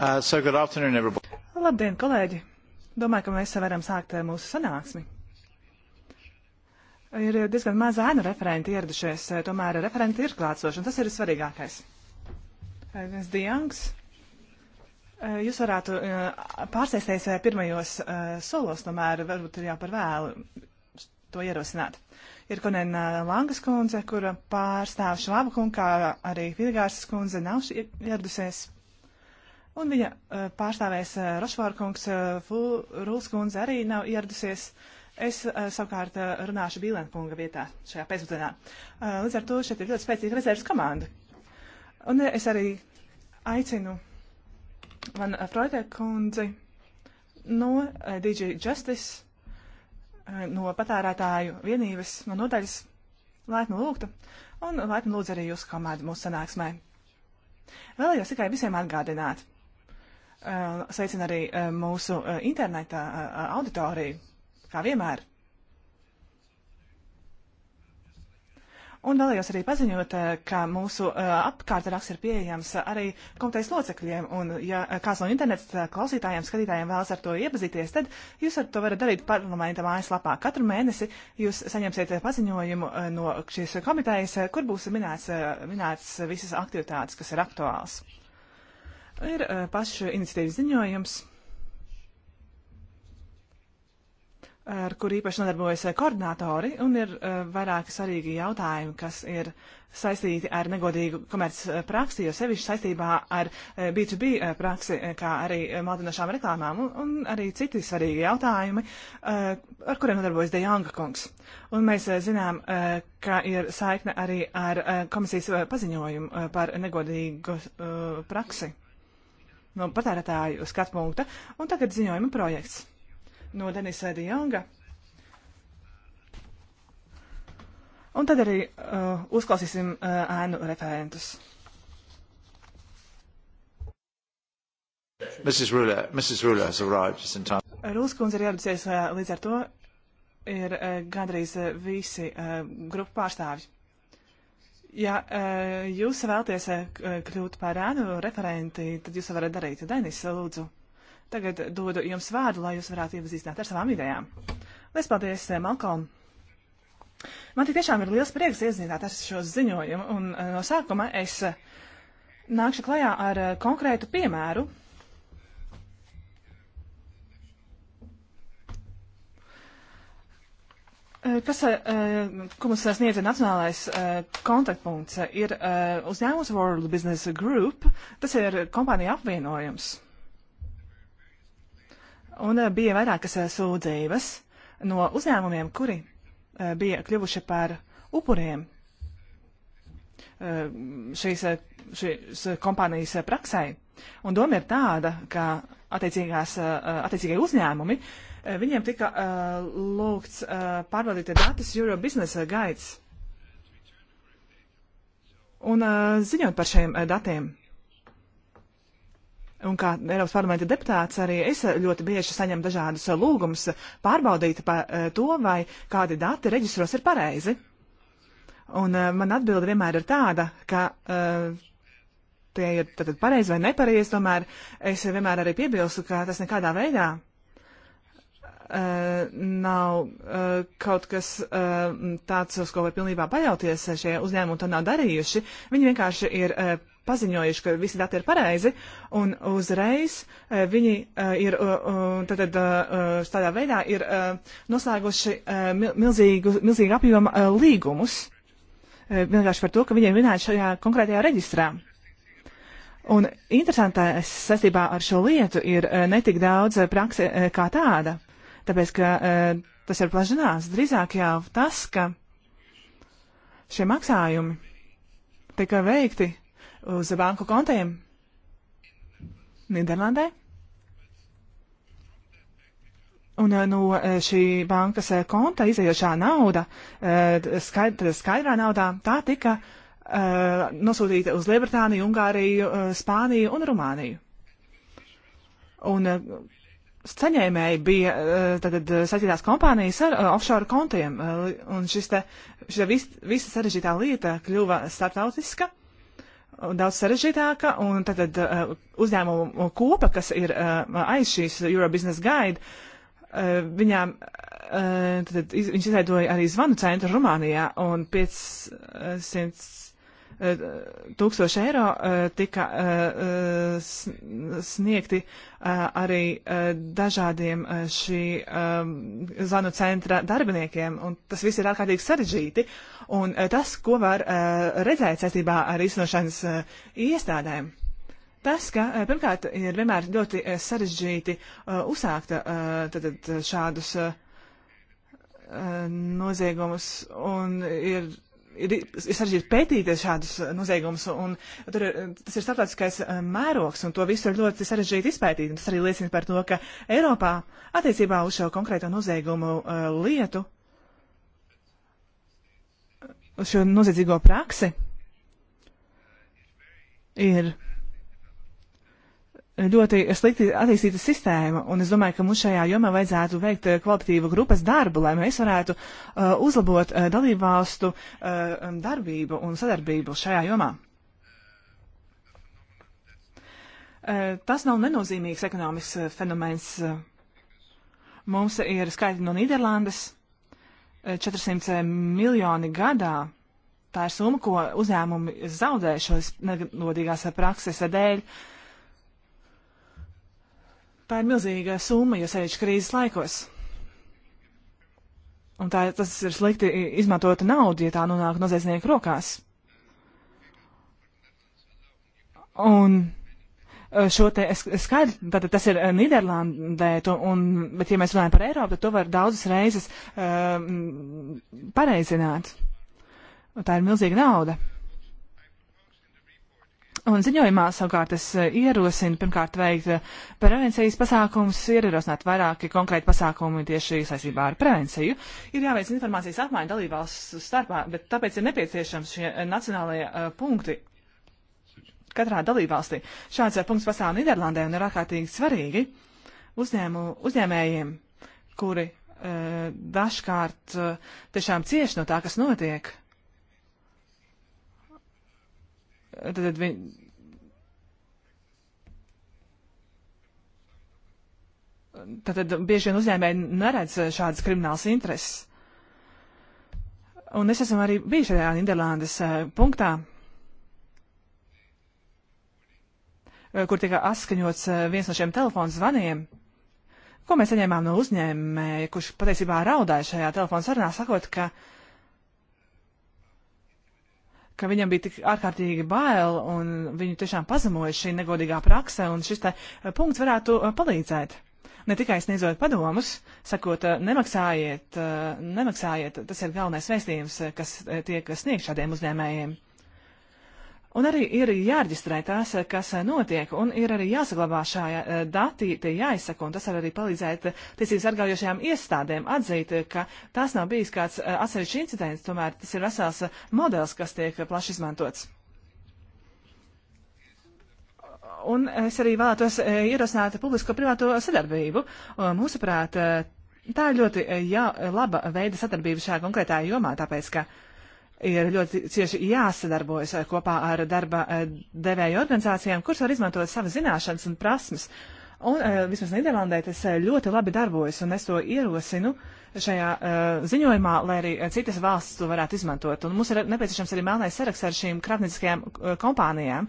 Uh, so good afternoon, everybody. Labdien, kolēģi! Domāju, ka mēs varam sākt uh, mūsu sanāksmi. Ir diezgan maz ēnu referenti ieradušies, uh, tomēr referenti ir klātsoši, un tas ir svarīgākais. Uh, Viens Diangs, jūs varētu pārsēsties pirmajos solos, tomēr varbūt ir jau par vēlu to ierosināt. Ir Konēna Langas kundze, kura pārstāv Švāba kungu, kā arī Vilgārs kundze nav ieradusies un viņa uh, pārstāvēs uh, eh, Rošvārkungs, uh, eh, Rūskundze arī nav ieradusies. Es uh, savukārt uh, runāšu Bīlēnkunga vietā šajā pēcpusdienā. Uh, līdz ar to šeit ir ļoti spēcīga rezerves komanda. Un uh, es arī aicinu Van uh, Freudē kundzi no uh, DJ Justice, uh, no patērētāju vienības, no nodaļas, laipni lūgtu, un laipni lūdzu arī jūsu komandu mūsu sanāksmē. Vēlējos tikai visiem atgādināt, Eh, sveicinu arī eh, mūsu eh, interneta auditoriju, kā vienmēr. Un vēlējos arī paziņot, ka mūsu apkārtraksts ir pieejams arī komitejas locekļiem, un ja kāds no internets klausītājiem, skatītājiem vēlas ar to iepazīties, tad jūs ar to varat darīt parlamenta mājaslapā. Katru mēnesi jūs saņemsiet paziņojumu no šīs komitejas, kur būs minēts, minēts visas aktivitātes, kas ir aktuāls. Ir eh, pašu iniciatīvas ziņojums, ar kur īpaši nodarbojas eh, koordinātori, un ir eh, vairāki svarīgi jautājumi, kas ir saistīti ar negodīgu komerc praksi, jo sevišķi saistībā ar B2B praksi, kā arī maldinošām reklāmām, un, un arī citi svarīgi jautājumi, ar kuriem nodarbojas Dejanga kungs. Un mēs zinām, ka ir saikne arī ar komisijas paziņojumu par negodīgu praksi no patērētāju skatu punkta. Un tagad ziņojuma projekts no Denisa Dijonga. Un tad arī uh, uzklausīsim uh, ēnu referentus. Mrs. Ruler, Mrs. Ruler has arrived just in time. Rūlas kundze ir ieradusies, uh, līdz ar to ir uh, gandrīz uh, visi uh, grupu pārstāvji. Ja eh, jūs vēlaties eh, eh, kļūt par ēnu referenti, tad jūs to varat darīt. Denis, lūdzu, tagad dodu jums vārdu, lai jūs varētu iepazīstināt ar savām idejām. Lies paldies, Malkolm! Man tik tiešām ir liels prieks iezināt ar šo ziņojumu, un no sākuma es nākšu klajā ar konkrētu piemēru Eh, kas eh, komisijā sniedza nacionālais eh, kontaktpunkts? Ir uzņēmums World Business Group, tas ir kompānija apvienojums. Un bija vairākas sūdzības no uzņēmumiem, kuri bija kļuvuši par upuriem šīs, šīs kompānijas praksē. Un doma ir tāda, ka attiecīgās, attiecīgie uzņēmumi uh, Viņiem tika uh, lūgts uh, pārbaudīt datus Euro Business uh, Guides un uh, ziņot par šiem uh, datiem. Un kā Eiropas parlamenta deputāts arī es uh, ļoti bieži saņemu dažādus uh, lūgumus pārbaudīt par to, vai kādi dati reģistros ir pareizi. Un man atbilde vienmēr ir tāda, ka tie ir pareizi vai nepareizi, tomēr es vienmēr arī piebilstu, ka tas nekādā veidā Uh, nav uh, kaut kas uh, tāds, uz ko var pilnībā paļauties. Uh, šie uzņēmumi to nav darījuši. Viņi vienkārši ir uh, paziņojuši, ka visi dati ir pareizi, un uzreiz uh, viņi uh, ir uh, tātad, uh, uh, tādā veidā ir uh, noslēguši uh, milzīgu, milzīgu apjomu uh, līgumus. Uh, vienkārši par to, ka viņiem vienādi šajā konkrētajā reģistrā. Un interesantais saistībā ar šo lietu ir uh, netik daudz prakse uh, kā tāda Tāpēc, ka e, tas ir plašinās. Drīzāk jau tas, ka šie maksājumi tika veikti uz banku kontiem Nīderlandē. Un e, no e, šī bankas konta izējošā nauda, skaidrā, skaidrā naudā, tā tika uh, nosūtīta uz Lielbritāniju, Ungāriju, Spāniju un Rumāniju. Un uh, Ceļējumēji bija tātad eh, eh, saistītās kompānijas ar eh, offshore kontiem, un šis te, šī vis, visa sarežģītā lieta kļuva starptautiska, daudz sarežģītāka, un tātad uzņēmumu kopa, kas ir aiz šīs Eurobusiness Guide, viņām, tātad iz, viņas izveidoja arī zvanu centru Rumānijā, un 500 tūkstoši eiro eh, tika eh, eh, sniegti arī dažādiem šī zvanu centra darbiniekiem, un tas viss ir ārkārtīgi sarežģīti. Un tas, ko var redzēt saistībā ar iznošanas iestādēm, tas, ka pirmkārt ir vienmēr ļoti sarežģīti uzsākt tad, šādus noziegumus un ir ir, ir sarežģīti pētīt šādus noziegumus, un tur, tas ir starptautiskais eh, mērogs, un to visu ir ļoti sarežģīti izpētīt. Tas arī liecina par to, ka Eiropā attiecībā uz šo konkrēto noziegumu uh, lietu, uz šo noziedzīgo praksi, ir ļoti slikti attīstīta sistēma, un es domāju, ka mums šajā jomā vajadzētu veikt eh, kvalitatīvu grupas darbu, lai mēs varētu uh, uzlabot uh, dalībvalstu uh, darbību un sadarbību šajā jomā. Uh, tas nav nenozīmīgs ekonomisks uh, fenomens. Mums ir skaitļi no Nīderlandes uh, - 400 miljoni gadā. Tā ir summa, ko uzņēmumi zaudē šos negodīgās prakses dēļ. Uh, Tā ir milzīga summa, jo sevišķi krīzes laikos. Un tā, tas ir slikti izmantota nauda, ja tā nonāk noziedznieku rokās. Un e, šo te skaidru, tad tas ir e, Niderlandē, to, un, bet ja mēs runājam par Eiropu, tad to var daudzas reizes um, pareizināt. Un tā ir milzīga nauda. Un ziņojumā savukārt es eh, ierosinu pirmkārt veikt eh, prevencijas pasākumus, ir ierosināt vairāki konkrēti pasākumi tieši saistībā ar prevenciju. Ir jāveic informācijas apmaiņa dalībvalsts starpā, bet tāpēc ir nepieciešams šie eh, nacionālajie uh, punkti. Katrā dalībvalstī šāds punkts pasāv Niderlandē un ir ārkārtīgi svarīgi uzņēmu, uzņēmējiem, kuri uh, dažkārt uh, tiešām cieši no tā, kas notiek tad viņi. Tātad bieži vien uzņēmēji neredz šādas kriminālas intereses. Un es esmu arī bijis šajā Nīderlandes eh, punktā, eh, kur tika atskaņots eh, viens no šiem telefonu zvaniem, ko mēs saņēmām no uzņēmēja, kurš patiesībā raudāja šajā telefonu sarunā, sakot, ka uh, ka viņam bija tik ārkārtīgi bail un viņu tiešām pazemoja šī negodīgā prakse, un šis tā, eh, punkts varētu eh, palīdzēt. Ne tikai sniedzot padomus, sakot, eh, nemaksājiet, nemaksājiet, tas ir galvenais vēstījums, kas tiek sniegts šādiem uzņēmējiem. Un arī ir jāreģistrē tās, kas notiek, un ir arī jāsaglabā šāja eh, dati, tie jāizsaka, un tas var arī palīdzēt tiesības sargājošajām iestādēm atzīt, ka tas nav bijis kāds eh, atsevišķs incidents, tomēr tas ir vesels eh, modelis, kas tiek plaši izmantots. Un es arī vēlētos ierosināt publisko-privāto sadarbību. Mūsuprāt, tā ir ļoti jā, laba veida sadarbība šajā konkrētā jomā, tāpēc, ka. Uh, ir ļoti cieši jāsadarbojas eh, kopā ar darba eh, devēju organizācijām, kuras var izmantot savas zināšanas un prasmes. Uh, Un eh, vismaz Nīderlandē tas eh, ļoti labi darbojas, un es to ierosinu šajā eh, ziņojumā, lai arī citas valsts to varētu izmantot. Un mums ir nepieciešams arī melnais saraksts ar šīm krāpnieciskajām kompānijām,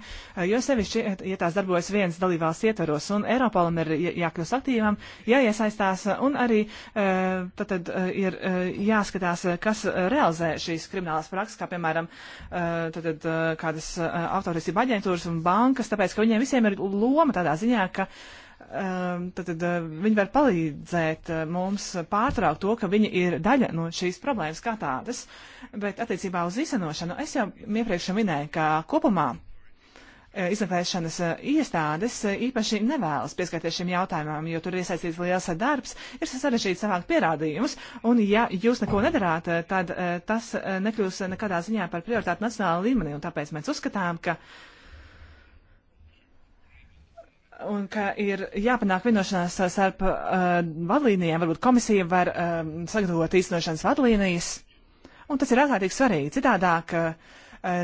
jo sevišķi, ja tās darbojas viens dalībvalsts ietvaros, un Eiropolam ir jākļūst aktīvam, jāiesaistās, un arī tad ir jāskatās, kas realizē šīs kriminālās prakses, kā piemēram tad, kādas autorīsība aģentūras un bankas, tāpēc, ka viņiem visiem ir loma tādā ziņā, ka Um, tad, tad uh, viņi var palīdzēt uh, mums pārtraukt to, ka viņi ir daļa no šīs problēmas kā tādas. Bet attiecībā uz izsanošanu es jau iepriekš minēju, ka kopumā uh, izmeklēšanas iestādes īpaši nevēlas pieskarties šim jautājumam, jo tur iesaistīts liels darbs, ir sarežģīti savākt pierādījumus, un ja jūs neko nedarāt, tad tas nekļūs nekādā ziņā par prioritāti nacionālā līmenī, un tāpēc mēs uzskatām, ka uh, un ka ir jāpanāk vienošanās starp uh, vadlīnijām, varbūt komisija var uh, sagatavot īstenošanas vadlīnijas, un tas ir ārkārtīgi svarīgi. Citādāk uh,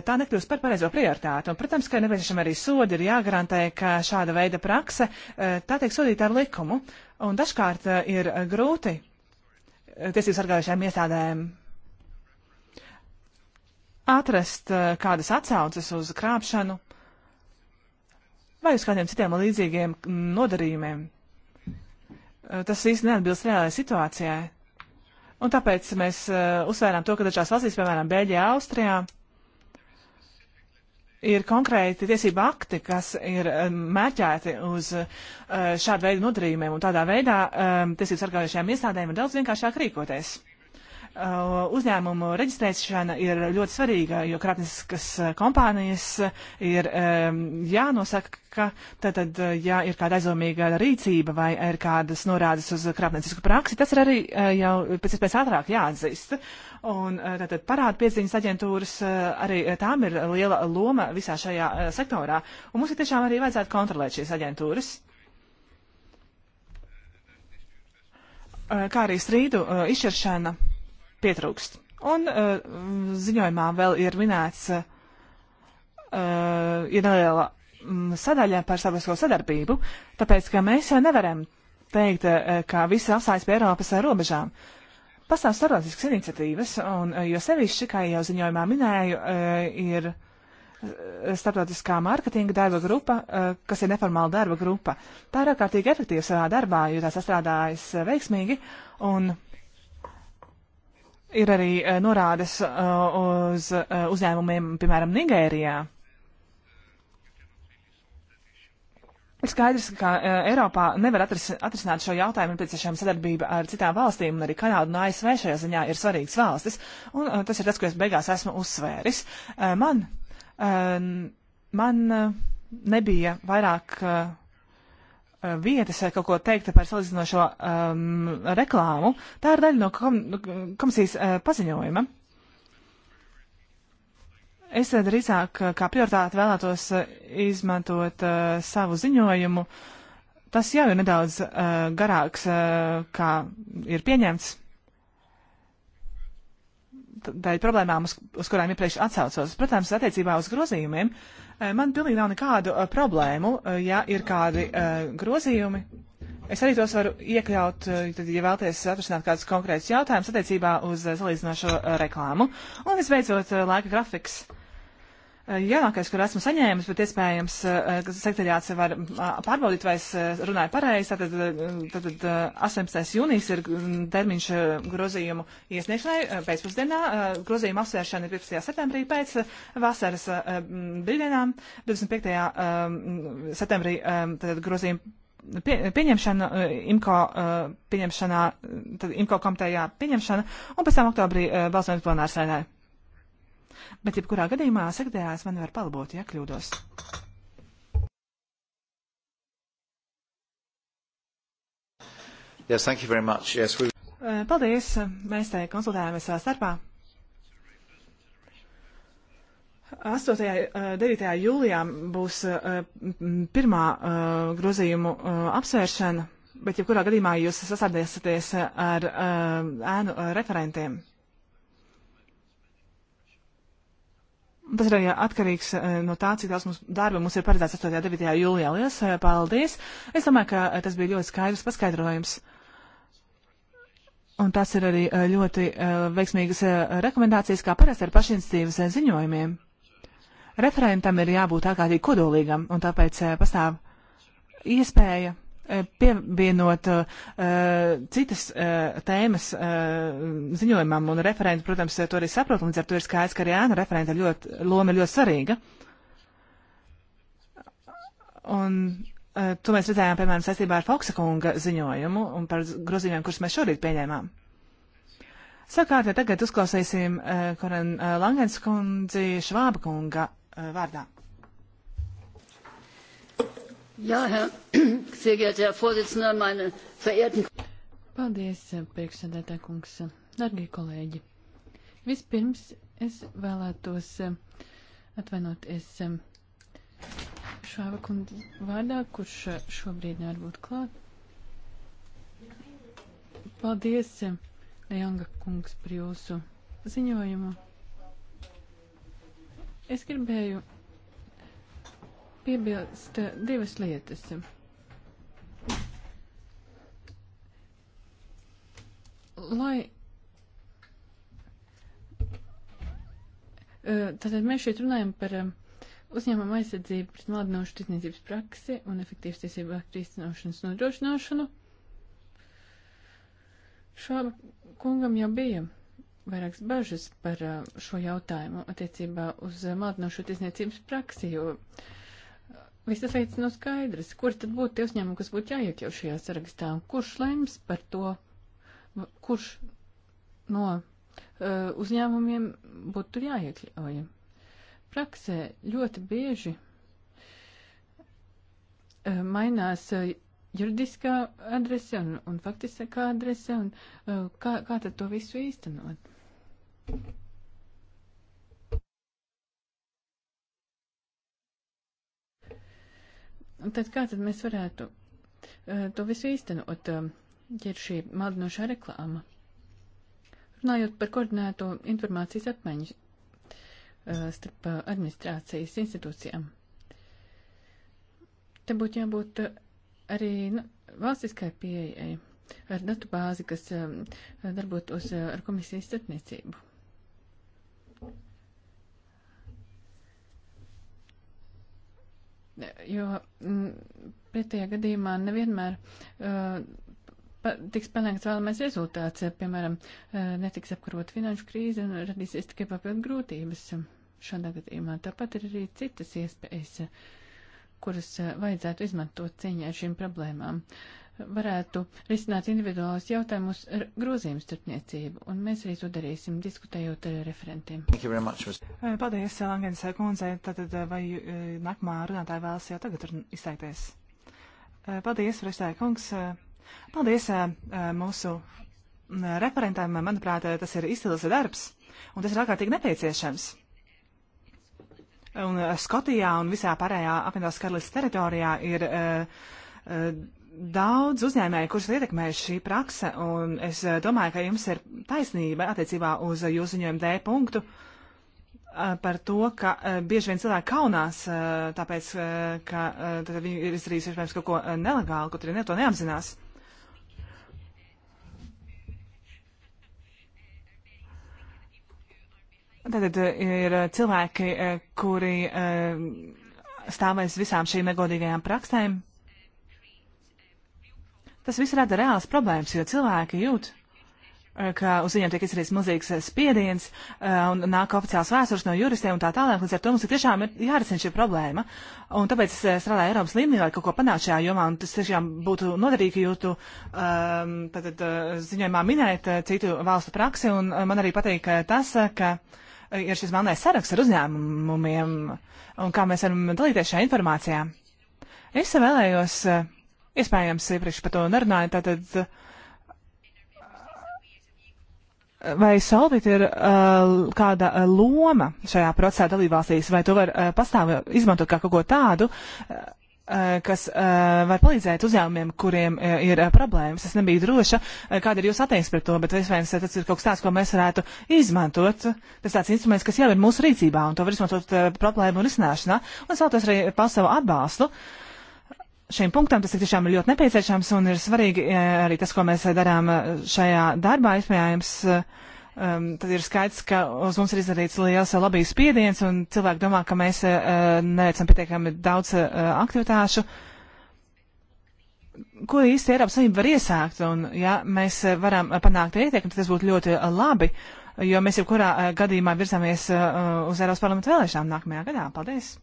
tā nekļūst par pareizo prioritāti, un, protams, ka nepieciešami arī sodi ir jāgarantē, ka šāda veida prakse, uh, tā tiek sodīta ar likumu, un dažkārt uh, ir uh, grūti uh, tiesības sargājušajām iestādēm atrast uh, kādas atsauces uz krāpšanu. Uh, vai uz kādiem citiem līdzīgiem mm, nodarījumiem. Tas īsti neatbilst reālajai situācijai. Un tāpēc mēs uh, uzsvērām to, ka dažās valstīs, piemēram, Bēļģijā, Austrijā, ir konkrēti tiesība akti, kas ir um, mērķēti uz uh, šādu veidu nodarījumiem, un tādā veidā um, tiesību sargājušajām iestādēm ir daudz vienkāršāk rīkoties. Uh, Uh, uzņēmumu reģistrēšana ir ļoti svarīga, jo krāpnieciskas uh, kompānijas uh, ir um, jānosaka, ka tad, ja ir kāda aizdomīga rīcība vai ir kādas norādes uz krāpniecisku praksi, tas ir arī jau pēc iespējas ātrāk jāatzīst. Un tātad parāda pieziņas aģentūras arī tām ir liela loma visā šajā sektorā. Un mums ir tiešām arī vajadzētu kontrolēt šīs aģentūras. Kā arī strīdu izšķiršana pietrūkst. Un uh, ziņojumā vēl ir minēts, uh, uh, ir neliela mm, sadaļa par sabiedrisko sadarbību, tāpēc, ka mēs nevaram teikt, ka visi apstājas pie Eiropas robežām. Pastāv starptautiskas iniciatīvas, un jo sevišķi, kā jau ziņojumā minēju, ir starptautiskā mārketinga darba grupa, kas ir neformāla darba grupa. Tā ir ārkārtīgi efektīva savā darbā, jo tā sastrādājas veiksmīgi, un ir arī eh, norādes eh, uz eh, uzņēmumiem, piemēram, Nigērijā. Ir skaidrs, ka Eiropā nevar atris, atrisināt šo jautājumu, nepieciešama sadarbība ar citām valstīm, un arī Kanāda un ASV šajā ziņā ir svarīgas valstis, un tas ir tas, ko es beigās esmu uzsvēris. Man, man nebija vairāk vietas eh, kaut ko teikt par salīdzinošo um, reklāmu. Tā ir daļa no kom komisijas uh, paziņojuma. Es uh, drīzāk kā prioritāti vēlētos uh, izmantot uh, savu ziņojumu. Tas jau ir nedaudz uh, garāks, uh, kā ir pieņemts dēļ problēmām, uz, uz kurām iepriekš atsaucos. Protams, attiecībā uz grozījumiem eh, man pilnīgi nav nekādu uh, problēmu, uh, ja ir kādi uh, grozījumi. Es arī tos varu iekļaut, tad, ja vēlaties atrisināt kādus konkrētus jautājumus attiecībā uz salīdzinošo reklāmu. Un visbeidzot, laika grafiks. Uh, Eh, jaunākais, kur esmu saņēmis, bet iespējams, eh, ka sekretariāts var eh, pārbaudīt, vai es runāju pareizi. Tātad, tātad 18. jūnijas ir mm, termiņš grozījumu iesniegšanai pēcpusdienā. Grozījuma apsvēršana ir 15. septembrī pēc vasaras brīvdienām. 25. septembrī tātad grozījuma pie, pieņemšana, IMCO pieņemšanā, tad IMCO komitejā pieņemšana, un pēc tam oktobrī balsojums plenārsēdē. Bet, jebkurā gadījumā, sekretārās man var palabot, ja kļūdos. Yes, thank you very much. Yes, we... Eh, paldies! Mēs te konsultējāmies savā eh, starpā. 8. un 9. jūlijā būs eh, pirmā grozījumu apsvēršana, bet jebkurā gadījumā jūs sasādēsieties ar ēnu referentiem. Tas ir arī atkarīgs eh, no tā, cik daudz mums darba mums ir paredzēts 8. un 9. jūlijā. Lielas eh, paldies! Es domāju, ka eh, tas bija ļoti skaidrs paskaidrojums. Un tas ir arī ļoti veiksmīgas rekomendācijas, kā parasti ar pašinstīvas ziņojumiem. Referentam ir jābūt ārkārtīgi kodolīgam, un tāpēc pastāv iespēja Eh, pievienot uh, citas uh, tēmas uh, ziņojumam, un referenti, protams, to arī saprot, un līdz ar to ir skaidrs, ka arī ēna referenta ļoti, loma ir ļoti svarīga. Un uh, to mēs redzējām, piemēram, saistībā ar Foksa kunga ziņojumu un par grozījumiem, kurus mēs šorīt pieņēmām. Sakārt, ja tagad uzklausīsim uh, Koren uh, Langens kundzi Švāba kunga uh, vārdā. Jā, ja, sehr geehrter Herr Vorsitzender, meine verehrten. Paldies, priekšsēdētāj kungs, darbie kolēģi. Vispirms es vēlētos eh, atvainoties eh, Šāva kundze vārdā, kurš eh, šobrīd nevar būt klāt. Paldies, Leonga kungs, par jūsu ziņojumu. Es gribēju piebilst eh, divas lietas. Lai eh, Tātad mēs šeit runājam par eh, uzņēmumu aizsardzību pret maldinošu ticniecības praksi un efektīvas tiesību aktu īstenošanas nodrošināšanu. Šāba kungam jau bija vairākas bažas par šo jautājumu attiecībā uz maldinošu ticniecības praksi, jo viss tas veids nav skaidrs. Kur tad būtu tie uzņēmumi, kas būtu jāiekļau šajā sarakstā? Kurš lems par to? Kurš no uh, uzņēmumiem būtu jāiekļauj? Praksē ļoti bieži uh, mainās. Uh, juridiskā adrese un, un faktiskā adrese, un uh, kā, kā tad to visu īstenot? Tad kā tad mēs varētu uh, to visu īstenot, uh, ja ir šī maldinošā reklāma? Runājot par koordinēto informācijas apmaiņu uh, starp administrācijas institūcijām. Te būtu jābūt arī nu, valstiskai pieejai ar datu bāzi, kas darbotos ar komisijas starpniecību. jo m, mm, pretējā gadījumā nevienmēr uh, pa, tiks panākts vēlamais rezultāts. Piemēram, uh, netiks apkarot finanšu krīze un radīsies tikai papildu grūtības šādā gadījumā. Tāpat ir arī citas iespējas, kuras uh, vajadzētu izmantot cīņā ar šīm problēmām. Uh, varētu risināt individuālus jautājumus ar grozījumu starpniecību, un mēs arī to darīsim, diskutējot ar referentiem. Eh, paldies, eh, Langens eh, kundzei. Tātad vai nākamā runātāja vēlas jau tagad izteikties? Paldies, Frestēja kungs. Paldies mūsu referentēm. Manuprāt, tas ir izcils darbs, un tas ir ārkārtīgi nepieciešams. Un Skotijā un visā pārējā apvienotās karalistas teritorijā ir uh, daudz uzņēmēju, kurus ir ietekmējuši šī prakse, un es eh, domāju, ka jums ir taisnība attiecībā uz eh, jūsu ziņojumu D punktu eh, par to, ka bieži vien cilvēki kaunās, tāpēc, ka viņi ir izdarījuši iespējams kaut ko nelegālu, kaut arī ne to neapzinās. Tātad ir cilvēki, kuri stāvēs visām šīm negodīgajām praksēm, Tas viss rada reāls problēmas, jo cilvēki jūt, eh, ka uz viņiem tiek izdarīts milzīgs eh, spiediens eh, un nāk oficiāls vēstures no juristiem un tā tālāk. Līdz ar to mums ir tiešām ir jārisina šī problēma. Un tāpēc es strādāju Eiropas līmenī, lai kaut ko panāktu šajā jomā, un tas tiešām būtu noderīgi jūtu ehm, tātad, ziņojumā minēt citu valstu praksi. Un man arī patīk tas, ka ir šis melnais saraksts ar uzņēmumiem un kā mēs varam dalīties šajā informācijā. Es vēlējos uh, Iespējams, iepriekš par to nerunāju, tātad vai solvit ir uh, kāda uh, loma šajā procesā dalībvalstīs, vai to var uh, pastāv izmantot kā kaut ko tādu, uh, uh, kas uh, var palīdzēt uzņēmumiem, kuriem uh, ir uh, problēmas. Es nebiju droša, uh, kāda ir jūsu attieksme pret to, bet iespējams uh, tas ir kaut kas tāds, ko mēs varētu izmantot. Tas tāds instruments, kas jau ir mūsu rīcībā, un to var izmantot uh, problēmu risināšanā. Un es vēlos arī paust savu atbalstu. Uh, šīm punktām. Tas ir tiešām ļoti nepieciešams un ir svarīgi eh, arī tas, ko mēs eh, darām eh, šajā darbā. Iespējams, um, tad ir skaidrs, ka uz mums ir izdarīts liels lobby spiediens un cilvēki domā, ka mēs uh, neveicam pietiekami daudz uh, aktivitāšu. Ko īsti Eiropas Savienība var iesākt? Un, ja mēs varam panākt ietekmi, tad tas būtu ļoti labi, jo mēs jau kurā gadījumā virzāmies uh, uz Eiropas parlamentu vēlēšanām nākamajā gadā. Paldies!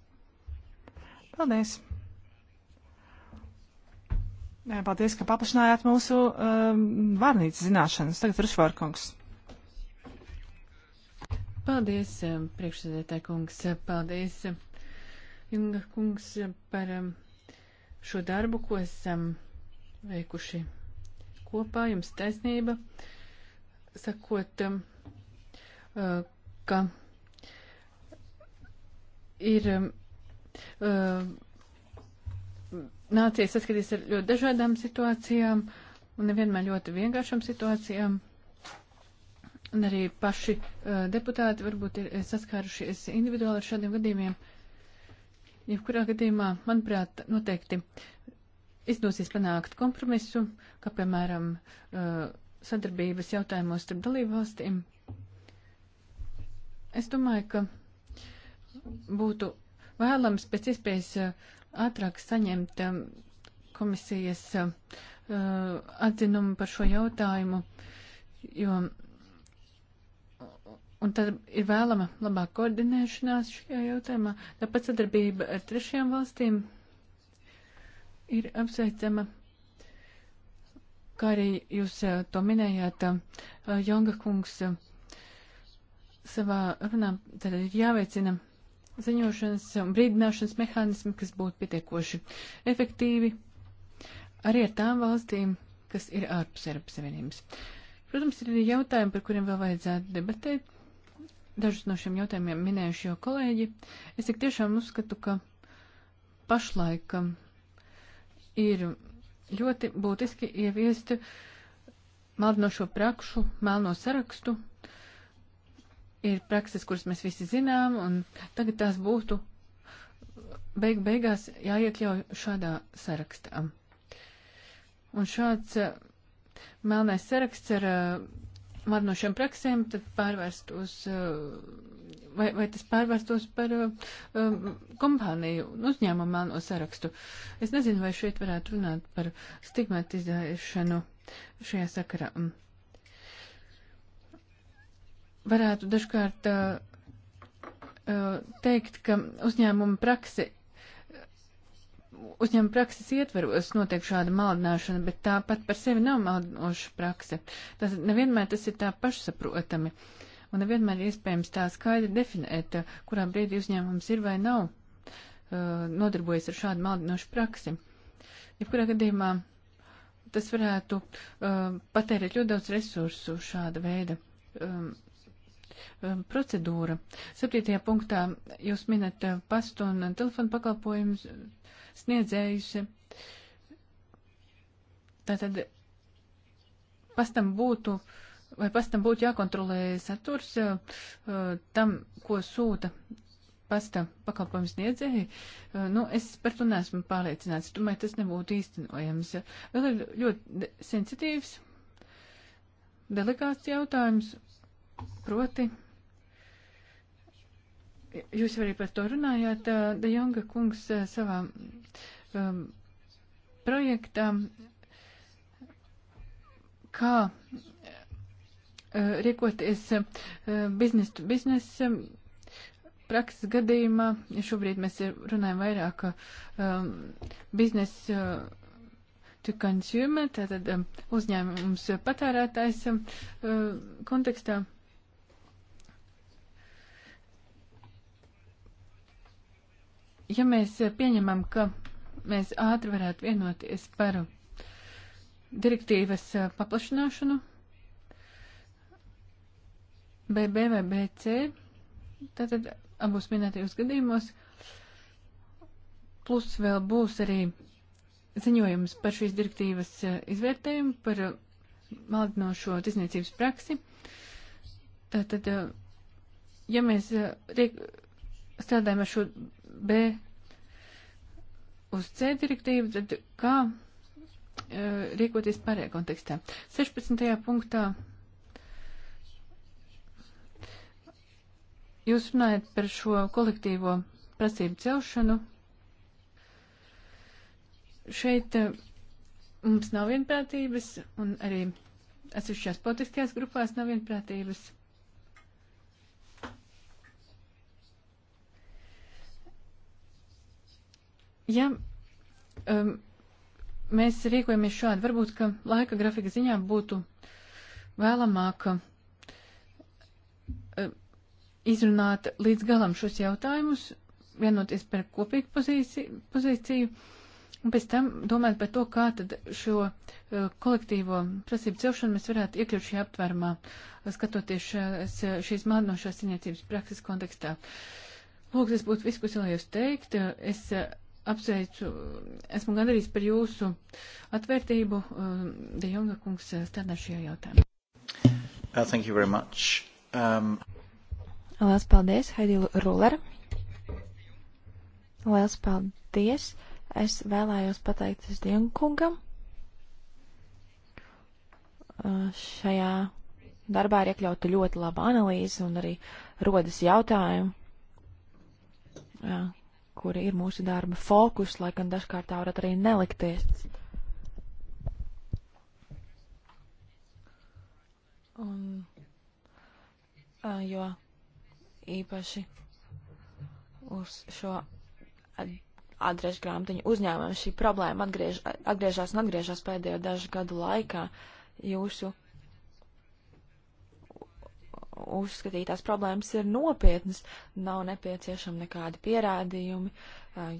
Paldies! Paldies, ka paplašinājāt mūsu um, vārnīcas zināšanas. Tagad Rušvāra kungs. Paldies, um, priekšsēdētāj kungs. Paldies, Junga um, kungs, par um, šo darbu, ko esam veikuši kopā. Jums taisnība, sakot, uh, ka ir. Uh, nācies saskatīties ar ļoti dažādām situācijām un nevienmēr ļoti vienkāršām situācijām. Un arī paši uh, deputāti varbūt ir saskārušies individuāli ar šādiem gadījumiem. Jebkurā gadījumā, manuprāt, noteikti izdosies panākt kompromisu, kā piemēram uh, sadarbības jautājumos starp dalībvalstīm. Es domāju, ka būtu vēlams pēc iespējas uh, ātrāk saņemt um, komisijas uh, atzinumu par šo jautājumu, jo un tad ir vēlama labāk koordinēšanās šajā jautājumā. Tāpat sadarbība ar trešajām valstīm ir apsveicama, kā arī jūs uh, to minējāt, uh, Jonga kungs savā runā, tad ir jāveicina ziņošanas un brīdināšanas mehānismi, kas būtu pietiekoši efektīvi arī ar tām valstīm, kas ir ārpus Eiropas Savienības. Protams, ir arī jautājumi, par kuriem vēl vajadzētu debatēt. Dažus no šiem jautājumiem minējuši jau kolēģi. Es tik tiešām uzskatu, ka pašlaik ir ļoti būtiski ieviest maldinošo prakšu, melno sarakstu ir prakses, kuras mēs visi zinām, un tagad tās būtu beig beigās jāiekļauj šādā sarakstā. Un šāds uh, melnais saraksts ar uh, marnošiem praksēm tad pārvērstos, uh, eh, vai, vai tas pārvērstos par uh, kompāniju un nu, uzņēmumu melno sarakstu. Es nezinu, vai šeit varētu runāt par stigmatizēšanu šajā sakarā. Um varētu dažkārt uh, uh, teikt, ka uzņēmuma prakse, uzņēmuma prakses ietveros notiek šāda maldināšana, bet tā pat par sevi nav maldinoša prakse. Tas nevienmēr tas ir tā pašsaprotami. Un nevienmēr iespējams tā skaidri definēt, uh, kurā brīdī uzņēmums ir vai nav nodarbojas ar šādu maldinošu praksi. Jebkurā gadījumā tas varētu uh, patērēt ļoti daudz resursu šāda veida um, Um, procedūra. Septītajā punktā jūs minat uh, pastu un telefonu pakalpojumus uh, sniedzējus. Tātad pastam būtu, vai pastam būtu jākontrolē saturs uh, tam, ko sūta pasta pakalpojumu sniedzēji, nu, es par to neesmu pārliecināts. Domāju, tas nebūtu īstenojams. Vēl ir ļoti sensitīvs, delikāts jautājums, Proti, jūs arī par to runājāt, eh, De Jonga kungs eh, savā um, projektā, kā uh, eh, riekoties uh, biznes to biznes um, prakses gadījumā, ja šobrīd mēs runājam vairāk um, biznes. Uh, to consumer, tātad um, uzņēmums patērētājs um, kontekstā. Uh, ja mēs pieņemam, ka mēs ātri varētu vienoties par direktīvas paplašināšanu BB vai BC, tātad abos minētajos gadījumos, plus vēl būs arī ziņojums par šīs direktīvas eh, izvērtējumu, par maldinošo tirzniecības praksi. Tātad, eh, ja mēs eh, strādājam ar šo B uz C direktīvu, tad kā e, rīkoties pārējā kontekstā. 16. punktā jūs runājat par šo kolektīvo prasību celšanu. Šeit e, mums nav vienprātības un arī atsevišķās politiskajās grupās nav vienprātības. Ja um, mēs rīkojamies šādi, varbūt, ka laika grafika ziņā būtu vēlamāk um, izrunāt līdz galam šos jautājumus, vienoties par kopīgu pozīciju, pozīciju un pēc tam domāt par to, kā tad šo uh, kolektīvo prasību celšanu mēs varētu iekļaut šajā aptvērumā, skatoties šās, šīs mādošās cienītības prakses kontekstā. Lūk, tas būtu viss, ko es vēlējos teikt. Es uh, apsveicu, esmu gandarīts par jūsu atvērtību. Um, De Jonga kungs eh, strādā šajā jautājumā. Uh, thank you very much. Um... Lielas paldies, Heidi Ruler. Lielas paldies. Es vēlējos pateikties Dienkungam. Uh, šajā darbā ir iekļauta ļoti laba analīze un arī rodas jautājumi. Jā, kuri ir mūsu darba fokus, lai gan dažkārt tā varat arī nelikties. Un, jo īpaši uz šo adrešu grāmatiņu uzņēmumu šī problēma atgriež, atgriežās un atgriežās pēdējo dažu gadu laikā. Jūsu uzskatītās problēmas ir nopietnas, nav nepieciešama nekādi pierādījumi,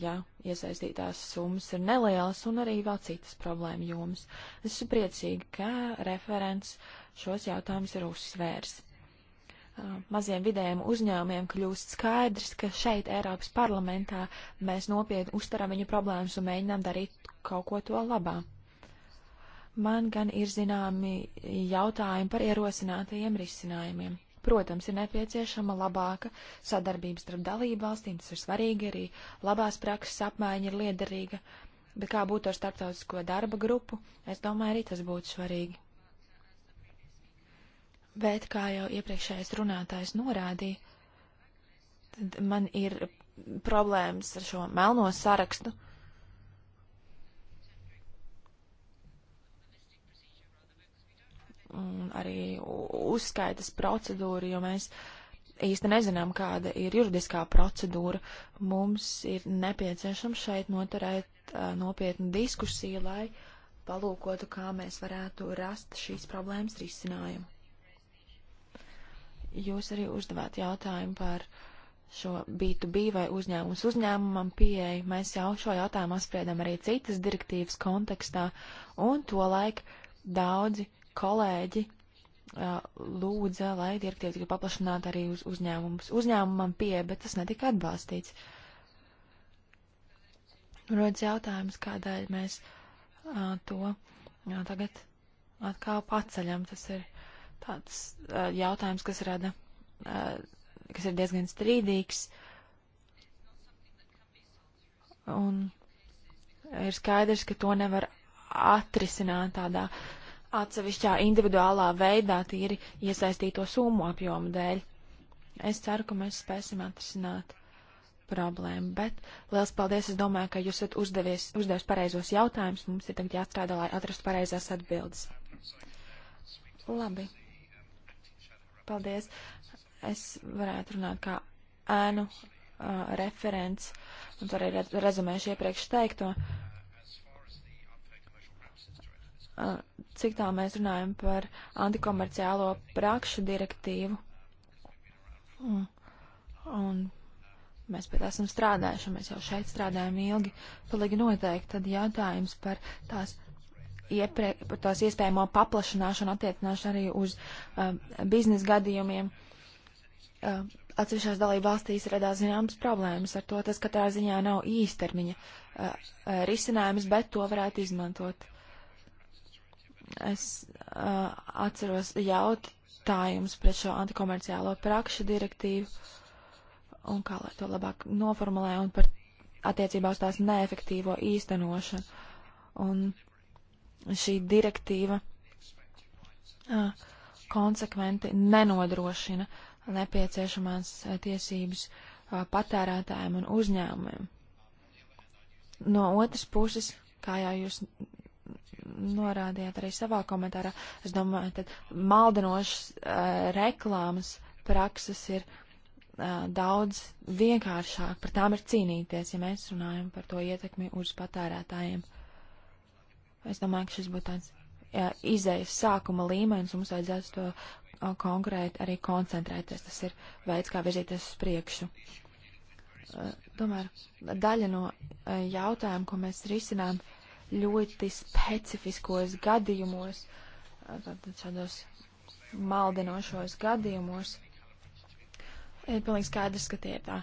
ja iesaistītās summas ir nelielas un arī vēl citas problēma jomas. Es esmu priecīga, ka referents šos jautājumus ir uzsvērs. Maziem vidējiem uzņēmumiem kļūst skaidrs, ka šeit Eiropas parlamentā mēs nopietni uztaram viņu problēmas un mēģinām darīt kaut ko to labā. Man gan ir zināmi jautājumi par ierosinātajiem risinājumiem. Protams, ir nepieciešama labāka sadarbības starp dalību valstīm, tas ir svarīgi, arī labās prakses apmaiņa ir liederīga, bet kā būtu ar starptautisko darba grupu, es domāju, arī tas būtu svarīgi. Bet, kā jau iepriekšējais runātājs norādīja, tad man ir problēmas ar šo melno sarakstu, uh, un arī uzskaitas procedūru, jo mēs īsti nezinām, kāda ir juridiskā procedūra. Mums ir nepieciešams šeit noturēt nopietnu diskusiju, lai palūkotu, kā mēs varētu rast šīs problēmas risinājumu. Jūs arī uzdevāt jautājumu par šo B2B vai uzņēmums uzņēmumam pieeju. Mēs jau šo jautājumu apspriedam arī citas direktīvas kontekstā, un to laik daudzi kolēģi lūdza, lai direktīva tika paplašināta arī uz uzņēmumus. Uzņēmumam pie, bet tas netika atbalstīts. Rodas jautājums, kādēļ mēs a, to jā, tagad atkal paceļam. Tas ir tāds a, jautājums, kas rada, a, kas ir diezgan strīdīgs. Un ir skaidrs, ka to nevar atrisināt tādā uh, atsevišķā individuālā veidā tīri iesaistīto summu apjomu dēļ. Es ceru, ka mēs spēsim atrisināt problēmu, bet liels paldies, es domāju, ka jūs esat uzdevies, uzdevis pareizos jautājumus, mums ir tagad jāstrādā, lai atrastu pareizās atbildes. Labi. Paldies. Es varētu runāt kā ēnu uh, referents, un to arī rezumēšu iepriekš teikto. Uh, cik tā mēs runājam par antikomerciālo prakšu direktīvu. Un, un mēs pie tā esam strādājuši, mēs jau šeit strādājam ilgi. Palīgi noteikti tad jautājums par tās, iepre, par tās iespējamo paplašināšanu attiecināšanu arī uz um, biznesa gadījumiem. Um, Atsevišķās dalība valstīs radās zināmas problēmas ar to, tas katrā ziņā nav īstermiņa uh, risinājums, bet to varētu izmantot es uh, atceros jautājumus pret šo antikomerciālo prakšu direktīvu un kā lai to labāk noformulē un par attiecībā uz tās neefektīvo īstenošanu. Un šī direktīva uh, konsekventi nenodrošina nepieciešamās uh, tiesības uh, patērētājiem un uzņēmumiem. No otras puses, kā jau jūs norādījāt arī savā komentārā, es domāju, tad maldinošas uh, reklāmas prakses ir uh, daudz vienkāršāk, par tām ir cīnīties, ja mēs runājam par to ietekmi uz patērētājiem. Es domāju, ka šis būtu tāds jā, izējas sākuma līmenis, un mums vajadzētu to uh, konkrēti arī koncentrēties. Tas ir veids, kā virzīties uz priekšu. Uh, tomēr daļa no uh, jautājumu, ko mēs risinām, uh, ļoti specifiskos gadījumos, tātad šādos maldinošos gadījumos. Ir pilnīgi skaidrs, ka tie ir tā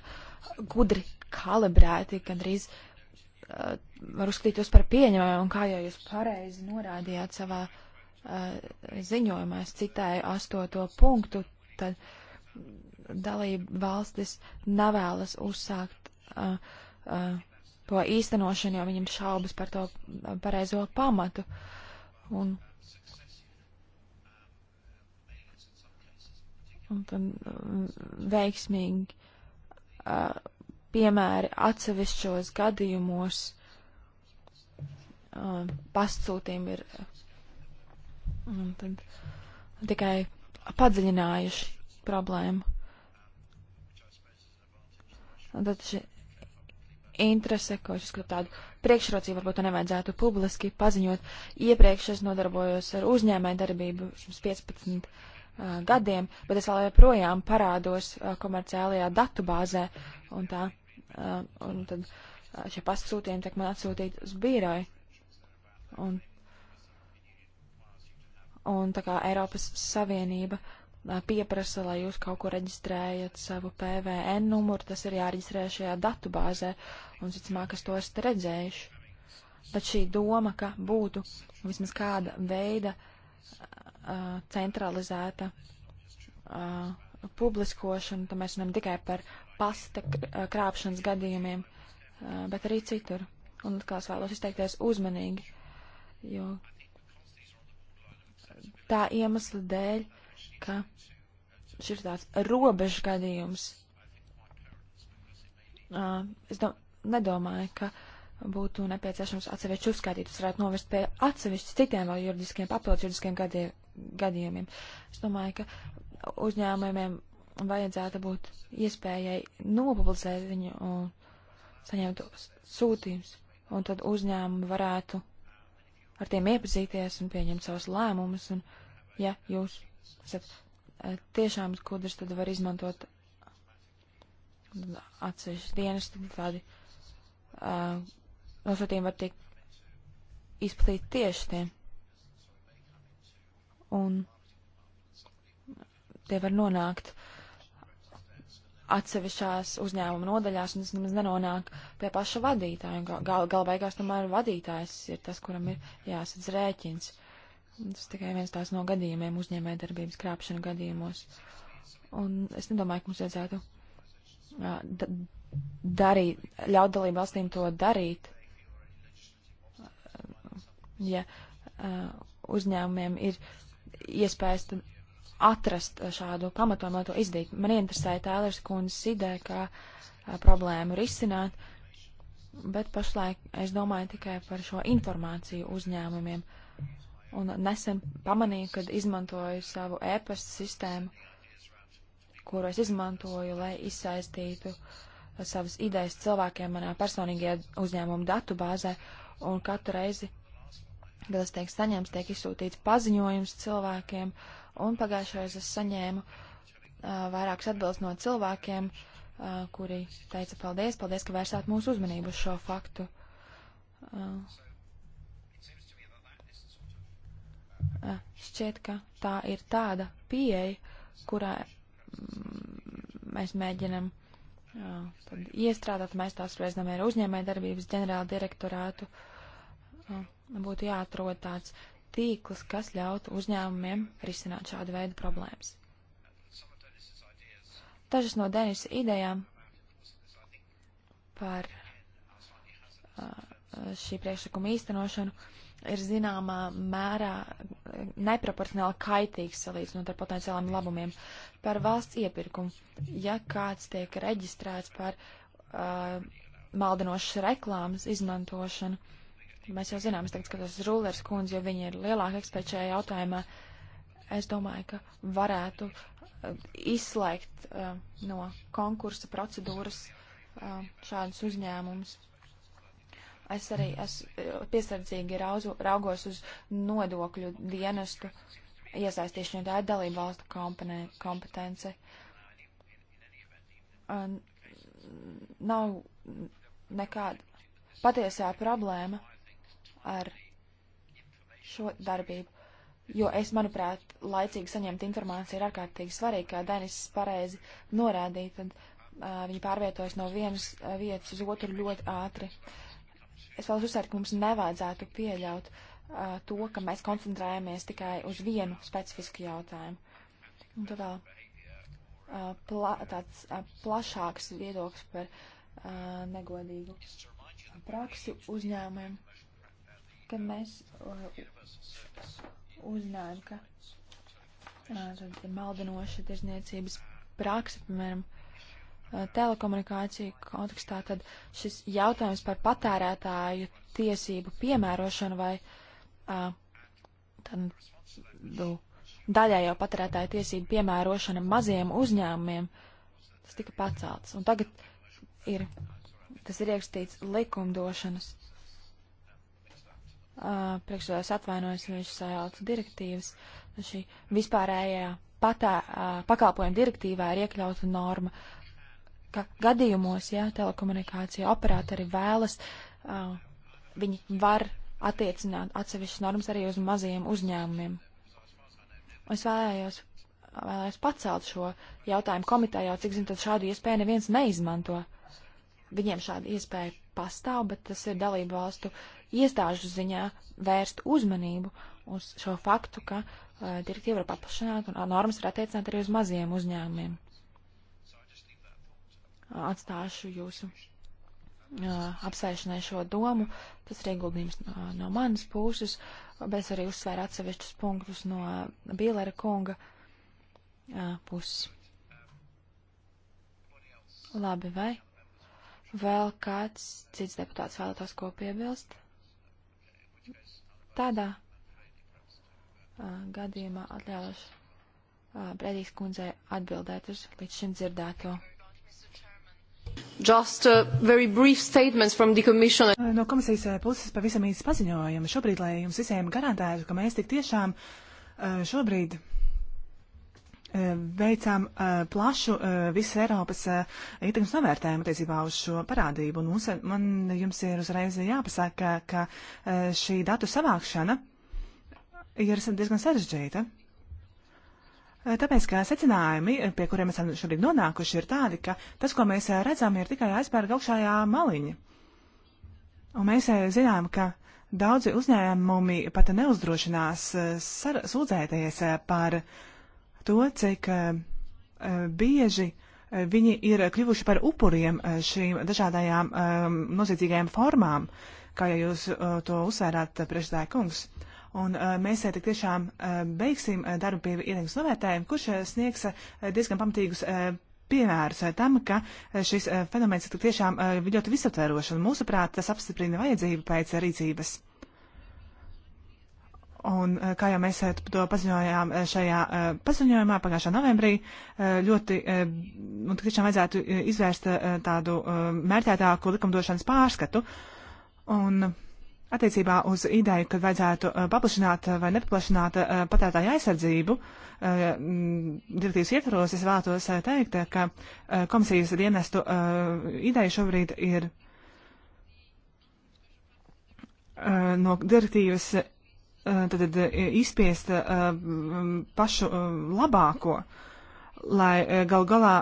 gudri kalibrēti, gandrīz uh, var uzskatītos par pieņemumu, kā jau jūs pareizi norādījāt savā uh, ziņojumā, es citēju astoto punktu, tad dalība valstis nevēlas uzsākt uh, uh, to īstenošanu, jo viņam šaubas par to pareizo pamatu. Un, un tad veiksmīgi uh, piemēri atsevišķos gadījumos uh, pastsūtījumi ir un tad tikai padziļinājuši problēmu. Un tad ši, interese, ko es uzskatu tādu priekšrocību, varbūt to nevajadzētu publiski paziņot. Iepriekš es nodarbojos ar uzņēmē darbību pirms 15 uh, gadiem, bet es vēl joprojām parādos uh, komerciālajā datubāzē un tā. Uh, un tad uh, šie pasūtījumi tiek man atsūtīti uz biroju. Un, un tā kā Eiropas Savienība uh, pieprasa, lai jūs kaut ko reģistrējat savu PVN numuru, tas ir jāreģistrē šajā datubāzē, un, cicamāk, es to esmu redzējuši. Bet šī doma, ka būtu vismaz kāda veida uh, centralizēta uh, publiskošana, tad mēs runājam tikai par pasta krāpšanas gadījumiem, uh, bet arī citur. Un atkal es vēlos izteikties uzmanīgi, jo tā iemesla dēļ, uh, ka šis tāds robežu gadījums. Uh, es do, nedomāju, ka būtu nepieciešams atsevišķi uzskaitīt, tas varētu novest pie atsevišķi citiem vēl juridiskiem, papildus juridiskiem gadie, gadījumiem. Es domāju, ka uzņēmumiem vajadzētu būt iespējai nopublicēt viņu un saņemt sūtījums, un tad uzņēmumi varētu ar tiem iepazīties un pieņemt savus lēmumus, un ja jūs Eh, tiešām skudras tad var izmantot atsevišķas dienas, tad tādi uh, nosūtījumi var tiek izplatīt tieši tiem. Un tie var nonākt atsevišķās uzņēmuma nodaļās, un tas nemaz nenonāk pie paša vadītāja. Gal, gal beigās tomēr vadītājs ir tas, kuram ir jāsadz rēķins. Uh, Tas tikai viens tās no gadījumiem uzņēmē darbības krāpšanu gadījumos. Un es nedomāju, ka mums vajadzētu da darīt, ļaut dalību valstīm to darīt. Ja uzņēmumiem ir iespējas atrast šādu pamatojumu, lai to izdarītu. Man interesēja Tēlers kundzes ideja, kā problēmu risināt, bet pašlaik es domāju tikai par šo informāciju uzņēmumiem. Uh, un nesen pamanīju, kad izmantoju savu ēpastu e sistēmu, kuru es izmantoju, lai izsaistītu savas idejas cilvēkiem manā personīgajā uzņēmuma datu bāzē, un katru reizi, kad es tiek saņemts, tiek izsūtīts paziņojums cilvēkiem, un pagājušajā es saņēmu uh, vairākas atbildes no cilvēkiem, uh, kuri teica paldies, paldies, ka vērsāt mūsu uzmanību uz šo faktu. Uh, Eh, šķiet, ka tā ir tāda pieeja, kurā mm, mēs mēģinam eh, iestrādāt, mēs tās reizēm ar uzņēmē darbības ģenerāla direktorātu eh, būtu jāatrod tāds tīkls, kas ļautu uzņēmumiem risināt šādu veidu problēmas. Dažas no Denis idejām par šī priekšlikuma īstenošanu ir zināmā mērā neproporcionāli kaitīgs salīdzinot ar potenciāliem labumiem. Par valsts iepirkumu, ja kāds tiek reģistrēts par uh, maldinošas reklāmas izmantošanu, mēs jau zinām, es tagad skatos uz Rūlers kundzi, jo viņa ir lielāka eksperta šajā jautājumā, es domāju, ka varētu uh, izslēgt uh, no konkursa procedūras uh, šādus uzņēmumus. Es arī es eh, piesardzīgi rauzu, raugos uz nodokļu dienestu iesaistīšanu, tā ir dalība valstu komponē, kompetence. Un nav nekāda patiesā problēma ar šo darbību. Jo es, manuprāt, laicīgi saņemt informāciju ir ārkārtīgi svarīgi, kā Denis pareizi norādīja, tad uh, viņi pārvietojas no vienas vietas uz otru ļoti ātri. Uh, es vēlos uzsvērt, ka mums nevajadzētu pieļaut uh, to, ka mēs koncentrējamies tikai uz vienu specifisku jautājumu. Un tad vēl uh, pla, tāds uh, plašāks viedoklis par uh, negodīgu praksi uzņēmumiem, kad mēs uh, uzzinājām, ka uh, maldinoša tirzniecības praksa, piemēram, uh, Eh, telekomunikāciju kontekstā, tad šis jautājums par patērētāju tiesību piemērošanu vai uh, eh, tādu nu, daļējo patērētāju tiesību piemērošana maziem uzņēmumiem, tas tika pacelts. Un tagad ir, tas ir ierakstīts likumdošanas. Uh, eh, Priekšsēdājs atvainojas, viņš sajauca direktīvas. Šī vispārējā patā, uh, pakalpojuma direktīvā ir iekļauta norma uh, ka gadījumos, ja telekomunikācija operatori vēlas, uh, viņi var attiecināt atsevišķas normas arī uz mazajiem uzņēmumiem. Es vēlējos, vēlējos pacelt šo jautājumu komitējā, cik zinu, tad šādu iespēju neviens neizmanto. Viņiem šāda iespēja pastāv, bet tas ir dalību valstu iestāžu ziņā vērst uzmanību uz šo faktu, ka uh, direktīva ir paplašināta un normas ir attiecināt arī uz mazajiem uzņēmumiem atstāšu jūsu apsvēršanai šo domu. Tas ir ieguldījums no, no manas puses, bet es arī uzsvēru atsevišķus punktus no Bīlera kunga puses. Labi, vai vēl kāds cits deputāts vēlētos ko piebilst? Tādā gadījumā atļaušu Brēdīs kundzei atbildēt uz līdz šim dzirdēto. Just, uh, no komisijas puses pavisam īsi paziņojumi. Šobrīd, lai jums visiem garantētu, ka mēs tik tiešām šobrīd veicām uh, plašu uh, visas Eiropas uh, ietekmes novērtējumu attiecībā uz šo parādību. Un mums, man jums ir uzreiz jāpasaka, ka, ka šī datu savākšana ir diezgan sarežģīta. Tāpēc, ka secinājumi, pie kuriem esam šobrīd nonākuši, ir tādi, ka tas, ko mēs redzam, ir tikai aizbērga augšējā maliņa. Un mēs zinām, ka daudzi uzņēmumi pat neuzdrošinās sūdzēties par to, cik bieži viņi ir kļuvuši par upuriem šīm dažādajām noziedzīgajām formām, kā jau jūs to uzsvērāt, priekšstādā kungs. Un eh, mēs eh, tik tiešām eh, beigsim darbu pie ietekmes novērtējuma, kurš sniegs diezgan pamatīgus piemērus tam, ka šis fenomens ir tik tiešām ļoti visaptverošs, un mūsuprāt, tas apstiprina vajadzību pēc rīcības. Un, kā jau mēs to paziņojām šajā paziņojumā pagājušā novembrī, ļoti, un tiešām vajadzētu izvērst tādu mērķētāku likumdošanas pārskatu. Un, uh, Attiecībā uz ideju, ka vajadzētu eh, paplašināt eh, vai nepaplašināt eh, patērētāju aizsardzību mm, direktīvas ietvaros, es vēlētos teikt, ka komisijas dienestu ideja šobrīd ir no direktīvas tad, izspiest pašu labāko, lai gal galā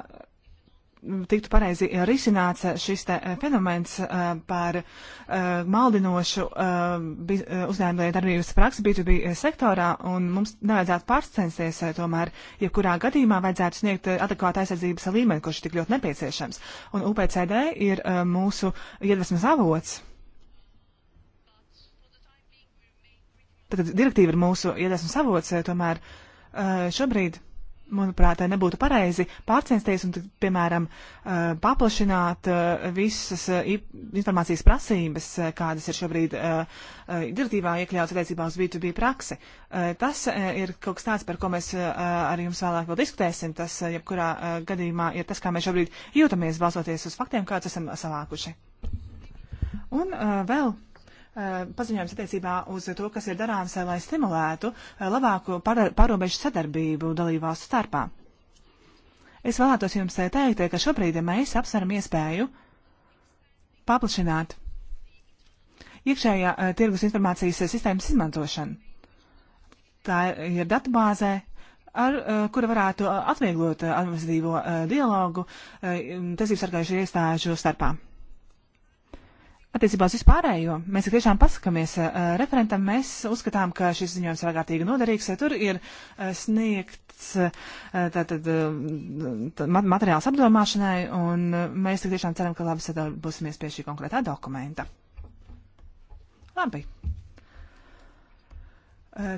tiktu pareizi risināts šis eh, fenomens eh, par eh, maldinošu uzņēmēju darbības praksi B2B sektorā, un mums nevajadzētu pārcensties tomēr, ja kurā gadījumā vajadzētu sniegt adekvātu aizsardzības līmeni, kurš ir tik ļoti nepieciešams. Un UPCD ir mūsu iedvesmas avots. Tātad direktīva ir mūsu iedvesmas avots, tomēr šobrīd manuprāt, nebūtu pareizi pārcensties un, piemēram, eh, paplašināt eh, visas eh, informācijas prasības, kādas ir šobrīd direktīvā iekļauts attiecībā uz B2B praksi. Tas ir kaut kas tāds, par ko mēs ar jums vēlāk vēl diskutēsim. Tas, jebkurā gadījumā, ir tas, kā mēs šobrīd jūtamies, balsoties uz faktiem, kādus esam savākuši. Un vēl Eh, paziņojums attiecībā uz to, kas ir darāms, eh, lai stimulētu eh, labāku pārobežu sadarbību dalībvalstu starpā. Es vēlētos jums teikt, ka šobrīd mēs apsveram iespēju paplašināt iekšējā tirgus informācijas sistēmas izmantošanu. Tā ir datubāzē, ar kura varētu atvieglot administratīvo dialogu tiesību sargājušu iestāžu starpā. Attiecībā uz vispārējo, mēs ja tiešām pasakāmies eh, referentam, mēs uzskatām, ka šis ziņojums ir ārkārtīgi noderīgs. Tur ir eh, sniegts eh, tātad, materiāls apdomāšanai, un mēs tiešām ceram, ka labi sadarbosimies pie šī konkrētā dokumenta. Labi.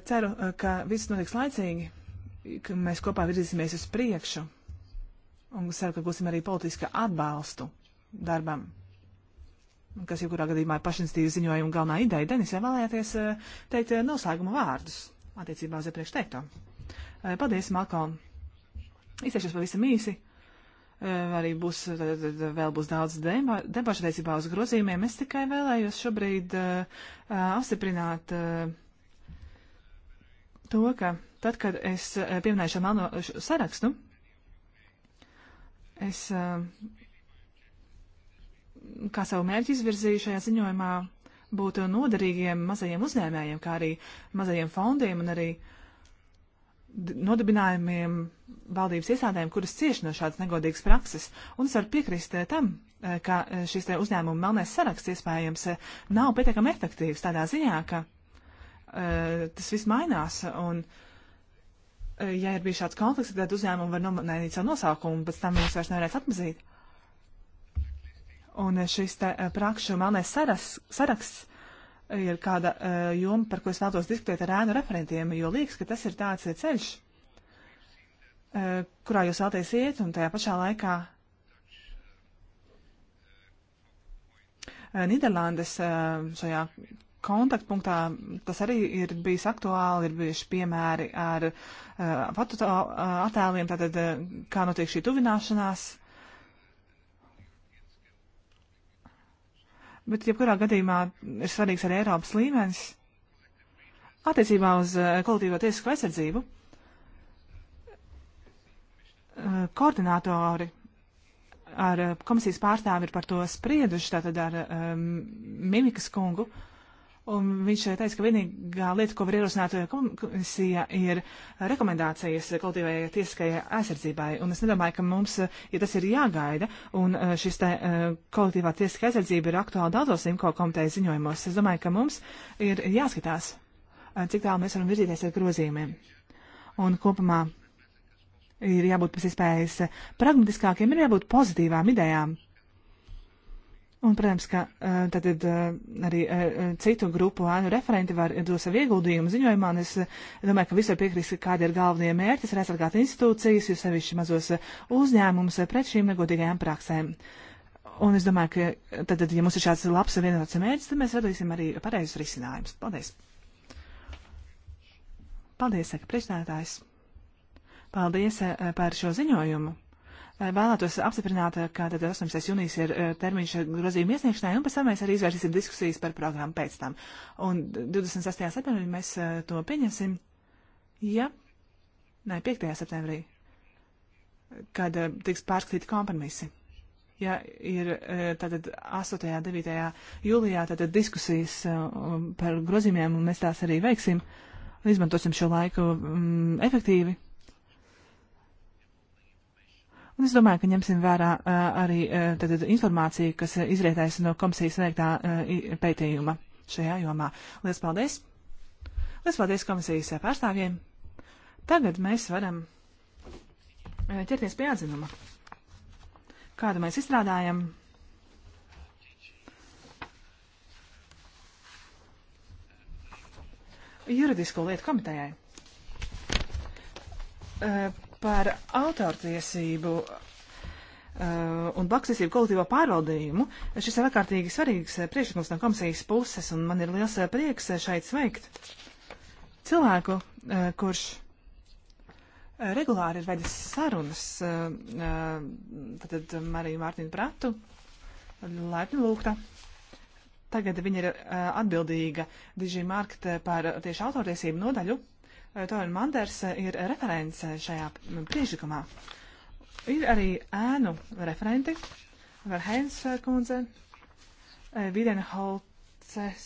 Ceru, ka viss notiks laicīgi, ka mēs kopā virzīsimies uz priekšu, un ceru, ka būsim arī politiska atbalstu darbam kas jebkurā gadījumā ir pašinstīva ziņojuma galvenā ideja. Denis, vai vēlējāties eh, teikt eh, noslēguma vārdus attiecībā uz iepriekš teikto? Eh, paldies, Malkom! Izteikšos pavisam īsi. Arī būs, vēl būs daudz debašu attiecībā uz grozījumiem. Es tikai vēlējos šobrīd uh, apstiprināt uh, to, ka tad, kad es pieminēju šo melno sarakstu, es uh, kā savu mērķi izvirzīju šajā ziņojumā, būtu noderīgiem mazajiem uzņēmējiem, kā arī mazajiem fondiem un arī nodibinājumiem valdības iestādēm, kuras cieši no šādas negodīgas prakses. Un es varu piekrist eh, tam, eh, ka eh, šis uzņēmuma melnēs saraksts iespējams nav pietiekami efektīvs tādā ziņā, ka uh, tas viss mainās. Un, uh, ja ir bijis šāds konflikts, tad uzņēmumi var nomainīt savu nosaukumu, pēc tam viņus vairs nevarēs atmazīt. Un šis te eh, prakšu melnais saras, saraksts ir kāda eh, joma, par ko es vēlos diskutēt ar ēnu referentiem, jo liekas, ka tas ir tāds eh, ceļš, kurā jūs vēlaties iet, un tajā pašā laikā Nīderlandes šajā kontaktpunktā tas arī ir bijis aktuāli, ir bijuši piemēri ar foto attēliem, tātad kā notiek šī tuvināšanās. Uh, bet jebkurā gadījumā ir svarīgs arī Eiropas līmenis attiecībā uz eh, kolektīvo tiesisko aizsardzību. Eh, koordinātori ar eh, komisijas pārstāvi ir par to sprieduši, tātad ar um, Mimikas kungu. Uh, Un viņš eh, teica, ka vienīgā lieta, ko var ierosināt eh, komisija, ir rekomendācijas kolektīvajai tiesiskajai aizsardzībai. Un es nedomāju, ka mums, eh, ja tas ir jāgaida, un šis te kolektīvā tiesiskā aizsardzība ir aktuāla daudzos simko komitejas ziņojumos, es domāju, ka mums ir jāskatās, cik tālu mēs varam virzīties ar grozījumiem. Un kopumā ir jābūt pēc iespējas pragmatiskākiem, ir jābūt pozitīvām idejām Un, protams, ka tātad eh, eh, arī eh, citu grupu ēnu referenti var dot savu ieguldījumu ziņojumā, un es domāju, ka visai piekrīst, kādi ir galvenie mērķi, ir aizsargāt institūcijas, jo sevišķi mazos uzņēmumus pret šīm negodīgajām praksēm. Un es domāju, ka tad, ja mums ir šāds labs vienots mērķis, tad mēs radīsim arī pareizus risinājumus. Paldies! Paldies, saka priekšstādātājs! Paldies par šo ziņojumu! vēlētos apstiprināt, ka tad 18. jūnijas ir eh, termiņš grozījuma iesniegšanai, un pēc tam mēs arī izvērsīsim diskusijas par programmu pēc tam. Un 26. septembrī mēs eh, to pieņemsim, ja, nē, 5. septembrī, kad eh, tiks pārskatīti kompromisi. Ja ir tātad 8. un 9. jūlijā tātad diskusijas par grozījumiem, un mēs tās arī veiksim, izmantosim šo laiku mm, efektīvi Un es domāju, ka ņemsim vērā arī tātad, informāciju, kas izrietēs no komisijas veiktā pētījuma šajā jomā. Lielas paldies! Lielas paldies komisijas pārstāvjiem! Tagad mēs varam ķerties pie atzinuma. Kādu mēs izstrādājam? juridisko lietu komitejai par autortiesību uh, un blakustiesību kolektīvo pārvaldījumu. Šis ir ārkārtīgi svarīgs uh, priekšlikums no komisijas puses, un man ir liels uh, prieks uh, šeit sveikt cilvēku, uh, kurš regulāri ir veidis sarunas, uh, tad Mariju Mārtiņu Pratu, laipni lūgta. Tagad viņa ir atbildīga Digimārkt par tieši autortiesību nodaļu. Eh, Torin Manders eh, ir referents eh, šajā priekšlikumā. Ir arī ēnu referenti, Verheins kundze, Videnholces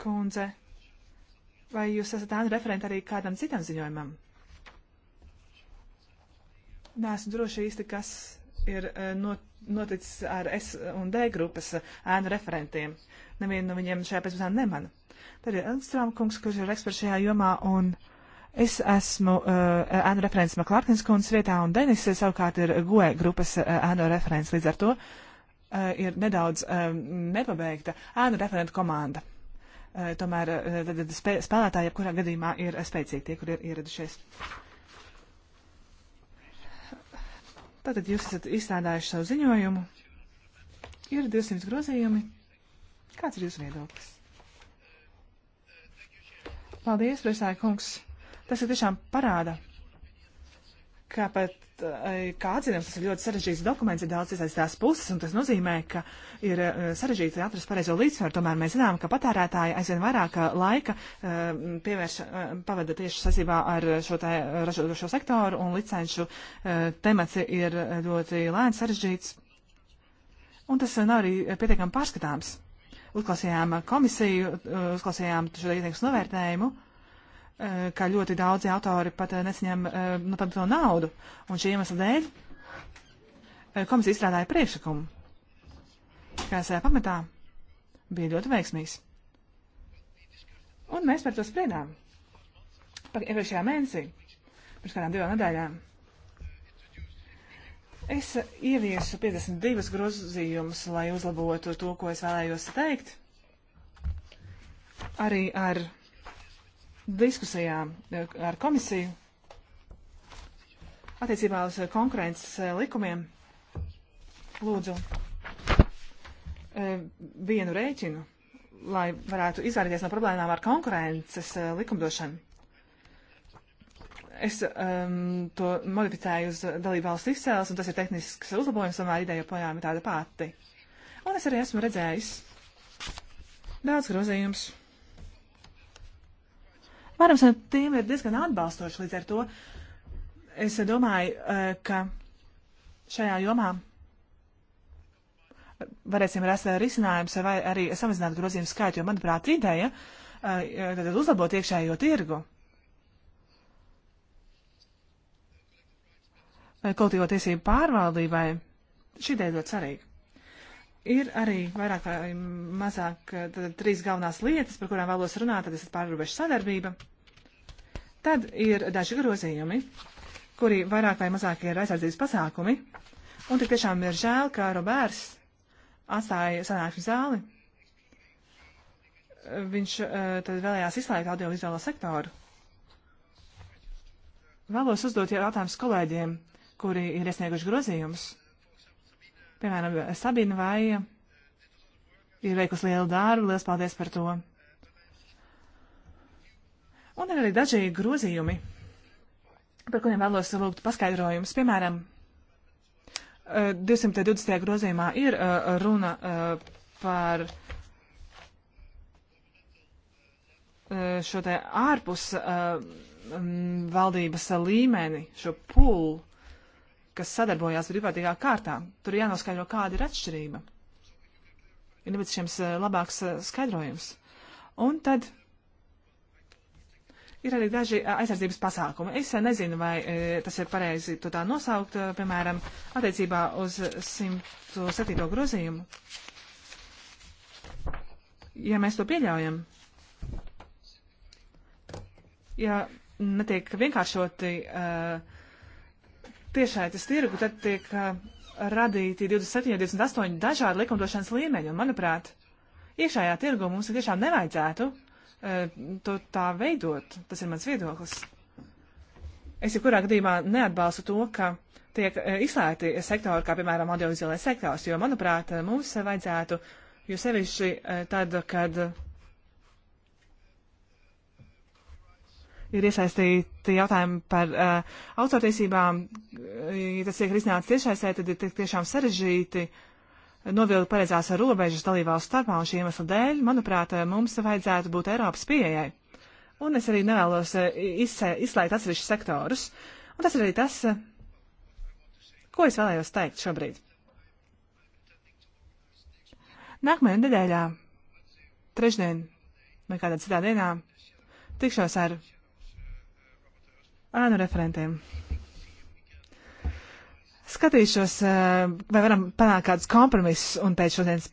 kundze. Vai jūs esat ēnu referenti arī kādam citam ziņojumam? Nē, esmu droši īsti, kas ir not, noticis ar S un D grupas ēnu referentiem. Nevienu no viņiem šajā pēcpusdienā nemanu. Tad ir Elstrāma kungs, kurš ir eksperts šajā jomā, un es esmu eh, ēnu uh, referents Maklārkins kundas vietā, un Denis eh, savukārt ir GOE grupas eh, ēnu uh, referents. Līdz ar to uh, ir nedaudz uh, nepabeigta ēnu referenta komanda. Uh, tomēr uh, tad, tad spē, spēlētāji, jebkurā gadījumā, ir spēcīgi tie, kur ir ieradušies. Tātad jūs esat izstrādājuši savu ziņojumu. Ir 200 grozījumi. Kāds ir jūsu viedoklis? Paldies, Presāja kungs. Tas ir tiešām parāda, eh, kā pat, kā atzinams, tas ir ļoti sarežģīts dokuments, ir daudz iesaistās puses, un tas nozīmē, ka ir eh, sarežģīti atrast pareizo līdzsvaru. Tomēr mēs zinām, ka patērētāji aizvien vairāk eh, laika pievērš, pavada tieši sasībā ar šo tā ražotošo sektoru, un licenšu temats ir ļoti lēns, sarežģīts, un tas nav arī pietiekami pārskatāms uzklausījām komisiju, uzklausījām šo ieteikumu novērtējumu, eh, kā ļoti daudzi autori pat eh, nesaņem eh, nu, pat to naudu. Un šī iemesla dēļ komisija izstrādāja priekšlikumu, kas pamatā bija ļoti veiksmīgs. Un mēs par to spriedām. Iepriekšējā mēnesī, pirms kādām divām nedēļām. Es ieviesu 52 grozījumus, lai uzlabotu to, ko es vēlējos teikt. Arī ar diskusijām eh, ar komisiju attiecībā uz konkurences eh, likumiem. Lūdzu, eh, vienu rēķinu, lai varētu izvairīties no problēmām ar konkurences likumdošanu. Es um, to modificēju uz dalībvalstu izcēles, un tas ir tehnisks uzlabojums, tomēr ideja joprojām ir tāda pati. Un es arī esmu redzējis daudz grozījums. Vairums no tiem ir diezgan atbalstoši, līdz ar to es domāju, uh, ka šajā jomā varēsim rast risinājums vai arī samazināt grozījumu skaitu, jo, manuprāt, ideja uh, tad uzlabot iekšējo tirgu kolektīvo tiesību pārvaldībai, šī ideja ļoti svarīga. Ir arī vairāk vai mazāk tad, trīs galvenās lietas, par kurām vēlos runāt, tad tas ir pārrobežu sadarbība. Tad ir daži grozījumi, kuri vairāk vai mazāk ir aizsardzības pasākumi. Un tik tiešām ir žēl, ka Roberts atstāja sanāksmes zāli. Viņš eh, tad vēlējās izslēgt audiovizuālo sektoru. Vēlos uzdot jautājumus kolēģiem, kuri ir iesnieguši grozījumus. Piemēram, Sabina vai ir veikusi lielu darbu, liels paldies par to. Un ir arī daži grozījumi, par kuriem vēlos lūgt paskaidrojumus. Piemēram, 220. Eh, grozījumā ir eh, runa eh, par šo te ārpus valdības līmeni, šo pulu kas sadarbojās brīvprātīgā kārtā. Tur jānoskaidro, kāda ir atšķirība. Ir nepieciešams eh, labāks eh, skaidrojums. Un tad ir arī daži eh, aizsardzības pasākumi. Es nezinu, vai tas ir pareizi to tā nosaukt, piemēram, attiecībā uz 107. grozījumu. Ja mēs to pieļaujam, ja netiek vienkāršoti uh, tiešaitas tirgu, tad tiek uh, radīti 27, 28 dažādi likumdošanas līmeņi. Un, manuprāt, iekšējā tirgu mums tiešām nevajadzētu uh, to tā veidot. Tas ir mans viedoklis. Es jebkurā gadījumā neatbalstu to, ka tiek uh, izslēgti sektori, kā piemēram audiovizuālais sektors, jo, manuprāt, mums vajadzētu, jo sevišķi tad, kad. Uh, ir iesaistīti jautājumi par uh, autortiesībām, ja tas tiek risināts tiešaisē, tad ir tiešām sarežģīti novilkt pareizās robežas dalībvalstu starpā, un šī iemesla dēļ, manuprāt, mums vajadzētu būt Eiropas pieejai. Un es arī nevēlos eh, izsē, izslēgt atsevišķus sektorus, un tas ir arī tas, ko es vēlējos teikt šobrīd. Nākamajā nedēļā, trešdien vai kādā citā dienā, tikšos ar ēnu referentiem. Skatīšos, eh, vai varam panākt kādus kompromisus un pēc šodienas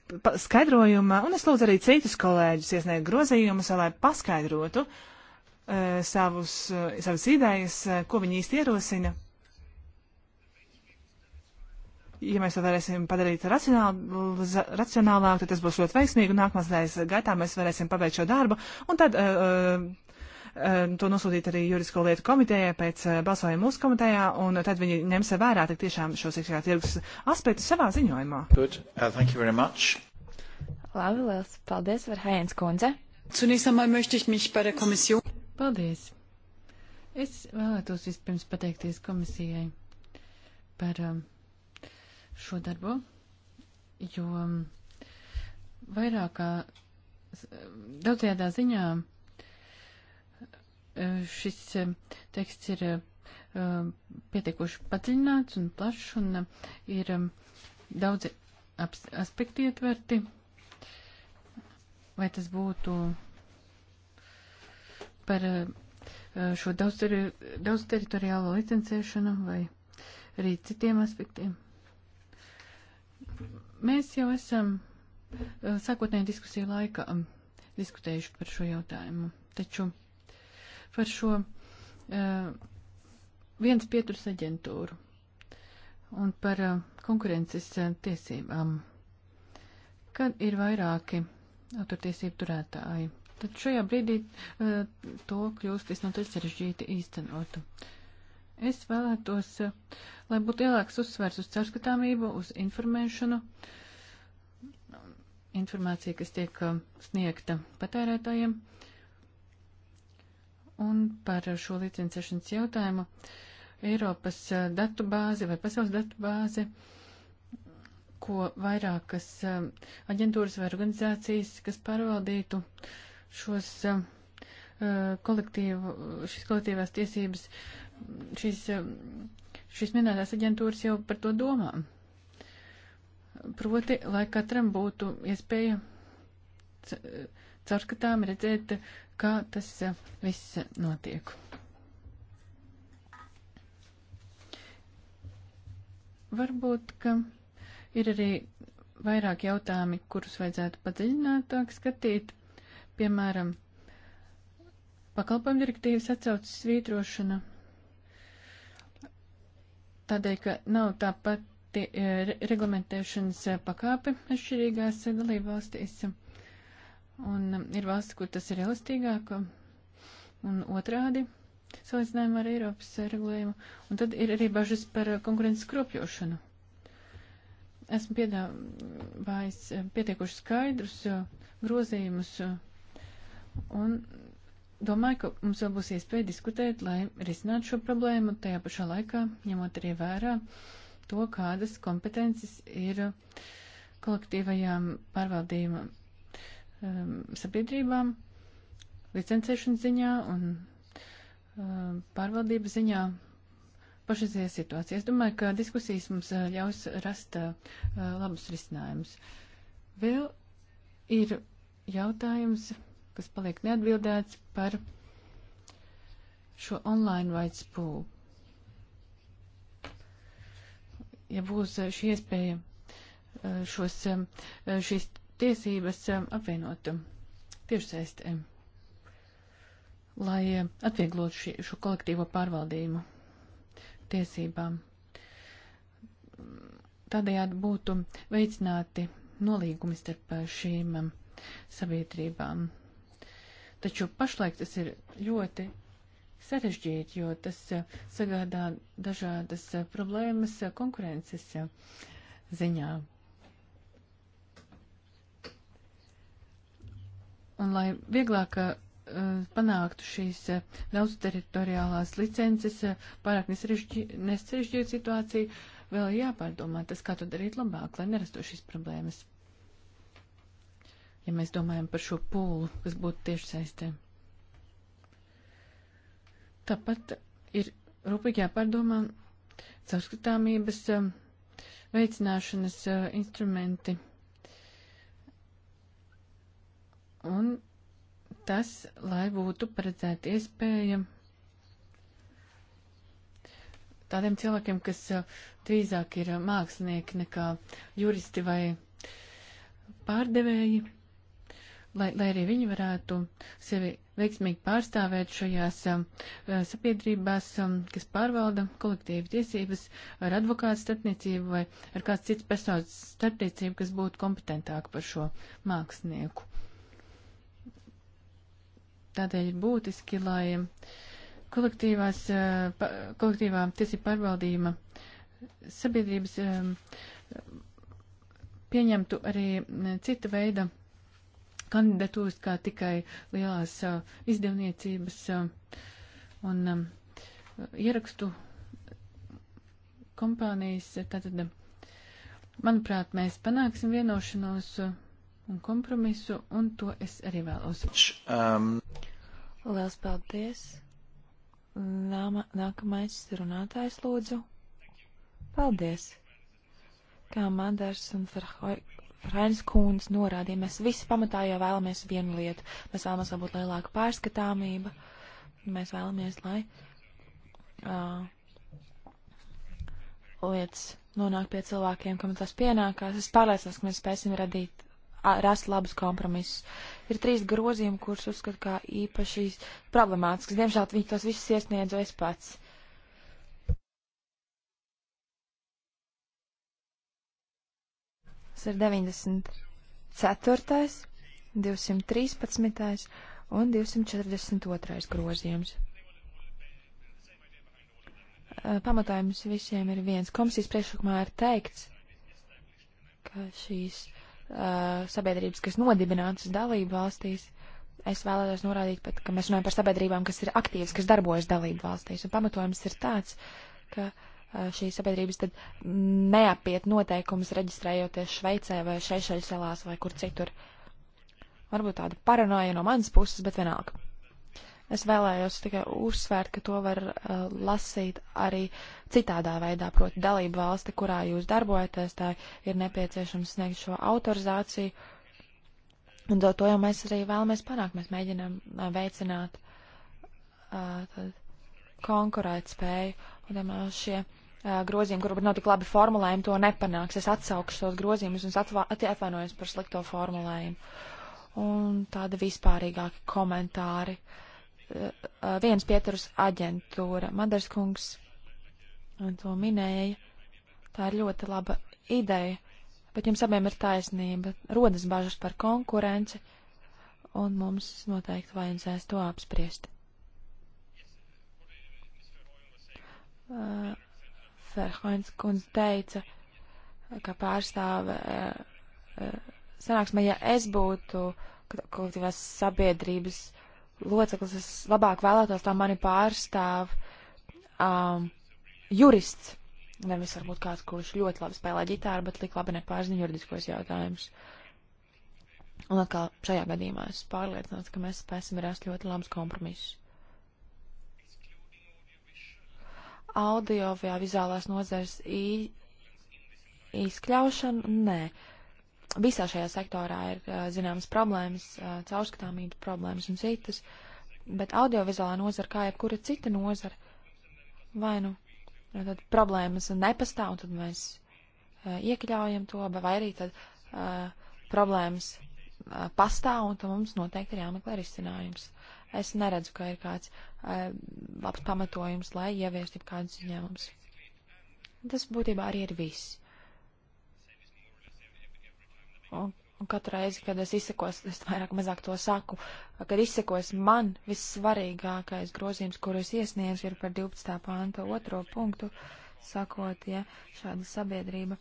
skaidrojuma, un es lūdzu arī citus kolēģus iesniegt grozījumus, lai paskaidrotu uh, savus, uh, savas idejas, uh, ko viņi īsti ierosina. Ja mēs to varēsim padarīt racionālāk, tad tas būs ļoti veiksmīgi, un nākamās nedēļas gaitā mēs varēsim pabeigt šo darbu, un tad uh, Ehm, to nosūtīt arī juridisko lietu komitejai pēc eh, balsojuma mūsu komitejā, un tad viņi ņems vērā tik tiešām šos iekšējā tirgus aspektus savā ziņojumā. Good. Uh, thank you very much. Labi, liels paldies, Verhējens kundze. Zunächst einmal möchte ich mich bei der Kommission. Paldies. Es vēlētos vispirms pateikties komisijai par um, šo darbu, jo um, vairākā, daudzajādā ziņā šis eh, teksts ir eh, pietiekuši padziļināts un plašs un eh, ir daudzi aspekti ietverti. Vai tas būtu par šo daudz, daudz teritoriālo licencēšanu vai arī citiem aspektiem? Mēs jau esam sākotnēji diskusiju laikā diskutējuši par šo jautājumu, taču par šo uh, viens pieturas aģentūru un par uh, konkurences uh, tiesībām. Kad ir vairāki autortiesību turētāji, tad šajā brīdī uh, to kļūst visnotaļ sarežģīti īstenot. Es vēlētos, uh, lai būtu lielāks uzsvers uz caurskatāmību, uz informēšanu, informācija, kas tiek uh, sniegta patērētājiem. Uh, Un par šo licencēšanas jautājumu Eiropas eh, datu bāzi vai pasaules datu bāzi, ko vairākas eh, aģentūras vai organizācijas, kas pārvaldītu šos eh, kolektīvu, šīs kolektīvās tiesības, šīs, šīs minētās aģentūras jau par to domā. Proti, lai katram būtu iespēja caurskatām redzēt kā tas eh, viss notiek. Varbūt, ka ir arī vairāk jautājumi, kurus vajadzētu padziļinātāk skatīt. Piemēram, pakalpojumu direktīvas atcaucas svītrošana. Tādēļ, ka nav tā pati eh, re, reglamentēšanas eh, pakāpe atšķirīgās dalībvalstīs. valstīs Un um, ir valsts, kur tas ir elastīgāk, um, un otrādi salīdzinājumā ar Eiropas regulējumu. Un tad ir arī bažas par uh, konkurences kropļošanu. Esmu piedāvājis uh, pietiekuši skaidrus uh, grozījumus un domāju, ka mums vēl būs iespēja diskutēt, lai risinātu šo problēmu, tajā pašā laikā ņemot arī vērā to, kādas kompetences ir kolektīvajām pārvaldījumam um, sabiedrībām licencēšanas ziņā un um, pārvaldības ziņā pašreizējā situācija. Es domāju, ka diskusijas mums uh, ļaus rast uh, uh, labus risinājumus. Vēl ir jautājums, kas paliek neatbildēts par šo online rights pool. Ja būs uh, šī iespēja šos, um, šīs tiesības um, apvienot um, tiešsaistē, um, lai atvieglotu ši, šo kolektīvo pārvaldību tiesībām. Tādējādi būtu veicināti nolīgumi starp uh, šīm sabiedrībām. Taču pašlaik tas ir ļoti sarežģīti, jo tas uh, sagādā dažādas uh, problēmas konkurences ziņā. Un lai vieglāk uh, panāktu šīs uh, daudz teritoriālās licences, uh, pārāk nesarežģītu situāciju, vēl jāpārdomā tas, kā to darīt labāk, lai nerastu šīs problēmas. Ja mēs domājam par šo pūlu, kas būtu tieši saistē. Tāpat ir rūpīgi jāpārdomā caurskatāmības veicināšanas instrumenti Un tas, lai būtu paredzēta iespēja tādiem cilvēkiem, kas drīzāk ir mākslinieki nekā juristi vai pārdevēji, lai, lai arī viņi varētu sevi veiksmīgi pārstāvēt šajās a, sabiedrībās, a, kas pārvalda kolektīvas tiesības ar advokātu starpniecību vai ar kāds cits personas starpniecību, kas būtu kompetentāk par šo mākslinieku. Tādēļ ir būtiski, lai kolektīvās, eh, kolektīvā tiesība pārvaldījuma sabiedrības eh, pieņemtu arī eh, cita veida kandidatūras, kā tikai lielās izdevniecības un ierakstu kompānijas. Tātad, manuprāt, mēs panāksim vienošanos. Uh, un kompromisu, un to es arī vēlos. Um. Lielas paldies! Nāma, nākamais runātājs lūdzu. Paldies! Kā Manders un Ferhoj. Frēns Kūns norādīja, mēs visi pamatā jau vēlamies vienu lietu. Mēs vēlamies, lai būtu lielāka pārskatāmība. Mēs vēlamies, lai uh, lietas nonāk pie cilvēkiem, kam tas pienākās. Es pārliecinos, ka mēs spēsim radīt rast labus kompromisus. Ir trīs grozījumi, kurus uzskatu kā īpaši problemātisks. Diemžēl viņi tos visus iesniedzu es pats. Tas ir 94., 213. un 242. grozījums. Pamatojums visiem ir viens. Komisijas priekšlikumā ir teikts, ka šīs uh, Uh, sabiedrības, kas nodibinātas dalību valstīs, es vēlētos norādīt, pat, ka mēs runājam par sabiedrībām, kas ir aktīvas, kas darbojas dalību valstīs. Un pamatojums ir tāds, ka uh, šīs sabiedrības tad neapiet noteikumus reģistrējoties Šveicē vai Šeišeļu salās vai kur citur. Varbūt tāda paranoja no manas puses, bet vienalga. Es vēlējos tikai uzsvērt, ka to var uh, lasīt arī citādā veidā, proti dalību valsti, kurā jūs darbojaties, tā ir nepieciešams sniegt šo autorizāciju. Un to, to jau mēs arī vēlamies panākt. Mēs mēģinām uh, veicināt uh, konkurēt spēju. Un, um, šie, uh, grozījumi, kuriem nav tik labi formulējumi, to nepanāks. Es atsaukšu tos grozījumus un atvainojos par slikto formulējumu. Un tādi vispārīgāki komentāri. Uh, Eh, eh, vienas pieturas aģentūra. Madarskungs to minēja. Tā ir ļoti laba ideja, bet jums abiem ir taisnība. Rodas bažas par konkurenci, un mums noteikti vajadzēs to apspriest. Uh, Ferhoins kundze teica, ka pārstāve uh, sanāksmē, ja es būtu kolektīvās sabiedrības uh, loceklis, es labāk vēlētos, lai mani pārstāv um, jurists. Nevis varbūt kāds, kurš ļoti labi spēlē ģitāru, bet tik labi nepārzina juridiskos jautājumus. Un atkal šajā gadījumā es pārliecināts, ka mēs spēsim rast ļoti labus kompromisus. Audio vai vizuālās nozares izkļaušana? Nē. Uh, visā šajā sektorā ir zināmas problēmas, caurskatāmības problēmas un citas, bet audiovizuālā nozara, kā jebkura cita nozara, vai nu tad problēmas nepastāv, un tad mēs uh, iekļaujam to, vai arī tad uh, problēmas uh, pastāv, un tad mums noteikti ir jāmeklē risinājums. Es neredzu, ka ir kāds uh, labs pamatojums, lai ieviestu kādus ziņojumus. Tas būtībā arī ir viss. Un, un katru reizi, kad es izsekos, es vairāk mazāk to saku, kad izsekos man vissvarīgākais grozījums, kuru es iesniedzu, ir par 12. pānta otro punktu, sakot, ja šāda sabiedrība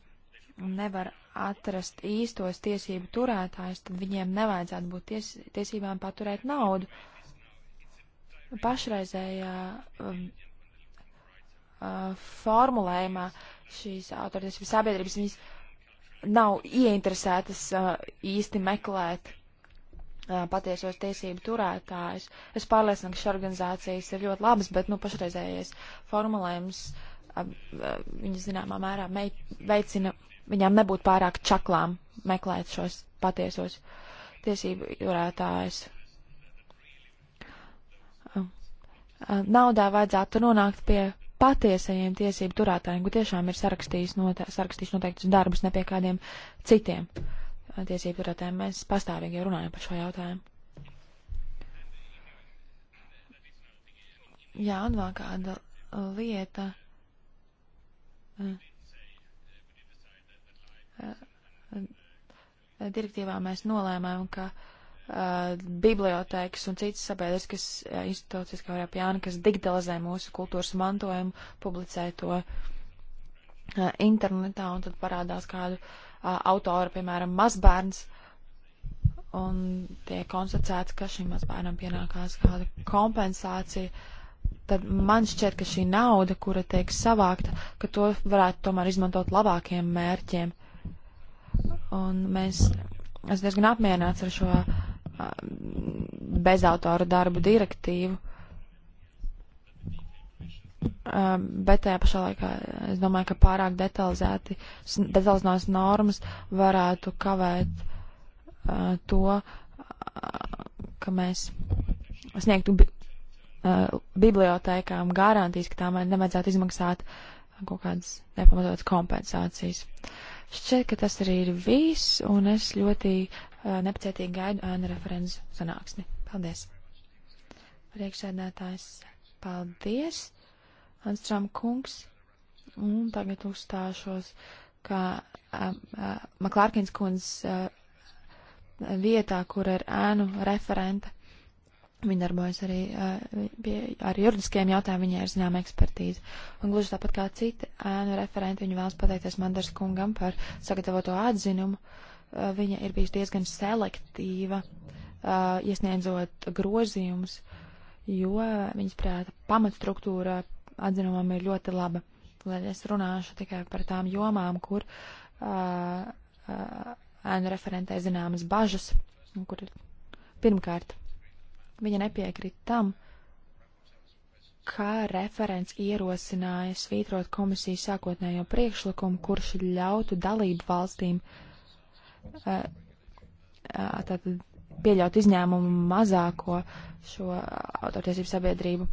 nevar atrast īstos tiesību turētājus, tad viņiem nevajadzētu būt ties, tiesībām paturēt naudu. Pašreizējā um, uh, formulējumā šīs autoritātes sabiedrības viņas nav ieinteresētas uh, īsti meklēt uh, patiesos tiesību turētājus. Es pārliecinu, ka šī organizācijas ir ļoti labas, bet nu, pašreizējais formulējums uh, uh viņas zināmā mērā mei, veicina viņām nebūt pārāk čaklām meklēt šos patiesos tiesību turētājus. Uh, uh, naudā vajadzētu nonākt pie patiesajiem tiesību turētājiem, kur tiešām ir sarakstījis note, sarakstījis noteiktus darbus, ne pie kādiem citiem uh, tiesību turētājiem. Mēs pastāvīgi runājam par šo jautājumu. Jā, un vēl kāda lieta. Uh, uh, direktīvā mēs nolēmām, ka uh, Uh, bibliotēkas un citas sabiedriskas uh, institūcijas, kā arī Jāna, kas digitalizē mūsu kultūras mantojumu, publicē to uh, internetā, un tad parādās kādu uh, autoru, piemēram, mazbērns, un tiek konstatēts, ka šim mazbērnam pienākās kāda kompensācija. Tad man šķiet, ka šī nauda, kura tiek savākta, ka to varētu tomēr izmantot labākiem mērķiem. Un mēs, es diezgan apmierināts ar šo uh, Um, bezautoru darbu direktīvu. Um, bet tajā pašā laikā es domāju, ka pārāk detalizēti, detalizētas normas varētu kavēt uh, to, uh, ka mēs sniegtu uh, bibliotēkām garantijas, ka tām nevajadzētu izmaksāt kaut kādas nepamatotas kompensācijas. Šķiet, ka tas arī ir viss, un es ļoti nepacietīgi gaidu ēnu referenzu sanāksmi. Paldies! Priekšsēdētājs, paldies! Anstram kungs, un tagad uzstāšos, ka Maklārkins kundz a, vietā, kur ir ēnu referente. Viņa darbojas arī pie, ar juridiskiem jautājumiem, viņai ir zināma ekspertīze. Un gluži tāpat kā citi ēnu referenti, viņa vēlas pateikties Mandars kungam par sagatavoto atzinumu. Uh, Eh, viņa ir bijusi diezgan selektīva, eh, iesniedzot grozījumus, jo viņas prāta pamatstruktūra atzinumam ir ļoti laba. Tad es runāšu tikai par tām jomām, kur eh, ēnu referentē zināmas bažas, kur pirmkārt viņa nepiekrīt tam, kā referents ierosināja svītrot komisijas sākotnējo priekšlikumu, kurš ļautu dalību valstīm uh, tātad pieļaut izņēmumu mazāko šo autortiesību sabiedrību,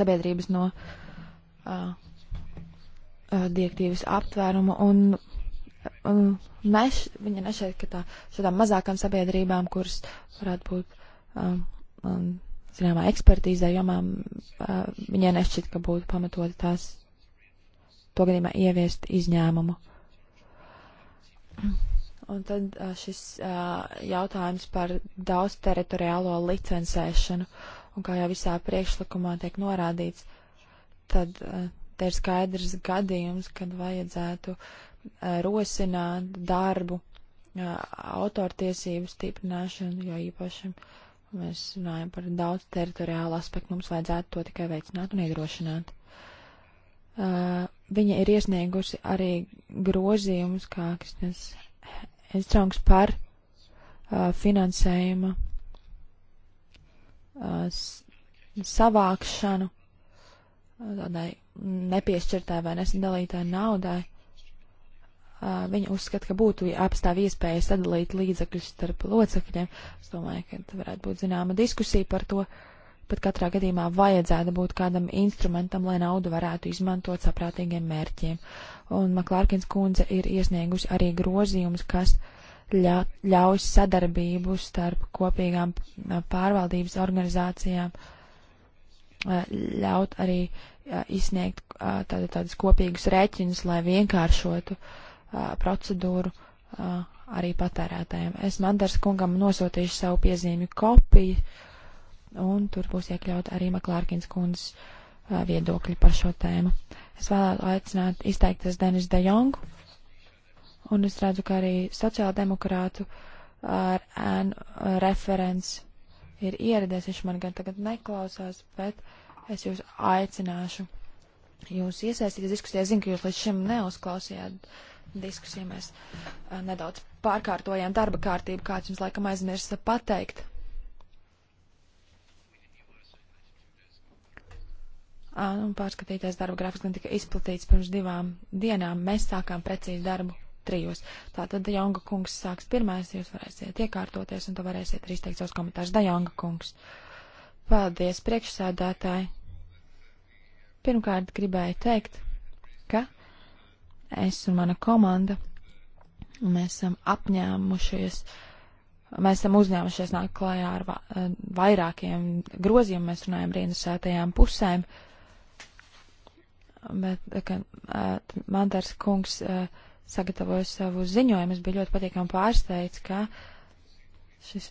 sabiedrības no uh, direktīvas aptvērumu un, un neš, viņa nešķiet, ka tā šādām mazākām sabiedrībām, kuras varētu būt, um, um, zināmā, ekspertīzē jomām, uh, viņai nešķiet, ka būtu pamatoti tās to gadījumā ieviest izņēmumu. Mm Un tad šis jautājums par daudz teritoriālo licencēšanu, un kā jau visā priekšlikumā tiek norādīts, tad te ir skaidrs gadījums, kad vajadzētu rosināt darbu autortiesību stiprināšanu, jo īpaši mēs runājam par daudz teritoriālu aspektu, mums vajadzētu to tikai veicināt un iedrošināt. Uh, viņa ir iesniegusi arī grozījumus, kā Kristins Estraugs par uh, finansējuma uh, savākšanu uh, tādai nepiešķirtai vai nesadalītai naudai. Uh, viņa uzskata, ka būtu apstāv iespēja sadalīt līdzekļus starp locekļiem. Es domāju, ka tā varētu būt zināma diskusija par to, bet katrā gadījumā vajadzētu būt kādam instrumentam, lai naudu varētu izmantot saprātīgiem mērķiem un Maklārkins kundze ir iesniegusi arī grozījumus, kas ļa, ļauj sadarbību starp kopīgām pārvaldības organizācijām, ļaut arī izsniegt tādu, tādus kopīgus rēķinus, lai vienkāršotu procedūru arī patērētājiem. Es Mandars kungam nosūtīšu savu piezīmi kopiju, un tur būs iekļaut arī Maklārkins kundzes viedokļi par šo tēmu. Es vēlētu aicināt izteikties Denis De Jongu, un es redzu, ka arī sociāldemokrātu ar ēnu referents ir ieradies. Viņš man gan tagad neklausās, bet es jūs aicināšu. Jūs iesaistīties diskusijā, zinu, ka jūs līdz šim neuzklausījāt diskusiju. Mēs nedaudz pārkārtojām darba kārtību, kāds jums laikam aizmirsa pateikt. un nu, pārskatītais darba grafiks gan tika izplatīts pirms divām dienām. Mēs sākām precīzi darbu trijos. Tātad Dajonga kungs sāks pirmais, jūs varēsiet iekārtoties un to varēsiet arī izteikt savus komentārus. Dajonga kungs. Paldies, priekšsēdētāji. Pirmkārt gribēju teikt, ka es un mana komanda, mēs esam apņēmušies uh, mēs esam uzņēmušies nākt klajā ar va eh, vairākiem grozījumiem, mēs runājam ar interesētajām pusēm bet eh, ka, eh, Mandars kungs eh, sagatavoja savu ziņojumu, es biju ļoti patīkami pārsteigts, ka šis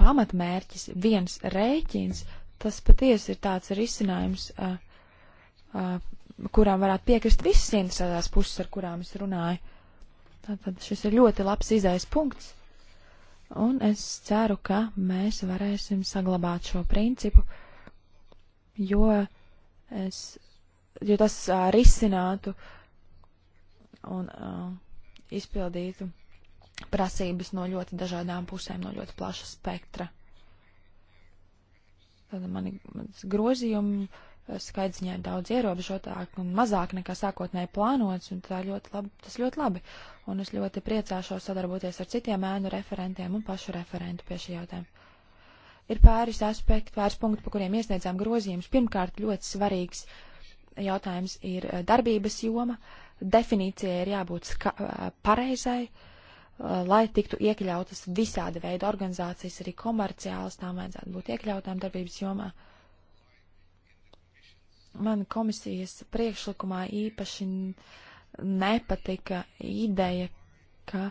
pamatmērķis, viens rēķins, tas patiesi ir tāds risinājums, kurām varētu piekrist visas interesētās puses, ar kurām es runāju. Tātad šis ir ļoti labs izējas punkts, un es ceru, ka mēs varēsim saglabāt šo principu, jo es jo tas uh, risinātu un uh, izpildītu prasības no ļoti dažādām pusēm, no ļoti plaša spektra. Tad mani grozījumi skaidriņā ir daudz ierobežotāk un mazāk nekā sākotnēji plānots, un ļoti labi, tas ļoti labi. Un es ļoti priecāšos sadarboties ar citiem ēnu referentiem un pašu referentu pie šī jautājuma. Ir pāris aspekti, pāris punkti, pa kuriem iesniedzām grozījumus. Pirmkārt, ļoti svarīgs uh, jautājums ir eh, darbības joma. Definīcijai ir jābūt eh, pareizai, eh, lai tiktu iekļautas visāda veida organizācijas, arī komerciālas, tām vajadzētu būt iekļautām darbības jomā. Man komisijas priekšlikumā īpaši nepatika ideja, ka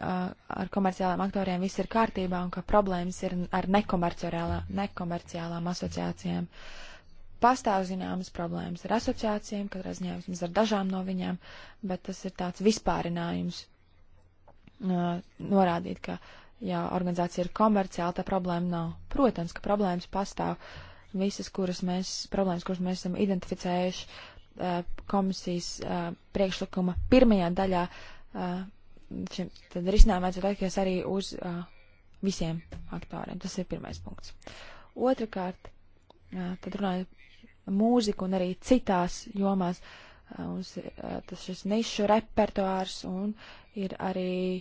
ar komerciāliem aktoriem viss ir kārtībā un ka problēmas ir ar nekomerciālām, nekomerciālām asociācijām. Uh, pastāv zināmas problēmas ar asociācijām, katrā ziņā vismaz ar dažām no viņām, bet tas ir tāds vispārinājums uh, norādīt, ka, ja organizācija ir komerciāla, tā problēma nav. Protams, ka problēmas pastāv visas, kuras mēs, problēmas, kuras mēs esam identificējuši uh, komisijas uh, priekšlikuma pirmajā daļā, šim, tad risinājumu vajadzētu attiekties arī uz visiem aktoriem. Tas ir pirmais punkts. Otrakārt, tad runājot mūziku un arī citās jomās. Uh, mums ir uh, tas šis nišu repertoārs un ir arī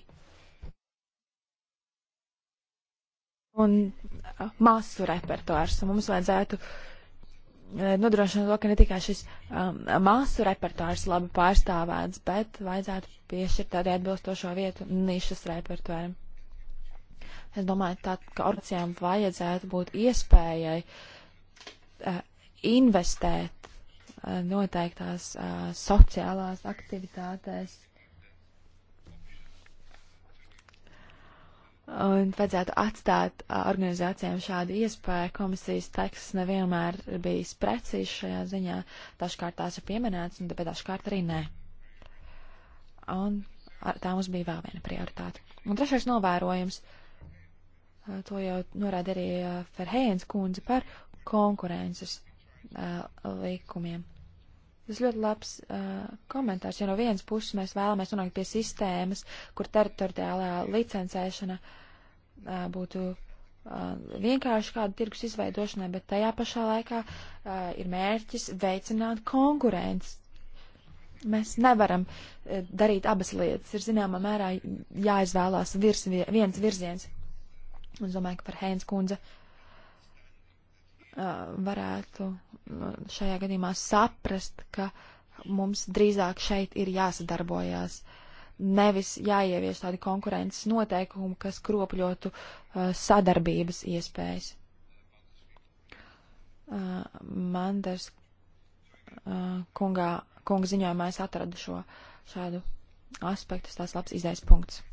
un uh, masu repertoārs. Un mums vajadzētu nodrošināt to, ka ne tikai šis um, masu repertoārs labi pārstāvēts, bet vajadzētu piešķirt tādai atbilstošo vietu nišas repertoāram. Es domāju, tā, ka organizācijām vajadzētu būt iespējai uh, investēt eh, noteiktās eh, sociālās aktivitātēs. Un vajadzētu atstāt eh, organizācijām šādu iespēju. Komisijas teksts nevienmēr ir bijis precīzs šajā ziņā. Dažkārt tās ir pieminētas, un tāpēc dažkārt arī nē. Un tā mums bija vēl viena prioritāte. Un trešais novērojums. To jau norāda arī Ferhēns kundze par konkurences Uh, likumiem. Tas ļoti labs uh, komentārs, jo no vienas puses mēs vēlamies nonākt pie sistēmas, kur teritoriālā licencēšana uh, būtu uh, vienkārši kāda tirgus izveidošanai, bet tajā pašā laikā uh, ir mērķis veicināt konkurences. Mēs nevaram uh, darīt abas lietas, ir zināmā mērā jāizvēlās virs, viens virziens. Un es domāju, ka par Hēns kundze uh, varētu šajā gadījumā saprast, ka mums drīzāk šeit ir jāsadarbojās. Nevis jāievieš tādi konkurences noteikumi, kas kropļotu sadarbības iespējas. Manders kungā, kunga ziņojumā es atradu šo šādu aspektu, tās labs izaisa punkts.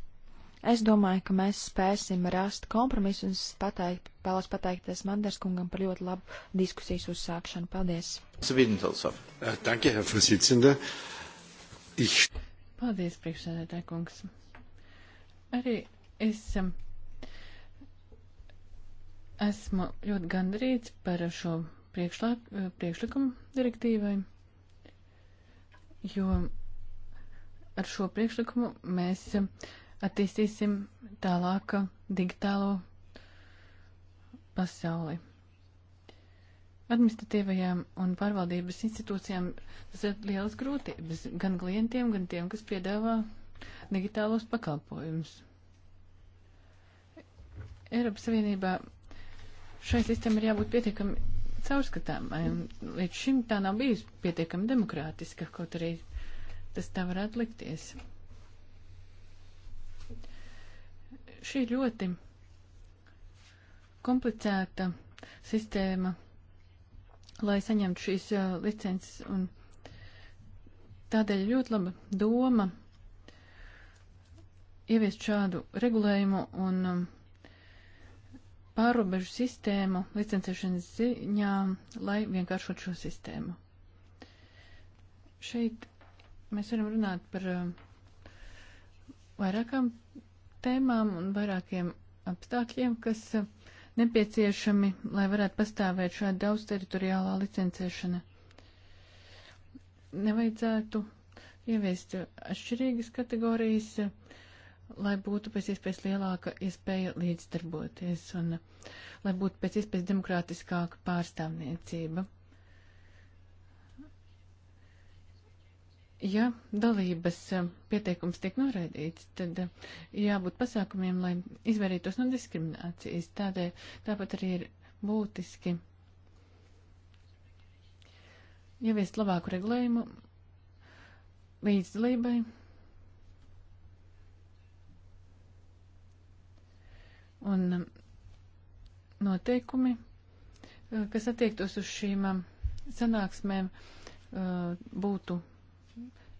Es domāju, ka mēs spēsim rast kompromisu un pateikt, vēlos pateikties Manders kungam par ļoti labu diskusijas uzsākšanu. Paldies! Äh, danke, Herr Vorsitzender. Ich... Paldies, priekšsēdētāj kungs. Arī es um, esmu ļoti gandarīts par šo eh, priekšlikumu direktīvai, jo ar šo priekšlikumu mēs. Um, attīstīsim tālāk digitālo pasauli. Administratīvajām un pārvaldības institūcijām tas ir liels grūtības gan klientiem, gan tiem, kas piedāvā digitālos pakalpojumus. Eiropas Savienībā šai sistēmai ir jābūt pietiekami caurskatāmai. Līdz šim tā nav bijusi pietiekami demokrātiska, kaut arī tas tā varētu likties. Šī ļoti komplicēta sistēma, lai saņemtu šīs uh, licences, un tādēļ ļoti laba doma ieviest šādu regulējumu un um, pārobežu sistēmu licencēšanas ziņā, lai vienkāršot šo sistēmu. Šeit mēs varam runāt par uh, vairākām tēmām un vairākiem apstākļiem, kas eh, nepieciešami, lai varētu pastāvēt šāda daudz teritoriālā licencēšana. Nevajadzētu ieviest atšķirīgas kategorijas, eh, lai būtu pēc iespējas lielāka iespēja līdzdarboties un eh, lai būtu pēc iespējas demokrātiskāka pārstāvniecība. ja dalības eh, pieteikums tiek noraidīts, tad eh, jābūt pasākumiem, lai izvairītos no diskriminācijas. Tādēļ tāpat arī ir būtiski ieviest labāku regulējumu līdzdalībai. Un eh, noteikumi, kas attiektos uz šīm sanāksmēm, būtu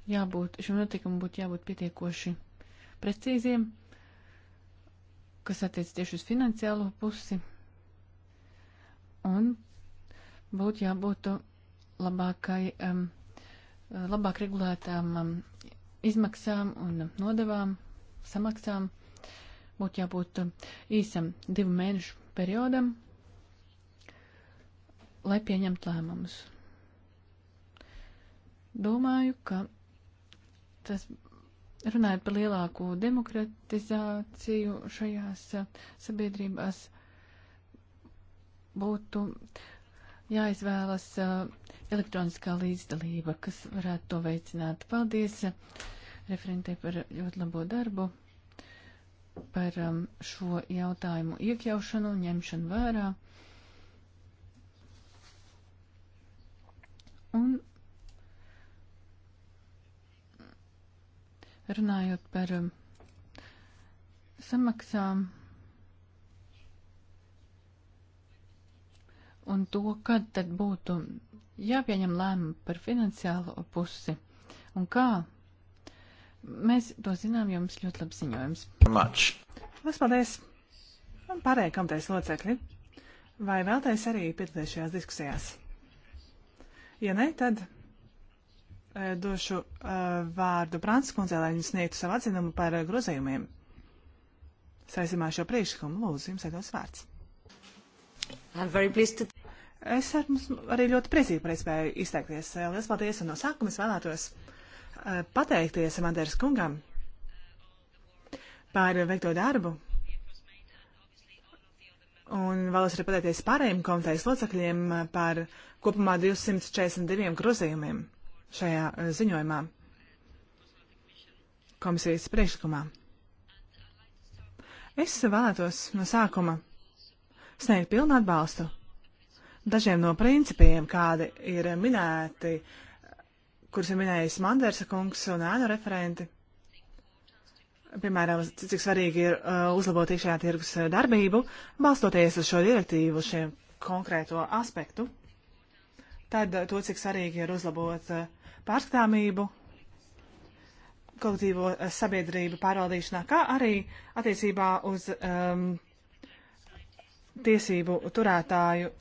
jābūt, šim notikumam būtu jābūt pietiekoši precīziem, kas attiec tieši uz finansiālo pusi, un būtu jābūt labākai, um, labāk regulētām um, izmaksām un nodevām, samaksām, būtu jābūt um, īsam divu mēnešu periodam, lai pieņemtu lēmumus. Domāju, ka tas runājot par lielāku demokratizāciju šajās uh, sabiedrībās, būtu jāizvēlas uh, elektroniskā līdzdalība, kas varētu to veicināt. Paldies uh, referentē par ļoti labo darbu, par um, šo jautājumu iekļaušanu, ņemšanu vērā. Un Runājot par um, samaksām un to, kad tad būtu jāpieņem lēmumu par finansiālo pusi un kā. Mēs to zinām, jums ļoti labi ziņojums. Mač. Lielas paldies! Un pārējie komitejas locekļi, vai vēlties arī piedalīties šajās diskusijās? Ja ne, tad Eh, došu eh, vārdu Prāns kundzei, lai viņa sniegtu savu atzinumu par eh, grozējumiem. Saistībā ar šo priekšlikumu lūdzu, jums ir dos vārds. To... Es ar mums arī ļoti priecīgi par iespēju izteikties. Lielas paldies, un no sākuma es vēlētos pateikties Mandēras kungam par veikto darbu. Un vēlos arī pateikties pārējiem komitejas locekļiem par kopumā 242 grozījumiem šajā e, ziņojumā, komisijas priekšlikumā. Es vēlētos no sākuma sniegt pilnu atbalstu dažiem no principiem, kādi ir minēti, kurus ir minējis Mandersa kungs un ēnu referenti. Piemēram, cik svarīgi ir uh, uzlabot iekšējā tirgus darbību, balstoties uz šo direktīvu, šiem konkrēto aspektu. Tad to, cik svarīgi ir uzlabot uh, pārskatāmību kolektīvo eh, sabiedrību pārvaldīšanā, kā arī attiecībā uz um, tiesību turētāju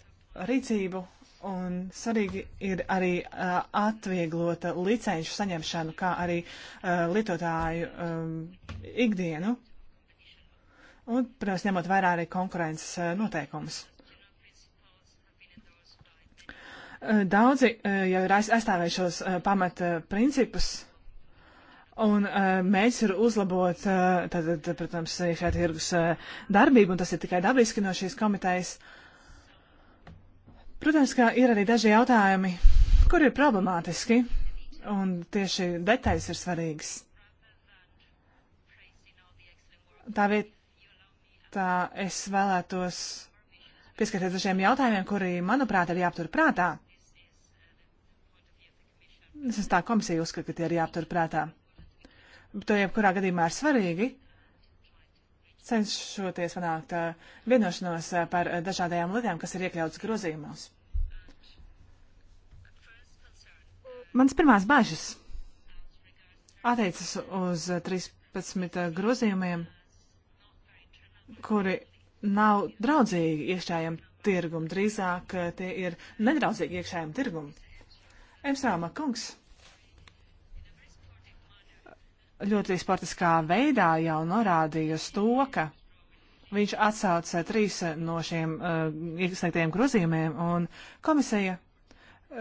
rīcību. Un svarīgi ir arī uh, eh, atvieglota licenšu saņemšanu, kā arī uh, lietotāju um, ikdienu. Un, protams, ņemot vērā arī konkurences uh, noteikumus. Eh, daudzi eh, jau ir aizstāvējušos eh, pamata principus, Un uh, mērķis ir uzlabot, uh, tātad, protams, iekšā tirgus uh, darbību, un tas ir tikai dabiski no šīs komitejas. Protams, ka ir arī daži jautājumi, kur ir problemātiski, un tieši detaļas ir svarīgas. Tā vietā es vēlētos pieskarties dažiem jautājumiem, kuri, manuprāt, ir jāaptur prātā. Es tā komisija uzskata, ka tie ir jāaptur prātā. To jebkurā gadījumā ir svarīgi cenšoties panākt uh, vienošanos uh, par uh, dažādajām lietām, kas ir iekļautas grozījumos. Mans pirmās bažas attiecas uz 13 grozījumiem, kuri nav draudzīgi iekšējiem tirgum, drīzāk tie ir nedraudzīgi iekšējiem tirgumam. Emsāma kungs ļoti sportiskā veidā jau norādīja uz to, ka viņš atsauca trīs no šiem uh, iesniegtiem grozījumiem, un komisija uh,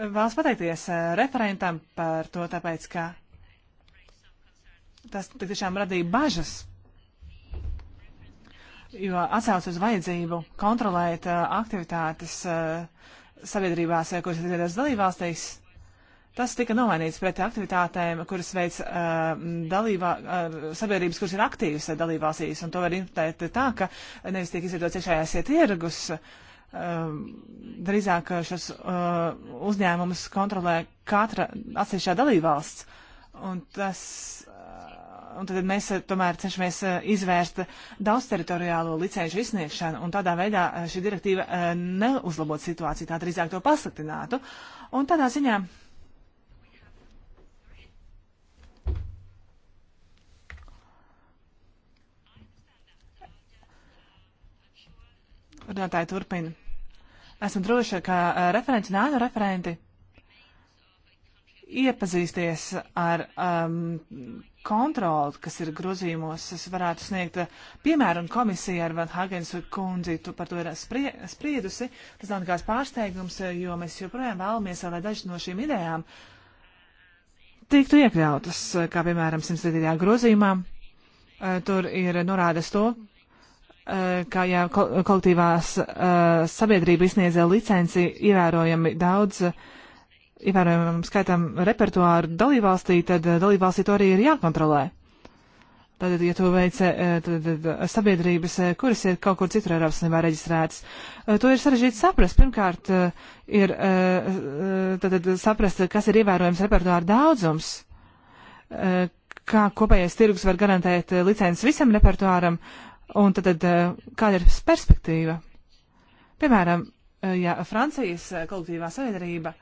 vēlas pateikties uh, referentam par to, tāpēc, ka tas tiešām radīja bažas, jo atsauca uz vajadzību kontrolēt uh, aktivitātes uh, sabiedrībās, uh, kuras ir dalībvalstīs Tas tika nomainīts pret aktivitātēm, kuras veids uh, dalībā, uh, sabiedrības, kuras ir aktīvas dalībvalstīs, un to var interpretēt tā, ka nevis tiek izveidots iekšējās ietirgus, uh, um, drīzāk šos uh, uzņēmumus kontrolē katra atsevišķā dalībvalsts. Un tas, uh, un tad mēs uh, tomēr cenšamies uh, izvērst daudzteritoriālo licenšu izsniegšanu, un tādā veidā uh, šī direktīva uh, neuzlabot situāciju, tā drīzāk to pasliktinātu. Un tādā ziņā. Uh, Runātāji turpina. Esmu droši, ka referenti, nānu referenti iepazīsties ar um, kontroli, kas ir grozījumos. Es varētu sniegt piemēru un komisija ar Van Hagens kundzi tu par to ir sprie, spriedusi. Tas nav nekāds pārsteigums, jo mēs joprojām vēlamies, lai daži no šīm idejām tiktu iekļautas, kā piemēram 107. grozījumā. Tur ir norādes to, Eh, kā jau kol kolektīvās uh, sabiedrība izsniedza licenci ievērojami daudz, ievērojamam skaitam repertuāru dalībvalstī, tad eh, dalībvalstī to arī ir jākontrolē. Tātad, ja to veic sabiedrības, kuras ir kaut kur citur Eiropas Savienībā reģistrētas, to ir sarežģīti saprast. Pirmkārt, ir tātad, saprast, kas ir ievērojams repertuāra daudzums, kā kopējais tirgus var garantēt licences visam repertuāram, uh, Un tad, tad eh, kāda ir perspektīva? Piemēram, eh, ja Francijas eh, kolektīvā sabiedrība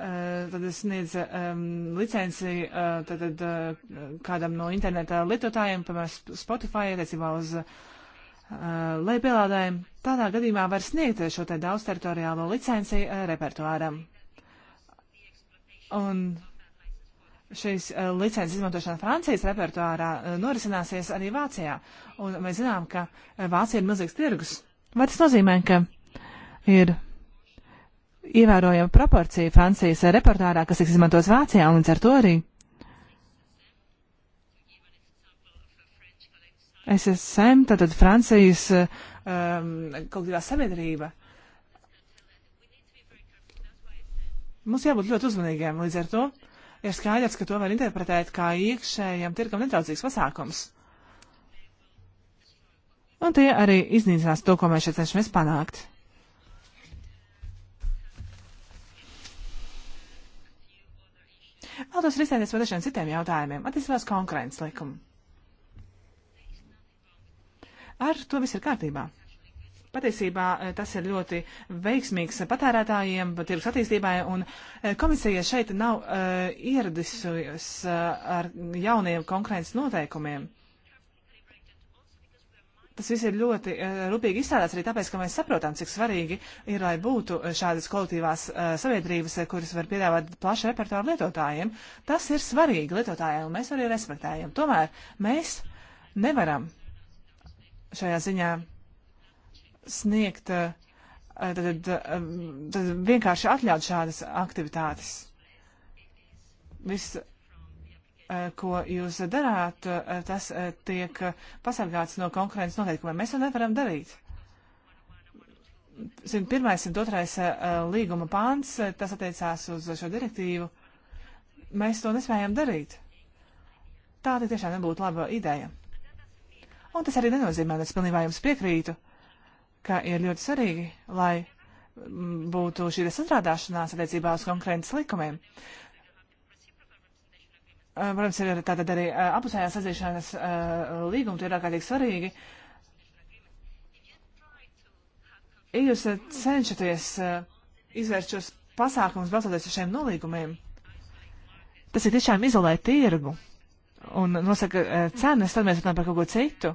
tad sniedz um, licenci tad, tad, kādam no interneta lietotājiem, piemēram, Spotify, attiecībā uz uh, lejupielādēm, tādā gadījumā var sniegt šo te daudz teritoriālo licenci repertuāram. Un šīs uh, licences izmantošana Francijas repertuārā uh, norisināsies arī Vācijā. Un mēs zinām, ka eh, Vācija ir milzīgs tirgus. Vai tas nozīmē, ka ir ievērojama proporcija Francijas repertuārā, kas tiks izmantos Vācijā un līdz ar to arī? SSM, tātad Francijas um, kaut kādā sabiedrība. Mums jābūt ļoti uzmanīgiem līdz ar to. Uh, ir skaidrs, ka to var interpretēt kā iekšējam tirgam nedraudzīgs pasākums. Un tie arī iznīcinās to, ko mēs šeit cenšamies panākt. Vēlos risināties par dažiem citiem jautājumiem, attiecībās konkurences likumu. Ar to viss ir kārtībā. Patiesībā eh, tas ir ļoti veiksmīgs patērētājiem, tirgus attīstībai, un eh, komisija šeit nav uh, ieradusies uh, ar jauniem konkurences noteikumiem. Tas viss ir ļoti uh, rūpīgi izstrādāts arī tāpēc, ka mēs saprotam, cik svarīgi ir, lai būtu šādas kolektīvās uh, sabiedrības, kuras var piedāvāt plašu repertuāru lietotājiem. Tas ir svarīgi lietotājiem, un mēs arī respektējam. Tomēr mēs nevaram šajā ziņā sniegt, eh, eh, tad, tad, eh, tad vienkārši atļaut šādas aktivitātes. Viss, ko jūs darāt, tas tiek pasargāts no konkurences noteikumiem. Mēs to nevaram darīt. 101. 102. līguma pāns, tas attiecās uz šo direktīvu. Mēs to nespējām darīt. Tā tiešām nebūtu laba ideja. Un tas arī nenozīmē, ka es pilnībā jums piekrītu ka ir ļoti svarīgi, lai mm, būtu šī sastrādāšanās attiecībā uz konkrētas likumiem. Eh, protams, ir tātad arī eh, apusējās atzīšanas eh, līguma, tie ir ārkārtīgi svarīgi. Ja jūs cenšaties izvērst šos pasākumus, balstoties uz šiem nolīgumiem, tas ir tiešām izolēt tirgu un nosaka cenas, tad mēs runājam par kaut ko citu.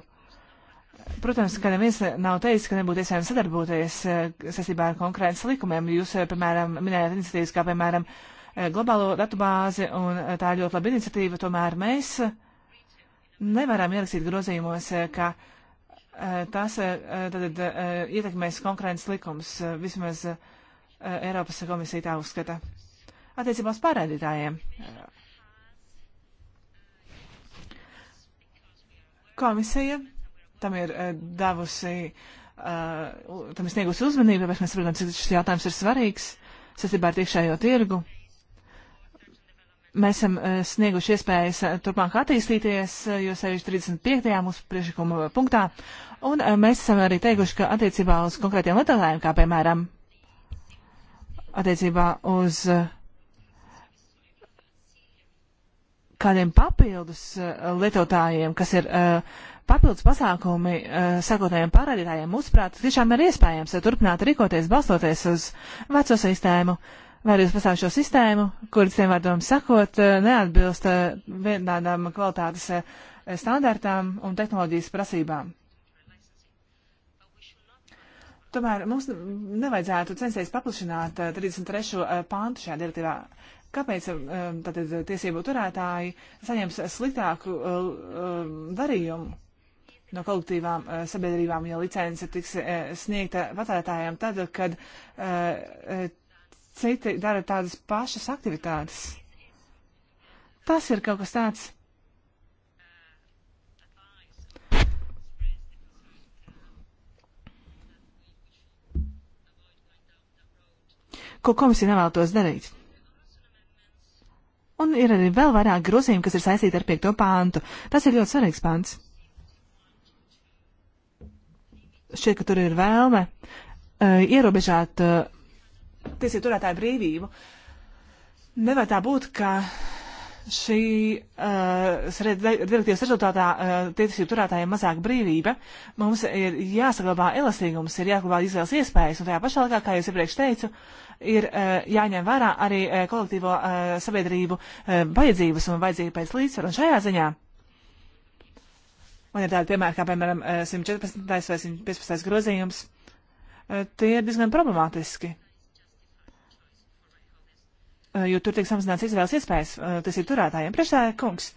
Protams, ka neviens nav teicis, ka nebūtu iespējams sadarboties eh, sasībā ar konkrētas likumiem. Jūs, eh, piemēram, minējāt iniciatīvas kā, piemēram, eh, globālo datubāzi, un tā ir ļoti laba iniciatīva, tomēr mēs nevaram ierakstīt grozījumos, ka tas tad ietekmēs konkurences likums, vismaz Eiropas komisija tā uzskata. Attiecībā uz pārēdītājiem. Komisija tam ir eh, devusi, uh, tam ir sniegusi uzmanību, tāpēc mēs saprotam, cik šis jautājums ir svarīgs saistībā ar iekšējo tirgu. Mēs esam uh, snieguši iespējas uh, turpmāk attīstīties, jo sevišķi 35. mūsu priekšlikuma punktā, un mēs esam arī teikuši, ka attiecībā uz konkrētiem lietotājiem, kā piemēram attiecībā uz kādiem papildus lietotājiem, kas ir uh, papildus pasākumi eh, sakotējiem pārādītājiem, mūsuprāt, tiešām ir iespējams turpināt rīkoties balstoties uz veco sistēmu vai arī uz pasaušo sistēmu, kuras, tiem vārdiem sakot, eh, neatbilst eh, vienādām kvalitātes standartām un tehnoloģijas prasībām. Tomēr mums nevajadzētu censties paplašināt 33. pāntu šajā direktīvā kāpēc tātad tiesību turētāji saņems sliktāku darījumu no kolektīvām eh, sabiedrībām, ja licence tiks eh, sniegta patērētājiem tad, kad eh, citi dara tādas pašas aktivitātes. Tas ir kaut kas tāds. ko komisija nevēlētos darīt. Un ir arī vēl vairāk grozījumi, kas ir saistīti ar piekto pāntu. Tas ir ļoti svarīgs pāns šķiet, ka tur ir vēlme uh, eh, ierobežāt uh, eh, tiesību turētāju brīvību. Nevar tā būt, ka šī uh, direktīvas rezultātā uh, tiesību turētājiem mazāk brīvība. Mums ir jāsaglabā elastīgums, ir jāsaglabā izvēles iespējas, un tajā pašā laikā, kā jau iepriekš teicu, ir uh, jāņem vērā arī uh, kolektīvo uh, sabiedrību uh, vajadzības un vajadzība pēc līdzsvaru. Un šajā ziņā Un ir tādi piemēri, kā piemēram 114. Eh, vai 115. grozījums. Eh, tie ir diezgan problemātiski. Eh, jo tur tiek samazināts izvēles iespējas, tas ir turētājiem. Priekšā kungs,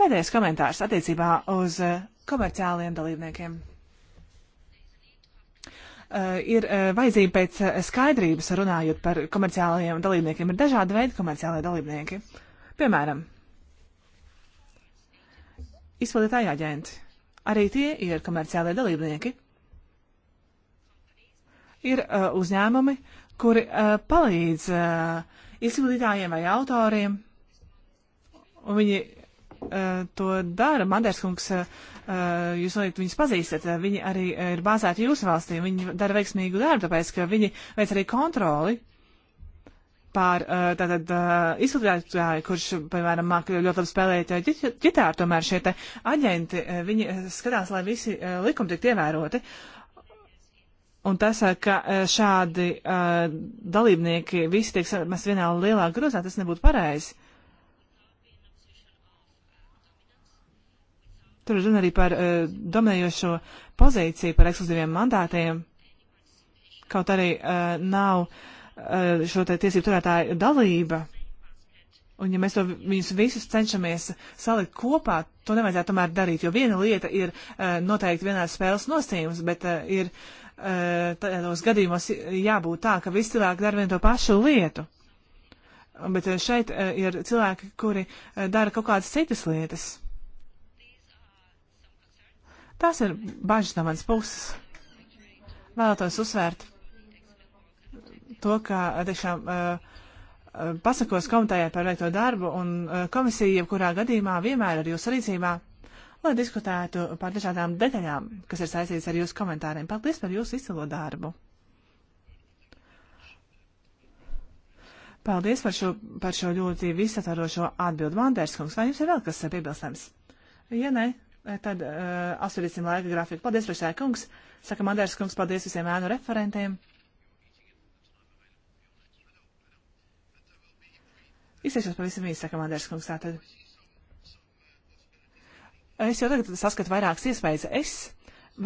pēdējais komentārs attiecībā uz komerciāliem dalībniekiem. Uh, ir uh, vajadzība pēc uh, skaidrības runājot par komerciālajiem dalībniekiem. Ir dažādi veidi komerciālajie dalībnieki. Piemēram, uh, izpildītāji aģenti. Arī tie ir komerciālie dalībnieki. Ir uh, uzņēmumi, kuri uh, palīdz uh, izpildītājiem vai autoriem, un viņi uh, to dara. Mandērskungs, uh, uh, jūs noteikti viņus pazīstat, uh, viņi arī uh, ir bāzēti jūsu valstī, viņi dara veiksmīgu darbu, tāpēc, ka viņi veic arī kontroli par eh, tātad eh, izsludinātāju, kurš, piemēram, māk ļoti labi spēlēt eh, ģitāru, tomēr šie te aģenti, viņi skatās, lai visi likumi tiktu ievēroti. Un tas, ka šādi dalībnieki visi tiek mēs vienā lielā grozā, tas nebūtu pareizi. Tur runa arī par dominējošo pozīciju, par ekskluzīviem mandātiem. Kaut arī nav uh, Eh, šo te tiesību turētāju dalība. Un ja mēs to viņus visus cenšamies salikt kopā, to nevajadzētu tomēr darīt, jo viena lieta ir eh, noteikti vienāds spēles nosacījums, bet eh, ir tādos gadījumos jābūt tā, ka visi cilvēki dara vienu to pašu lietu. Bet šeit ir cilvēki, kuri dara kaut kādas citas lietas. Tās ir bažas no manas puses. Vēlētos uzsvērt to, ka eh, tiešām eh, eh, pasakos komitējai par veikto darbu un komisija jebkurā gadījumā vienmēr ir jūsu rīcībā, lai diskutētu par dažādām detaļām, kas ir saistītas ar jūsu komentāriem. Paldies par jūsu izcilo darbu! Paldies par šo, par šo ļoti visatvarošo atbildu. Vanderskungs, vai jums ir vēl kas piebilstams? Ja nē, tad uh, apsvērsim laika grafiku. Paldies, priekšsēkungs. Saka Vanderskungs, paldies visiem ēnu referentiem. Izteikšos pavisam īsi, saka Manders kungs, tātad. Es jau tagad saskatu vairākas iespējas. Es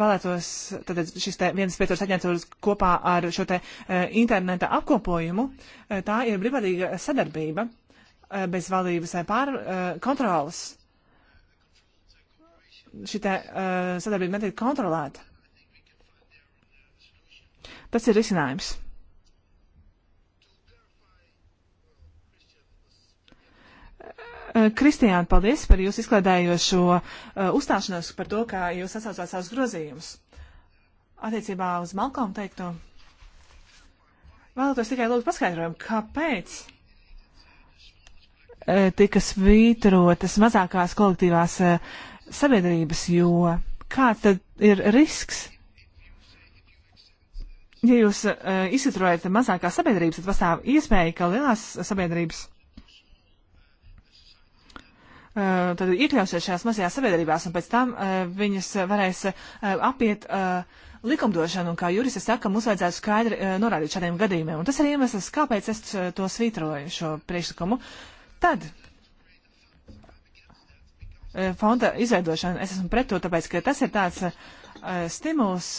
vēlētos, tad šis te viens pieturs aģentūras kopā ar šo te uh, interneta apkopojumu, uh, tā ir brīvprātīga sadarbība uh, bez valdības pār kontrolas. Šī te sadarbība netiek kontrolēta. Tas ir risinājums. Eh, Kristiāna, paldies par jūsu izklaidējošo eh, uzstāšanos, par to, kā jūs atsaucāt savus grozījumus. Attiecībā uz Malkomu teikto, vēlētos tikai lūgt paskaidrojumu, kāpēc eh, tika svītrotas mazākās kolektīvās sabiedrības, jo kāds tad ir risks? Ja jūs uh, izsvetrojat mazākās sabiedrības, tad pastāv iespēja, ka lielās sabiedrības Eh, tad iekļausies šajās mazajās sabiedrībās, un pēc tam eh, viņas varēs eh, apiet likumdošanu, un kā juriste saka, mums vajadzētu skaidri norādīt šādiem gadījumiem. Un tas ir iemesls, kāpēc es to svītroju, šo priekšlikumu. Tad fonda izveidošana, es esmu pret to, tāpēc, ka tas ir tāds stimuls,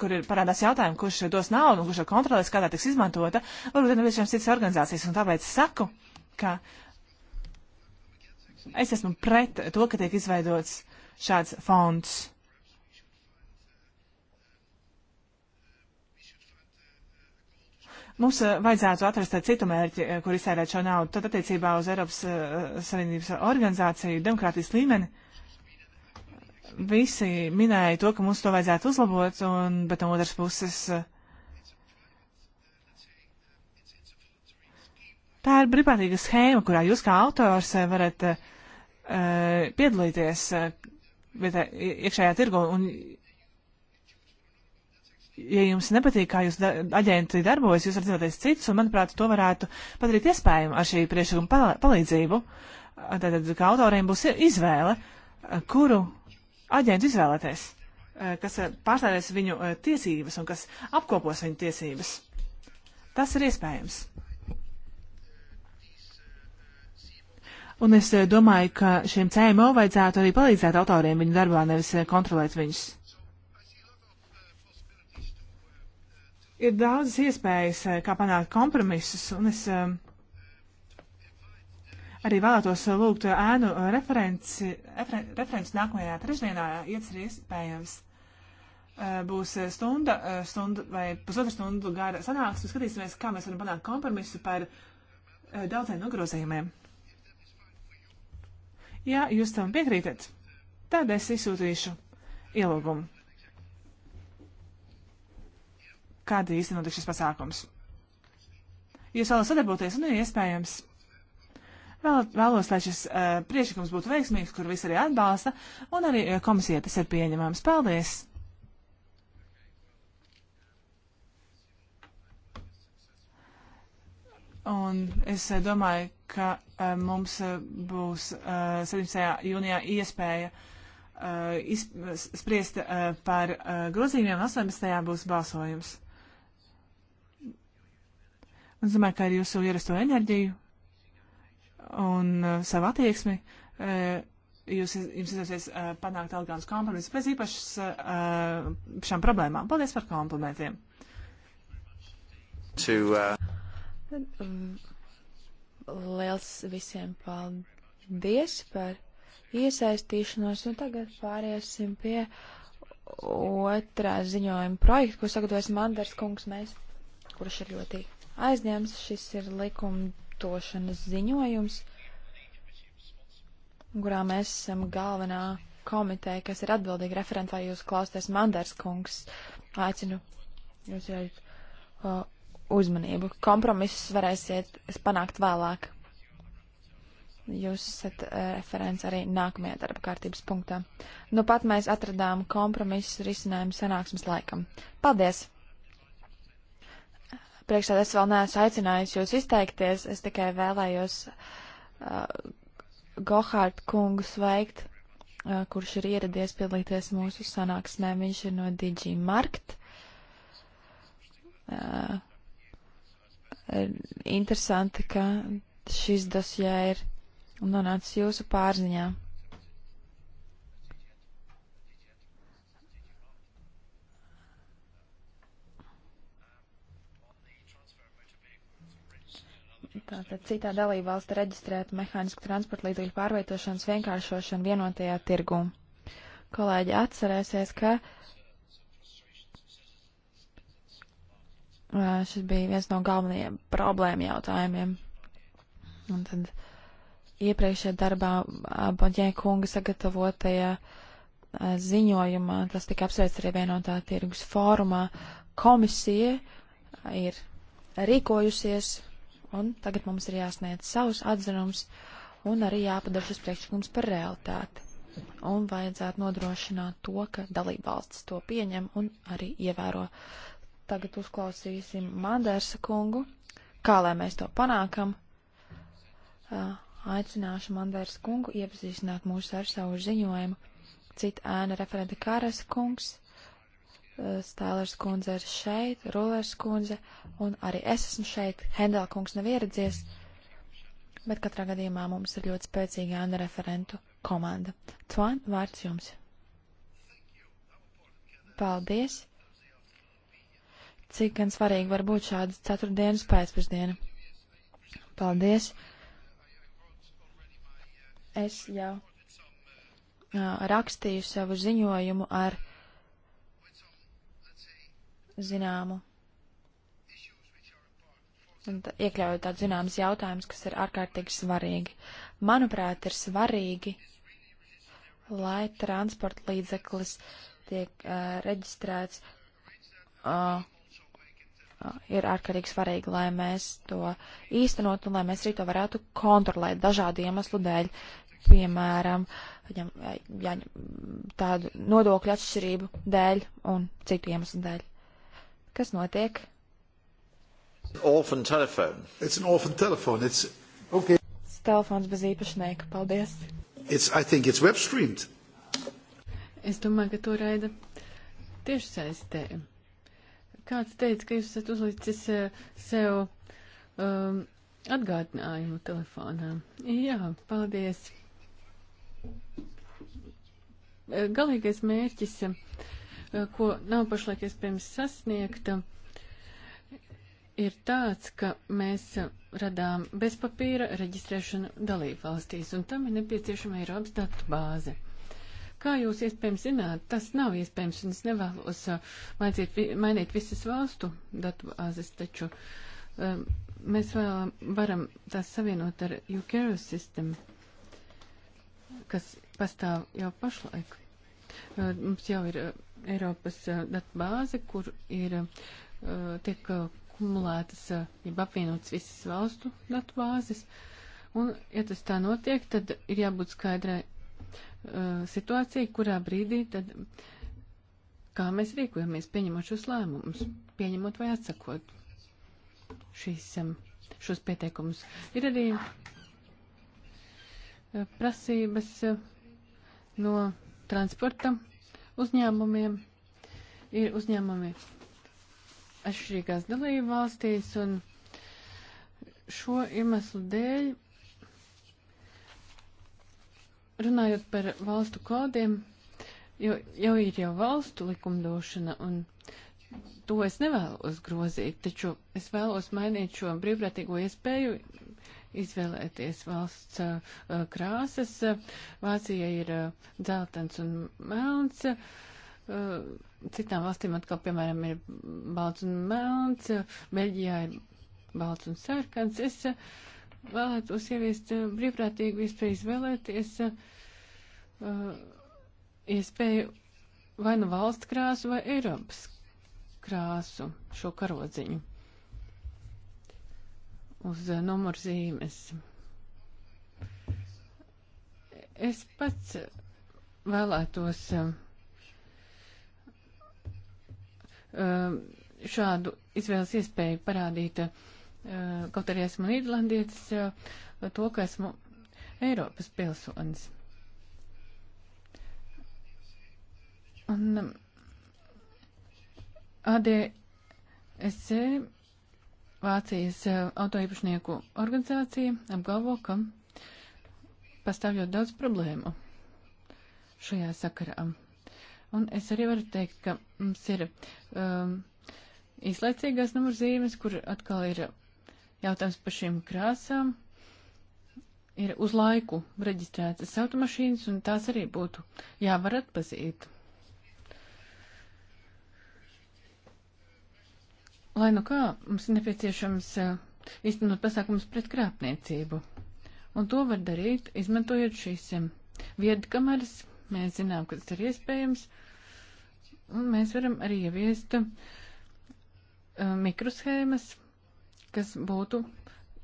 kur ir parādās jautājumi, kurš dos naudu un kurš ir kontrolēs, kādā tiks izmantota, varbūt ir nevis šiem citas organizācijas, un tāpēc saku, ka es esmu pret to, ka tiek izveidots šāds fonds. Mums eh, vajadzētu atrast citu mērķi, eh, kur izsērēt šo naudu. Tad attiecībā uz Eiropas eh, Savienības organizāciju demokrātijas līmeni visi minēja to, ka mums to vajadzētu uzlabot, un, bet no otras puses tā ir brīvprātīga schēma, kurā jūs kā autors varat uh, Eh, piedalīties eh, vietā, iekšējā tirgu. Un, ja jums nepatīk, kā jūs da aģenti darbojas, jūs varat doties citus, un, manuprāt, to varētu padarīt iespējumu ar šī priekšlikuma pal palīdzību. Eh, Tātad, ka autoriem būs izvēle, kuru aģentu izvēlēties, kas pārstāvēs viņu tiesības un kas apkopos viņu tiesības. Tas ir iespējams. Un es eh, domāju, ka šiem CMO vajadzētu arī palīdzēt autoriem viņu darbā, nevis eh, kontrolēt viņus. Ir daudzas iespējas, eh, kā panākt kompromisus, un es arī vēlētos lūgt ēnu referenci, referenci nākamajā trešdienā, iets ir iespējams. Būs stunda, stunda vai pusotra stundu gara sanāksme, skatīsimies, kā mēs varam panākt kompromisu par daudziem nogrozījumiem. Ja jūs tam piekrītat, tad es izsūtīšu ielūgumu. Kāda īsti notiks šis pasākums? Jūs vēlaties sadarboties, un nu, ir iespējams. Vēl, vēlos, lai šis uh, priekšlikums būtu veiksmīgs, kur visi arī atbalsta, un arī eh, komisija tas ir pieņemams. Paldies! Un es eh, domāju, ka eh, mums eh, būs 17. jūnijā iespēja spriest par grozījumiem, 18. būs balsojums. Un es domāju, ka ar jūsu ierasto enerģiju un savu attieksmi jūs, jums izdosies uh, panākt elegants kompromiss bez īpašas uh, šām problēmām. Paldies par komplimentiem! To, uh... Um, liels visiem paldies par iesaistīšanos, un tagad pāriesim pie otrā ziņojuma projekta, ko sagatavojas Mandars kungs, mēs, kurš ir ļoti aizņēmis. Šis ir likumdošanas ziņojums, kurā mēs esam galvenā komiteja, kas ir atbildīga referenta, vai jūs klausties Mandars kungs. Aicinu jūs jau uh, uzmanību. Kompromisus varēsiet panākt vēlāk. Jūs esat eh, referents arī nākamajā darba kārtības punktā. Nu pat mēs atradām kompromisus risinājumu sanāksmes laikam. Paldies! Priekšādā es vēl neesmu aicinājis jūs izteikties, es tikai vēlējos uh, Gohārt kungu sveikt, uh, kurš ir ieradies piedalīties mūsu sanāksmē. Viņš ir no Digi Markt. Uh, Interesanti, ka šis dosjē ir nonācis jūsu pārziņā. Tātad citā dalībvalsta reģistrēta mehānisku transporta līdzekļu pārvietošanas vienkāršošana vienotajā tirgū. Kolēģi atcerēsies, ka uh, šis bija viens no galvenajiem problēma jautājumiem. Un tad iepriekšējā darbā Boņē kunga sagatavotajā ziņojumā, tas tika apsveic arī vienotā tirgus fórumā, komisija ir rīkojusies, un tagad mums ir jāsniedz savus atzinums, un arī jāpadara šis priekšlikums par realitāti. Un vajadzētu nodrošināt to, ka dalībvalsts to pieņem un arī ievēro Tagad uzklausīsim Madersa kungu. Kā lai mēs to panākam? Aicināšu Madersa kungu iepazīstināt mūs ar savu ziņojumu. Cita ēna referenta Kāras kungs, Stēlers kundze ir šeit, Rulers kundze, un arī es esmu šeit. Hendela kungs nav ieradzies, bet katrā gadījumā mums ir ļoti spēcīga ēna referentu komanda. Tvan, vārds jums. Paldies! cik gan svarīgi var būt šāda ceturtdienas pēcpusdiena. Paldies! Es jau uh, rakstīju savu ziņojumu ar zināmu. Iekļaujot tādu zināmas jautājumus, kas ir ārkārtīgi svarīgi. Manuprāt, ir svarīgi, lai transporta līdzeklis tiek uh, reģistrēts uh, ir ārkārtīgi svarīgi, lai mēs to īstenot un lai mēs arī to varētu kontrolēt dažādu iemeslu dēļ. Piemēram, ja, ja, tādu nodokļu atšķirību dēļ un citu iemeslu dēļ. Kas notiek? Orphan telephone. It's an orphan telephone. It's okay. Tas telefons bez īpašnieka. Paldies. It's, I think it's web streamed. Es domāju, ka to raida tiešsaistē. Kāds teica, ka jūs esat uzlicis eh, sev um, atgādinājumu telefonā. Jā, paldies. Eh, galīgais mērķis, eh, ko nav pašlaik iespējams sasniegt, ir tāds, ka mēs radām bezpapīra reģistrēšanu dalībvalstīs, un tam ir nepieciešama Eiropas datu bāze. Kā jūs iespējams zināt, tas nav iespējams, un es nevēlos uh, maicīt, mainīt visas valstu datubāzes, taču um, mēs vēl varam tās savienot ar UCARE sistēmu, kas pastāv jau pašlaik. Uh, mums jau ir uh, Eiropas uh, datubāze, kur ir uh, tiek uh, kumulētas, jeb apvienotas visas valstu datubāzes. Un, ja tas tā notiek, tad ir jābūt skaidrai Eh, situācija, kurā brīdī tad kā mēs rīkojamies, pieņemot šos lēmumus, pieņemot vai atsakot šīs, šos pieteikumus. Ir arī eh, prasības eh, no transporta uzņēmumiem. Ir uzņēmumi atšķirīgās dalību valstīs un šo iemeslu dēļ runājot par valstu kodiem, jo jau ir jau valstu likumdošana, un to es nevēlos grozīt, taču es vēlos mainīt šo brīvprātīgo iespēju izvēlēties valsts uh, krāsas. Vācija ir uh, dzeltens un melns. Uh, citām valstīm atkal, piemēram, ir balts un melns, Beļģijā ir balts un sarkans. Es uh, vēlētos ieviest eh, brīvprātīgu iespēju izvēlēties eh, eh, iespēju vai nu valsts krāsu vai Eiropas krāsu šo karodziņu uz numurzīmes. Es pats vēlētos šādu izvēles iespēju parādīt uh, Eh, kaut arī esmu īrlandietis, eh, to, ka esmu Eiropas pilsonis. Un mm, ADSC, e, Vācijas eh, autoīpašnieku organizācija, apgalvo, ka pastāv ļoti daudz problēmu šajā sakarā. Un es arī varu teikt, ka mums ir um, īslaicīgās numurzīmes, kur atkal ir jautājums par šīm krāsām ir uz laiku reģistrētas automašīnas, un tās arī būtu jāvar atpazīt. Lai nu kā, mums ir nepieciešams eh, īstenot pasākums pret krāpniecību, un to var darīt, izmantojot šīs viedkameras. Mēs zinām, ka tas ir iespējams, un mēs varam arī ieviest eh, mikroshēmas, kas būtu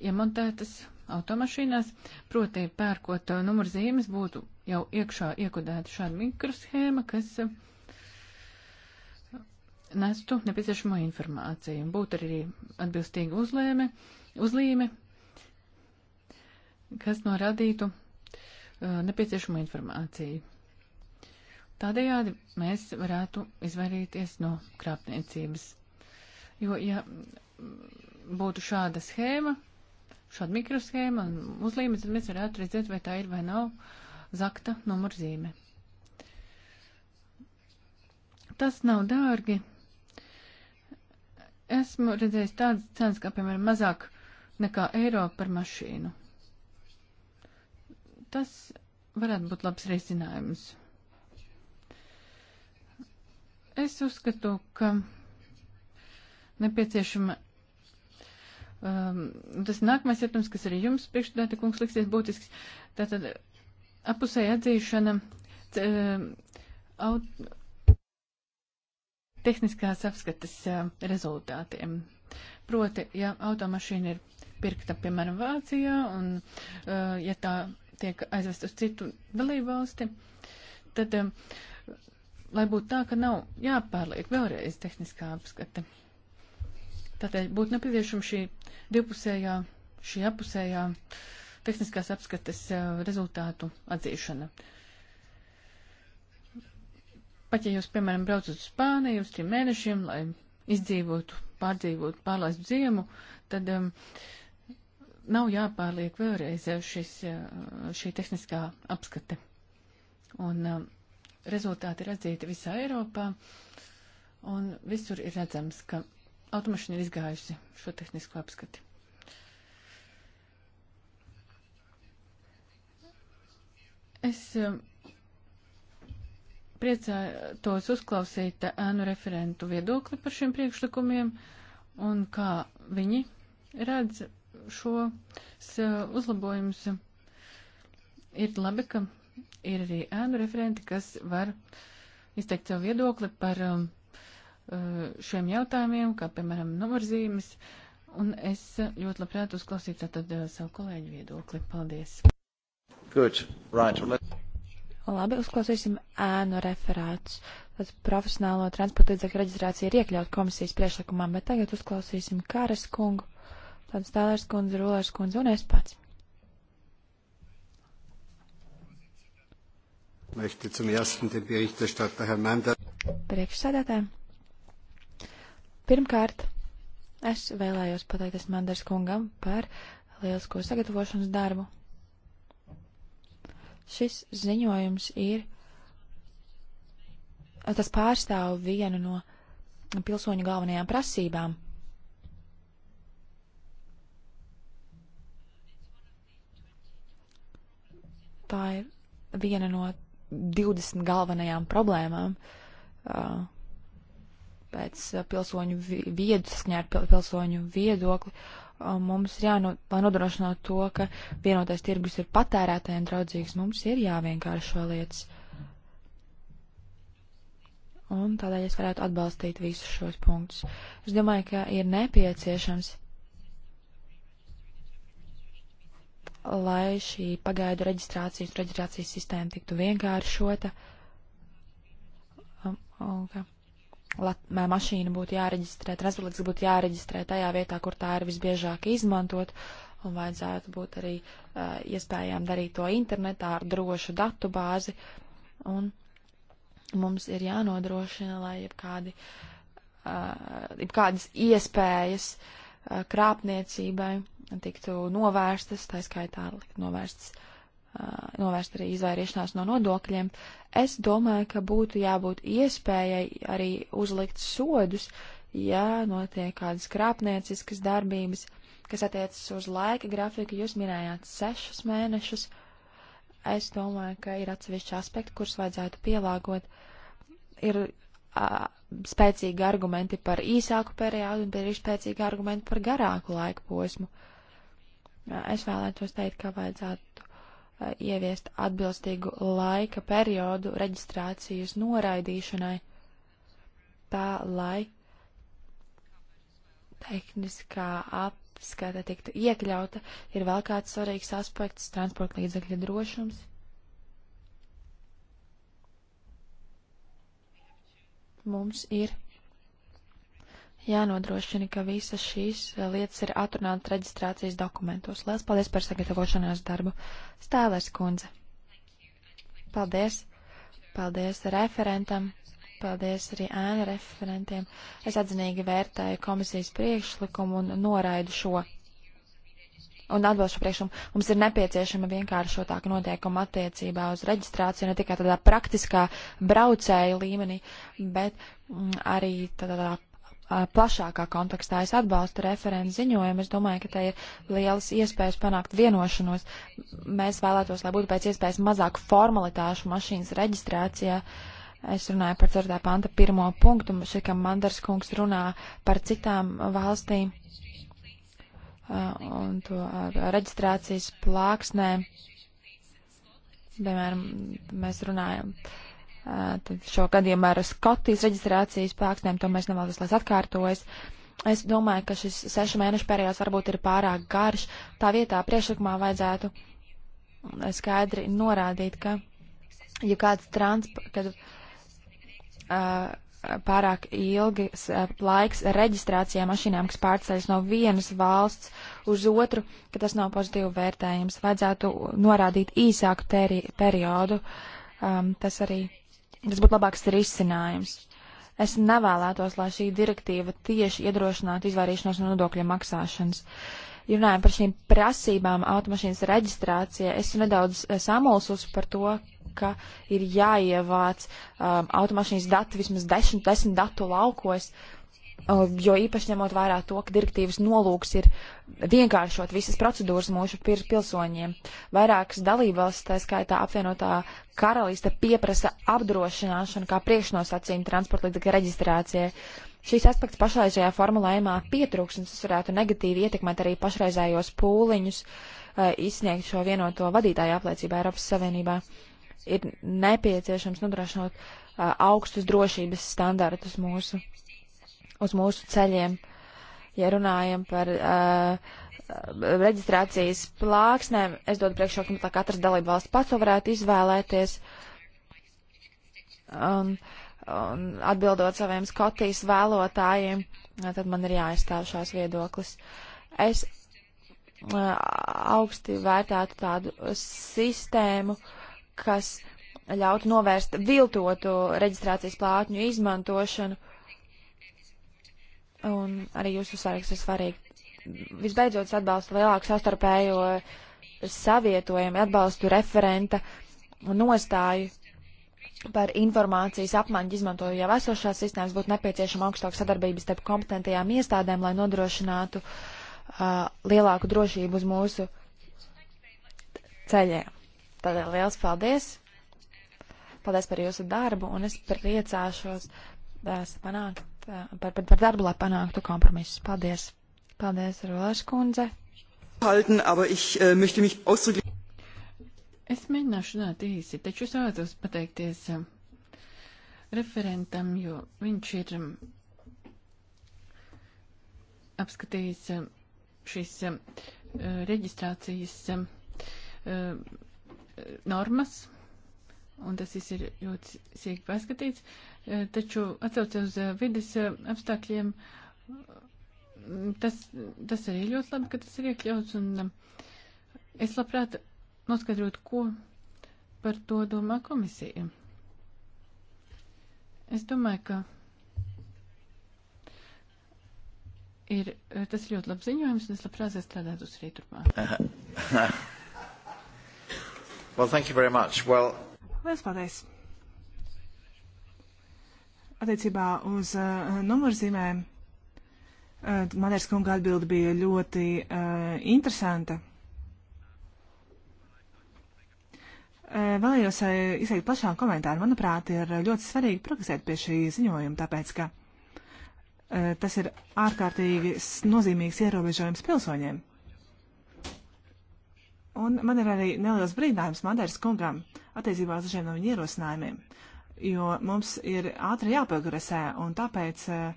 iemontētas automašīnās, proti pērkot uh, numurzīmes būtu jau iekšā iekodēta šāda mikroshēma, kas uh, nestu nepieciešamo informāciju. Būtu arī atbilstīga uzlēme, uzlīme, kas norādītu uh, nepieciešamo informāciju. Tādējādi mēs varētu izvairīties no krāpniecības. Jo, ja būtu šāda schēma, šāda mikroshēma un uzlīme, tad mēs varētu redzēt, vai tā ir vai nav zakta numurzīme. Tas nav dārgi. Esmu redzējis tādas cenas, kā piemēram mazāk nekā eiro par mašīnu. Tas varētu būt labs risinājums. Es uzskatu, ka nepieciešama um, tas nākamais jautājums, kas arī jums priekšstādāta kungs liksies būtisks, tātad apusēja atzīšana t, um, aut, tehniskās apskates uh, rezultātiem. Proti, ja automašīna ir pirkta, piemēram, Vācijā, un uh, ja tā tiek aizvest uz citu dalību valsti, tad, um, lai būtu tā, ka nav jāpārliek vēlreiz tehniskā apskate. Uh, Tātad būtu nepieciešama šī divpusējā, šī apusējā tehniskās apskates eh, rezultātu atzīšana. Pat ja jūs, piemēram, braucat uz Spāniju uz trim mēnešiem, lai izdzīvotu, pārdzīvotu, pārlaistu ziemu, tad um, nav jāpārliek vēlreiz eh, šis, eh, šī tehniskā apskate. Un um, rezultāti ir atzīti visā Eiropā, un visur ir redzams, ka automašīna ir izgājusi šo tehnisko apskati. Es um, priecātos uzklausīt ēnu referentu viedokli par šiem priekšlikumiem un kā viņi redz šos uh, uzlabojumus. Ir labi, ka ir arī ēnu referenti, kas var izteikt savu viedokli par um, Eh, šiem jautājumiem, kā piemēram numurzīmes, un es ļoti labprāt uzklausītu tātad eh, savu kolēģu viedokli. Paldies! Good. Right. Labi, uzklausīsim ēnu referātus. Tad profesionālo transporta līdzekļu reģistrācija ir iekļaut komisijas priekšlikumā, bet tagad uzklausīsim Kāras kungu, tad Stēlērs kundzi, Rulērs kundzi un es pats. Priekšsēdētājiem. Pirmkārt, es vēlējos pateikties Manders kungam par lielisko sagatavošanas darbu. Šis ziņojums ir, tas pārstāv vienu no pilsoņu galvenajām prasībām. Tā ir viena no 20 galvenajām problēmām, uh, pēc eh, pilsoņu viedu, saskaņā ar pilsoņu viedokli. Eh, mums ir jāno, lai nodrošinātu to, ka vienotais tirgus ir patērētājiem draudzīgs, mums ir jāvienkāršo lietas. Un tādēļ es varētu atbalstīt visus šos punktus. Es domāju, ka ir nepieciešams, lai šī pagaidu reģistrācijas, reģistrācijas sistēma tiktu vienkāršota. Um, okay mašīna būtu jāreģistrē, transportlīdzeklis būtu jāreģistrē tajā vietā, kur tā ir visbiežāk izmantot, un vajadzētu būt arī uh, iespējām darīt to internetā ar drošu datu bāzi, un mums ir jānodrošina, lai jebkādi, uh, jebkādas iespējas uh, krāpniecībai tiktu novērstas, tā skaitā novērstas uh, novērst arī izvairīšanās no nodokļiem, es domāju, ka būtu jābūt iespējai arī uzlikt sodus, ja notiek kādas krāpnieciskas darbības, kas attiecas uz laika grafiku. Jūs minējāt sešus mēnešus. Es domāju, ka ir atsevišķi aspekti, kurus vajadzētu pielāgot. Ir a, spēcīgi argumenti par īsāku periodu un ir spēcīgi argumenti par garāku laika posmu. Es vēlētos teikt, ka vajadzētu Eh, ieviest atbilstīgu laika periodu reģistrācijas noraidīšanai, tā lai tehniskā apskata tiktu iekļauta, ir vēl kāds svarīgs aspekts - transporta līdzekļa drošums. Mums ir jānodrošina, ka visas šīs eh, lietas ir atrunātas reģistrācijas dokumentos. Lielas paldies par sagatavošanās darbu. Stāvērs kundze. Paldies. Paldies referentam. Paldies arī ēna referentiem. Es atzinīgi vērtēju komisijas priekšlikumu un noraidu šo. Un atbalstu priekšlikumu. Mums ir nepieciešama vienkāršotāka noteikuma attiecībā uz reģistrāciju, ne tikai tādā praktiskā braucēju līmenī, bet m, mm, arī tādā plašākā kontekstā. Es atbalstu referentu ziņojumu. Es domāju, ka te ir lielas iespējas panākt vienošanos. Mēs vēlētos, lai būtu pēc iespējas mazāk formalitāšu mašīnas reģistrācijā. Es runāju par 4. panta pirmo punktu, šeit, ka Mandars kungs runā par citām valstīm un to reģistrācijas plāksnēm. Piemēram, mēs runājam. Uh, tad šo gadījumā ar Skotijas reģistrācijas pākstēm, to mēs nevēlas, lai atkārtojas. Es domāju, ka šis sešu mēnešu periods varbūt ir pārāk garš. Tā vietā priekšlikumā vajadzētu skaidri norādīt, ka ja kāds transp, kad uh, pārāk ilgi laiks reģistrācijā mašīnām, kas pārceļas no vienas valsts uz otru, ka tas nav pozitīvi vērtējums. Vajadzētu norādīt īsāku teri, periodu. Um, tas arī tas būtu labāks risinājums. Es nevēlētos, lai šī direktīva tieši iedrošinātu izvairīšanos no nodokļa maksāšanas. Runājot par šīm prasībām automašīnas reģistrācijai, es nedaudz eh, samulsus par to, ka ir jāievāc um, automašīnas dati vismaz desmit, desmit datu laukos. Uh, jo īpaši ņemot vērā to, ka direktīvas nolūks ir vienkāršot visas procedūras mūsu pilsoņiem. Vairākas dalībvalstis, tā skaitā apvienotā karaliste, pieprasa apdrošināšanu kā priekšnosacījumu transporta līdzekļu reģistrācijai. Šīs aspekts pašreizajā formulējumā pietrūks, un tas varētu negatīvi ietekmēt arī pašreizējos pūliņus e, izsniegt šo vienoto vadītāju apliecību Eiropas Savienībā. Ir nepieciešams nodrošināt e, augstus drošības standartus mūsu uz mūsu ceļiem. Ja runājam par uh, reģistrācijas plāksnēm, es dodu priekšroku, ka nu, katrs dalība valsts pats to varētu izvēlēties. Un, un atbildot saviem Skotijas vēlotājiem, tad man ir jāizstāv šās viedoklis. Es uh, augsti vērtētu tādu sistēmu, kas ļautu novērst viltotu reģistrācijas plātņu izmantošanu un arī jūsu svarīgs ir svarīgi. Visbeidzot, es atbalstu lielāku sastarpējo savietojumu, atbalstu referenta nostāju par informācijas apmaiņu izmantoju jau esošās sistēmas, būtu nepieciešama augstāka sadarbības starp kompetentajām iestādēm, lai nodrošinātu uh, lielāku drošību uz mūsu ceļiem. Tādēļ liels paldies! Paldies par jūsu darbu, un es priecāšos uh, panākt par, par, par darbu, lai panāktu kompromisus. Paldies! Paldies, Rolēš kundze! Halten, aber ich äh, möchte mich ausdrücklich. Es mēģināšu runāt īsi, taču es vēlētos pateikties referentam, jo viņš ir apskatījis šīs reģistrācijas normas, un tas viss ir ļoti sīki paskatīts. Eh, taču atcaucies uz eh, vides eh, apstākļiem, tas, tas arī ļoti labi, ka tas ir iekļauts, un es labprāt noskaidrot, ko par to domā komisija. Es domāju, ka ir, tas ir ļoti labs ziņojums, un es labprāt strādātu uz rīturpā. well, thank you very much. Well... Liels paldies! Attiecībā uz uh, numurzīmēm uh, eh, Manērs kunga atbilde bija ļoti uh, interesanta. Uh, vēlējos uh, izteikt plašāku komentāru. Manuprāt, ir ļoti svarīgi progresēt pie šī ziņojuma, tāpēc, ka uh, tas ir ārkārtīgi nozīmīgs ierobežojums pilsoņiem. Un man ir arī neliels brīdinājums Madēras kungam attiecībā uz dažiem no viņa ierosinājumiem. Uh, jo mums ir ātri jāprogresē, un tāpēc eh,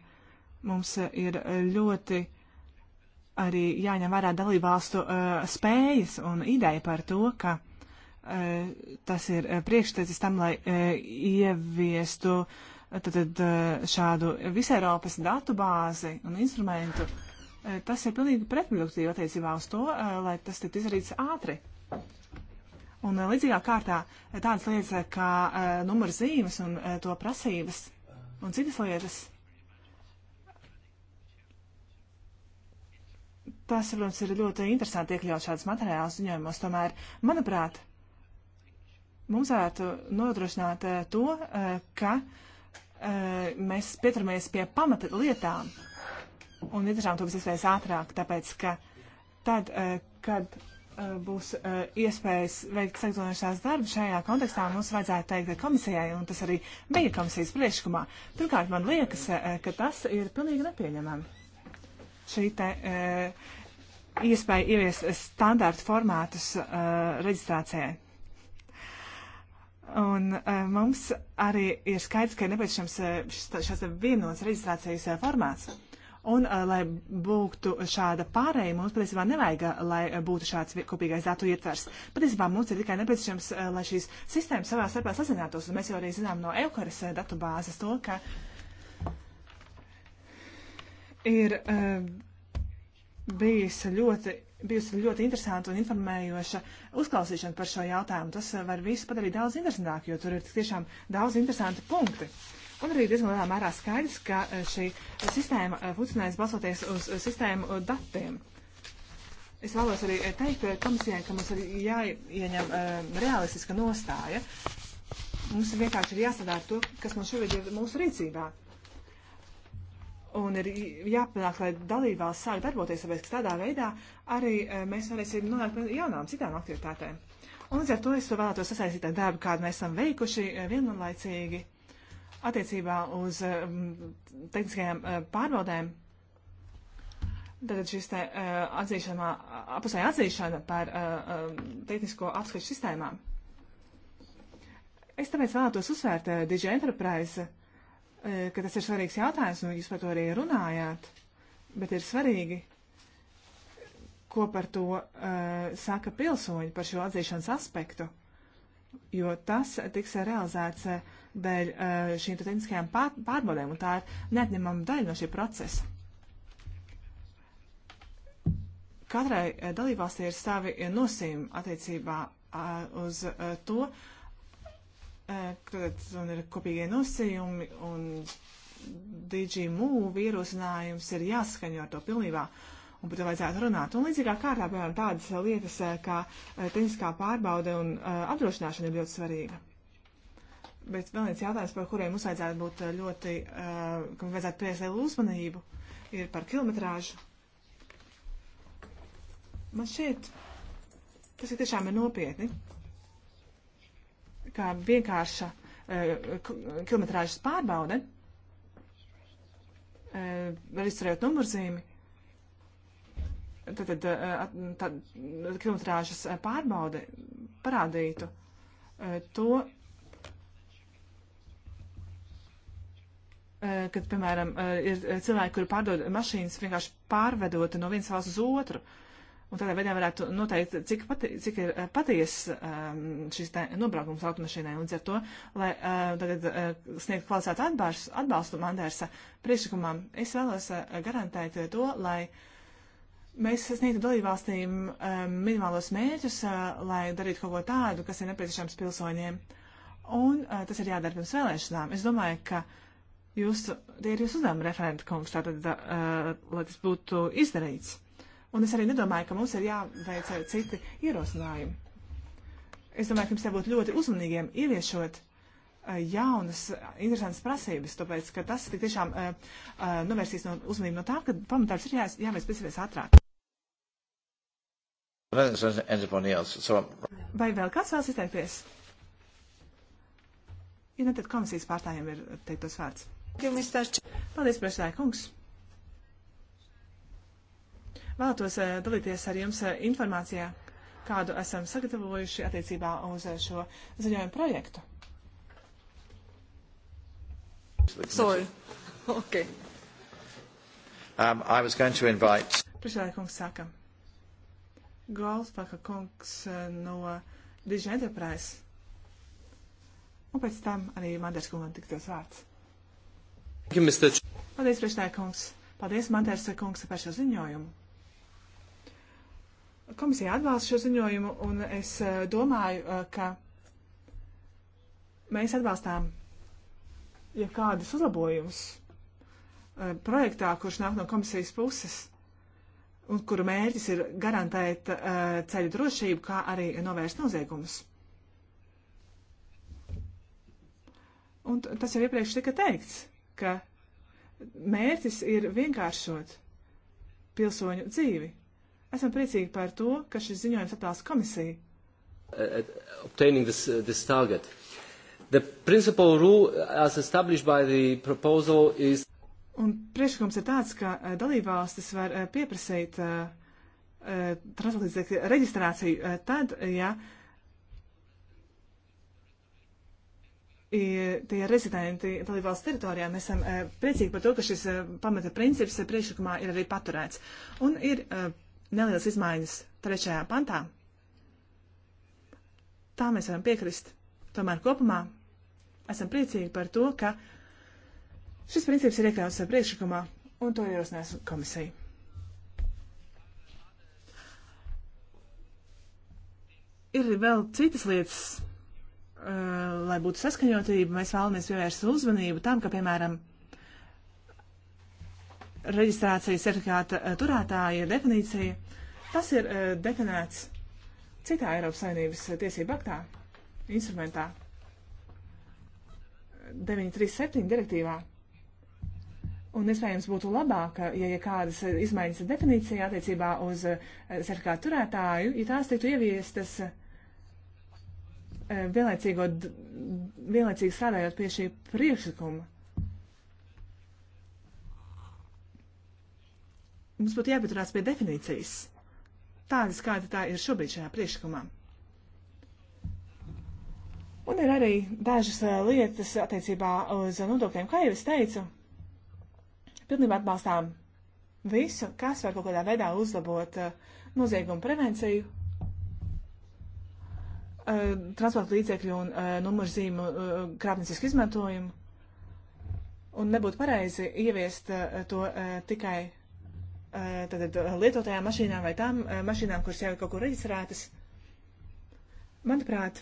mums ir ļoti arī jāņem vērā dalībvalstu uh, spējas un ideja par to, ka uh, tas ir priekšteicis tam, lai uh, ieviestu tad, šādu visu Eiropas datu bāzi un instrumentu. Tas ir pilnīgi pretproduktīvi attiecībā uz to, lai tas tiktu izdarīts ātri. Un eh, līdzīgā kārtā eh, tādas lietas eh, kā uh, numurs zīmes un uh, to prasības un citas lietas. Tas, protams, ir ļoti interesanti iekļaut šādas materiālas ziņojumos. Tomēr, manuprāt, mums vajadzētu nodrošināt uh, to, uh, ka uh, mēs pieturamies pie pamata lietām un izdarām to pēc iespējas ātrāk, tāpēc, ka tad, kad Uh, būs uh, iespējas veikt sektorinās darbu šajā kontekstā, mums vajadzētu teikt komisijai, un tas arī bija komisijas priekšlikumā. Pirmkārt, man liekas, uh, ka tas ir pilnīgi nepieņemami. Šī te uh, iespēja ieviest standārtu formātus uh, reģistrācijai. Un uh, mums arī ir skaidrs, ka ir nepieciešams šāds vienots reģistrācijas formāts. Un, eh, lai būtu šāda pārēja, mums patiesībā nevajag, eh, lai būtu šāds kopīgais datu ietvers. Patiesībā mums ir tikai nepieciešams, eh, lai šīs sistēmas savā starpā sazinātos, un mēs jau arī zinām no Eukaras datu bāzes to, ka ir bijis ļoti bijusi ļoti interesanta un informējoša uzklausīšana par šo jautājumu. Tas var visu padarīt daudz interesantāku, jo tur ir tiešām daudz interesanti punkti. Un arī diezgan lielā mērā skaidrs, ka eh, šī sistēma eh, funkcionēs balsoties uz eh, sistēmu datiem. Es vēlos arī teikt komisijai, ka mums ir jāieņem realistiska nostāja. Mums vienkārši ir jāsadā to, kas mums šobrīd ir mūsu rīcībā. Un ir jāpanāk, lai dalībvalsts sāk darboties, tāpēc, ka tādā veidā arī mēs varēsim nonākt pie jaunām citām aktivitātēm. Un līdz ar to es to vēlētos sasaistīt ar darbu, kādu mēs esam veikuši vienlaicīgi Attiecībā uz um, tehniskajām uh, pārbaudēm, tad šis te uh, atzīšanā, apusēja atzīšana par uh, um, tehnisko apskatu sistēmām. Es tāpēc vēlētos uzsvērt Digi Enterprise, ka tas ir svarīgs jautājums, un jūs par to arī runājāt, bet ir svarīgi ko par to uh, saka pilsoņi par šo atzīšanas aspektu, jo tas tiks realizēts uh, dēļ eh, šīm tehniskajām pārbaudēm, un tā ir neatņemama daļa no šī procesa. Katrai eh, dalībvalstī ir savi eh, nosīmi attiecībā uz to, kad ir kopīgie nosījumi un DigiMove ierosinājums ir jāskaņo ar to pilnībā. Un par to vajadzētu runāt. Un līdzīgā kārtā, piemēram, tādas lietas kā tehniskā pārbaude un apdrošināšana ir ļoti svarīga. Bet vēl viens jautājums, par kuriem mums vajadzētu būt eh, ļoti, uh, eh, kam vajadzētu pievērst lielu uzmanību, ir par kilometrāžu. Man šķiet, tas ir tiešām ir nopietni, kā vienkārša uh, kilometrāžas pārbaude, uh, var izturēt numurzīmi, tad, tad uh, tā, kilometrāžas pārbaude parādītu uh, to, Eh, kad, piemēram, eh, ir eh, cilvēki, kuri pārdod mašīnas vienkārši pārvedot no vienas valsts uz otru. Un tādā veidā varētu noteikt, cik, pati, cik ir patiesa ehm, šis nobraukums automašīnai. Līdz ar to, lai tagad sniegtu kvalitātu atbalstu, atbalstu Mandērsa priekšlikumam, es vēlos garantēt to, lai mēs sasniegtu dalībvalstīm ehm, minimālos mērķus, lai darītu kaut ko tādu, kas ir nepieciešams pilsoņiem. Un tas ir jādara pirms vēlēšanām. Es domāju, ka uh, Jūsu, tie ir jūsu uzdevumi, referenta kungs, tātad, tā, uh, lai tas būtu izdarīts. Un es arī nedomāju, ka mums ir jāveic citi ierosinājumi. Es domāju, ka mums jābūt ļoti uzmanīgiem ieviešot uh, jaunas, interesantas prasības, tāpēc, ka tas tik tiešām uh, uh, novērsīs no uzmanību no tā, ka pamatārs ir jā, jāveic pēc iespējas ātrāk. Vai vēl kāds vēlas izteikties? Ja ne, tad komisijas pārstājiem ir teiktos vārds. Paldies, priekšsēdētāj, kungs! Vēlētos eh, dalīties ar jums eh, informācijā, kādu esam sagatavojuši attiecībā uz eh, šo ziņojumu projektu. Sorry. Okay. Um, I was going to invite... Priekšsēdētāj, kungs, sākam. Golfaka kungs no Digital Enterprise. Un pēc tam arī Manders kungam tiktos vārds. Paldies, priekšniekums. Paldies, Mantērsa kungs, par šo ziņojumu. Komisija atbalsta šo ziņojumu, un es eh, domāju, eh, ka mēs atbalstām jau kādus uzlabojumus eh, projektā, kurš nāk no komisijas puses, un kura mērķis ir garantēt ceļu drošību, kā arī novērst noziegumus. Un tas jau iepriekš tika teikts ka mērķis ir vienkāršot pilsoņu dzīvi. Esam priecīgi par to, ka šis ziņojums atbalsta komisija. Uh, uh, obtaining this, uh, this target. The principal rule as established by the proposal is. Un priekšlikums ir tāds, ka dalībvalstis var pieprasīt uh, transportlīdzekļu reģistrāciju tad, ja uh, tie rezidenti dalībvalsts teritorijā. Mēs esam eh, priecīgi par to, ka šis eh, pamata princips eh, priekšlikumā ir arī paturēts. Un ir nelielas izmaiņas trešajā pantā. Tā mēs varam piekrist. Tomēr kopumā esam priecīgi par to, ka šis princips ir iekļauts priekšlikumā, un to ierosinās komisija. Ir vēl citas lietas, Eh, lai būtu saskaņotība, mēs vēlamies pievērst uzmanību tam, ka, piemēram, reģistrācijas certifikāta eh, turētāja definīcija, tas ir eh, definēts citā Eiropas Savienības tiesību aktā, instrumentā 937 direktīvā. Un iespējams būtu labāk, ja ir kādas izmaiņas definīcija attiecībā uz certifikātu turētāju, ja tās tiktu ieviestas. Tas E, vienlaicīgi strādājot pie šī priekšlikuma. Mums būtu jāpaturās pie definīcijas, tādas kāda tā ir šobrīd šajā priekšlikumā. Un ir arī dažas e, lietas attiecībā uz nodokļiem. Kā jau es teicu, pilnībā atbalstām visu, kas var kaut kādā veidā uzlabot e, noziegumu prevenciju Eh, transporta līdzekļu un eh, numurzīmu eh, krāpniecisku izmantojumu. Un nebūtu pareizi ieviest to tikai tātad, lietotājām mašīnām vai tām mašīnām, kuras jau ir kaut kur reģistrētas. Manuprāt,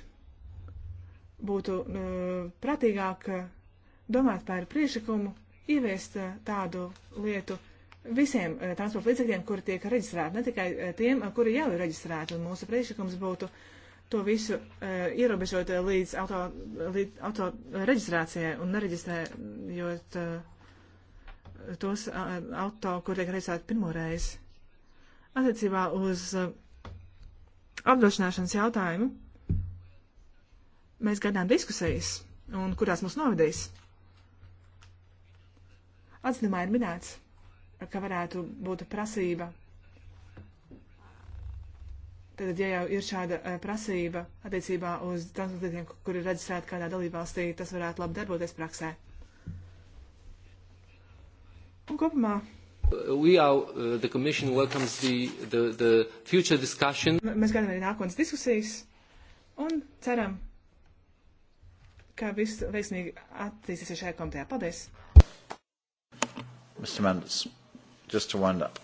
būtu prātīgāk domāt par priekšlikumu, ieviest tādu lietu visiem transporta līdzekļiem, kuri tiek reģistrēti, ne tikai tiem, kuri jau ir reģistrēti. Un mūsu priekšlikums būtu uh, to visu uh, ierobežot e, līdz auto, līdz auto reģistrācijai un nereģistrējot uh, tos uh, auto, kur tiek reģistrēti pirmoreiz. Attiecībā uz uh, apdrošināšanas jautājumu mēs gaidām diskusijas, un kurās mums novadīs. Atzinumā ir minēts, ka varētu būt prasība Tad, ja jau ir šāda eh, prasība attiecībā uz transportiem, kuri ir reģistrēti kādā dalībvalstī, tas varētu labi darboties praksē. Un kopumā. We are, uh, the Commission welcomes the, the, the future discussion. M mēs gaidām arī nākotnes diskusijas un ceram, ka viss veiksmīgi attīstīsies šajā komitejā. Paldies! Mr. Manders, just to wind up.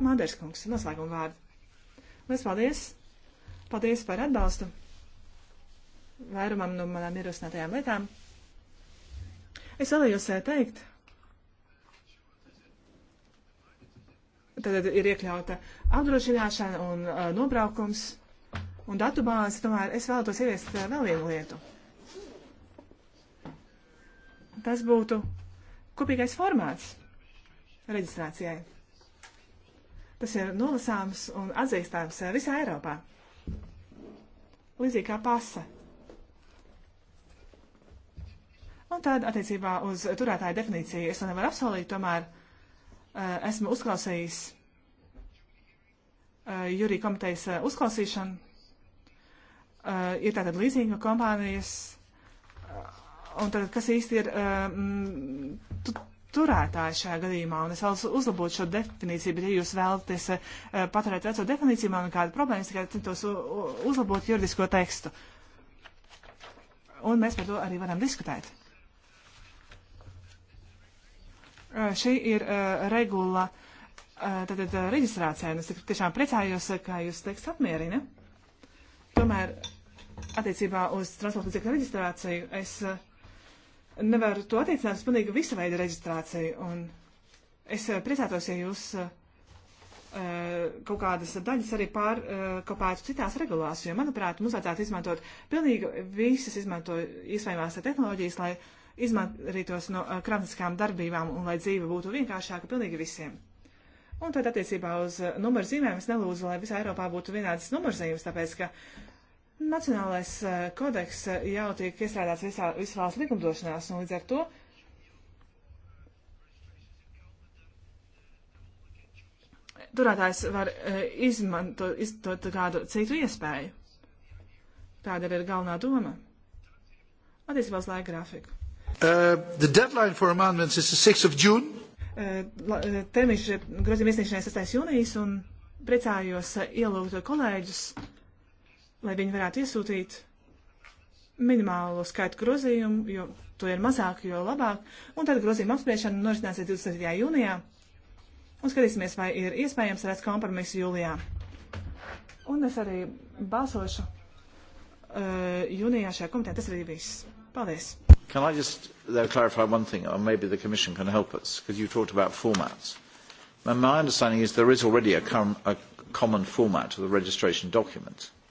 Manders kungs, noslēguma vārdu. Mēs paldies! Paldies par atbalstu vairumam no manām ierosinātajām lietām. Es vēlējos eh, teikt, tad ir iekļauta apdrošināšana un uh, nobraukums un datubāze, tomēr es vēlētos ieviest uh, vēl vienu lietu. Tas būtu kopīgais formāts reģistrācijai. Tas ir nolasāms un atzīstāms visā Eiropā. Līdzīgi kā pasa. Un tad attiecībā uz turētāju definīciju es to nevaru apsolīt, tomēr uh, esmu uzklausījis uh, eh, jūrī komitejas uh, uzklausīšanu. Uh, ir tātad līdzīga kompānijas. Uh, un tad, kas īsti ir um, turētāji šajā gadījumā, un es vēlos uzlabot šo definīciju, bet ja jūs vēlaties eh, paturēt veco definīciju, man kāda problēma, es tikai centos uzlabot juridisko tekstu. Un mēs par to arī varam diskutēt. Eh, šī ir eh, regula, tātad reģistrācijai, un es tiešām priecājos, kā jūs teksts apmierina. Tomēr, attiecībā uz transporta līdzekļu reģistrāciju, es nevaru to attiecināt uz pilnīgi visu veidu reģistrāciju. Un es eh, priecātos, ja jūs eh, kaut kādas daļas arī pārkopētu eh, citās regulās, jo, manuprāt, mums vajadzētu izmantot pilnīgi visas izmanto iespējamās tehnoloģijas, lai izmantītos no krāpnieciskām darbībām un lai dzīve būtu vienkāršāka pilnīgi visiem. Un tad attiecībā uz numurzīmēm es nelūdzu, lai visā Eiropā būtu vienādas numurzīmes, tāpēc, ka uh, Nacionālais eh, kodeks jau tiek iestrādāts visā, visā valsts likumdošanās, un līdz ar to turētājs var eh, izmantot, izmantot kādu citu iespēju. Tāda ir galvenā doma. Attiecībā uz laika grafiku. Uh, uh, Termiņš grozījuma iesniegšanai 6. jūnijas un priecājos ielūgt kolēģus lai viņi varētu iesūtīt minimālo skaitu grozījumu, jo to ir mazāk, jo labāk. Un tad grozījuma apspriešana norisināsies 27. jūnijā. Un skatīsimies, vai ir iespējams rast kompromisu jūlijā. Un es arī balsošu uh, jūnijā šajā komitē. Tas arī viss. Paldies! Can I just though, clarify one thing, or maybe the Commission can help us, because you talked about formats. And my understanding is there is already a, com a common format to the registration document. Uh,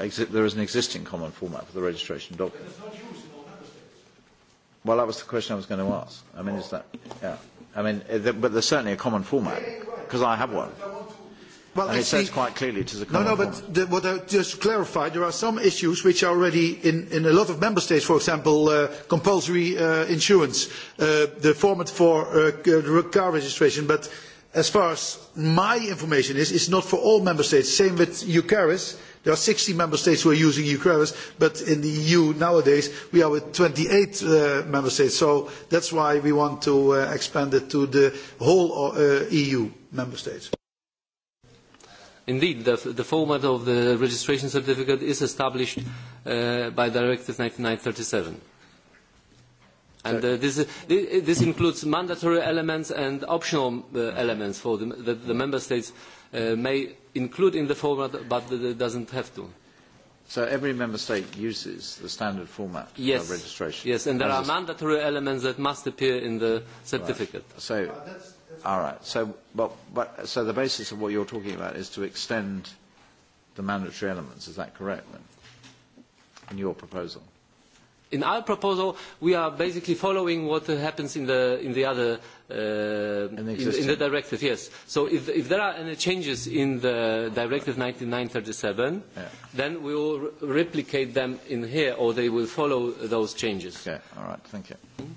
Exi- there is an existing common format for the registration document. Well, that was the question I was going to ask. I mean, is that, yeah. I mean, eh, but there's certainly a common format, because I have one. Well, and it says the, quite clearly it is a common No, no, format. but the, what I just clarified, there are some issues which are already in, in a lot of member states, for example, uh, compulsory uh, insurance, uh, the format for uh, car registration, but as far as my information is, it's not for all member states. Same with Eucharis There are 60 member states who are using EUCREVIS, but in the EU nowadays we are with 28 uh, member states. So that's why we want to uh, expand it to the whole uh, EU member states. Indeed, the, the format of the registration certificate is established uh, by Directive 9937. And uh, this, uh, this includes mandatory elements and optional uh, elements for the, the, the member states uh, uh, may include in the format, but it doesn't have to. So every member state uses the standard format yes. for registration. Yes, and there As are mandatory elements that must appear in the certificate. Right. So, uh, that's, that's all right. So, but, but, so the basis of what you're talking about is to extend the mandatory elements. Is that correct then? In your proposal in our proposal, we are basically following what happens in the, in the other, uh, in, in the directive, yes. So if, if there are any changes in the directive 9937, yeah. then we will replicate them in here, or they will follow those changes. Okay, all right, thank you. Mm-hmm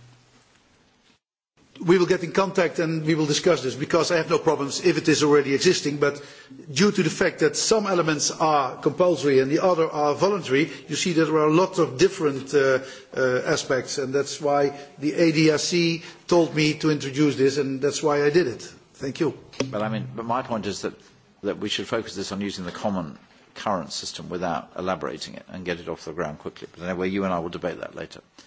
we will get in contact and we will discuss this because I have no problems if it is already existing. But due to the fact that some elements are compulsory and the other are voluntary, you see that there are a lot of different uh, uh, aspects. And that's why the ADRC told me to introduce this and that's why I did it. Thank you. But, I mean, but my point is that, that we should focus this on using the common current system without elaborating it and get it off the ground quickly. But anyway, you and I will debate that later. Uh,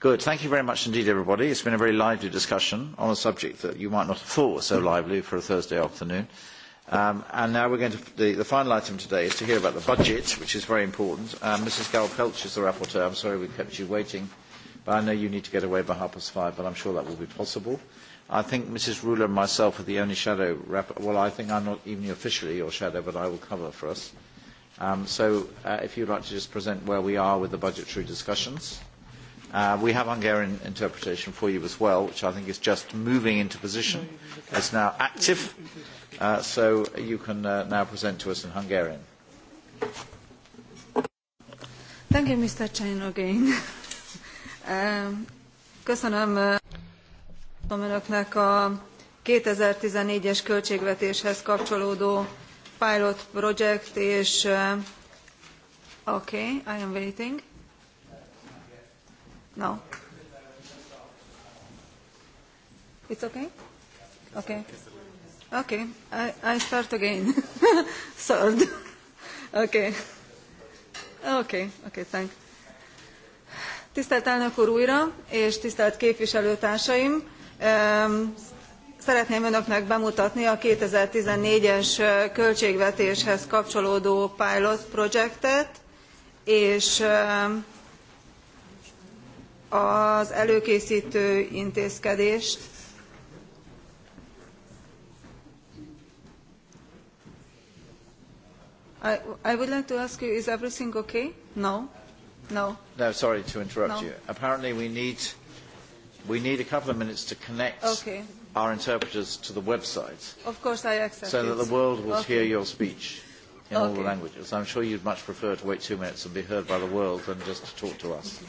Good. Thank you very much indeed, everybody. It's been a very lively discussion on a subject that you might not have thought was so lively for a Thursday afternoon. Um, and now we're going to, the, the final item today is to hear about the budget, which is very important. Um, Mrs. Galpelch is the rapporteur. I'm sorry we kept you waiting, but I know you need to get away by half past five, but I'm sure that will be possible. I think Mrs. Ruler and myself are the only shadow rapporteur. Well, I think I'm not even officially your shadow, but I will cover for us. Um, so uh, if you'd like to just present where we are with the budgetary discussions. Uh, we have Hungarian interpretation for you as well, which I think is just moving into position. It's now active, uh, so you can uh, now present to us in Hungarian. Thank you, Mr. Chain, again. um, köszönöm uh, önöknek a 2014-es költségvetéshez kapcsolódó pilot project és... Uh, okay, I am waiting. No? It's okay? Okay. Okay, I, I start again. Third. okay. Okay, okay, thanks. Tisztelt elnök úr újra, és tisztelt képviselőtársaim! Um, szeretném önöknek bemutatni a 2014-es költségvetéshez kapcsolódó pilot projektet, és um, az előkészítő intézkedést I, I would like to ask you, is everything okay? No? No? No, sorry to interrupt no. you. Apparently we need, we need a couple of minutes to connect okay. our interpreters to the website. Of course I accept So it. that the world will okay. hear your speech in okay. all the languages. I'm sure you'd much prefer to wait two minutes and be heard by the world than just to talk to us.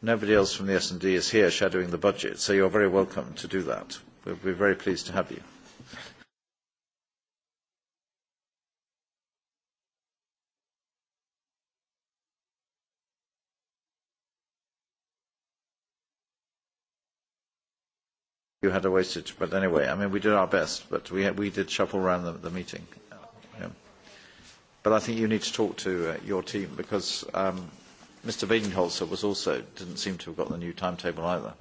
Nobody else from the S&D is here shadowing the budget, so you're very welcome to do that. We'll be very pleased to have you. You had a wasted, but anyway, I mean, we did our best, but we, we did shuffle around the, the meeting. Yeah. But I think you need to talk to uh, your team because um, Mr. Weidenholzer was also, didn't seem to have got the new timetable either.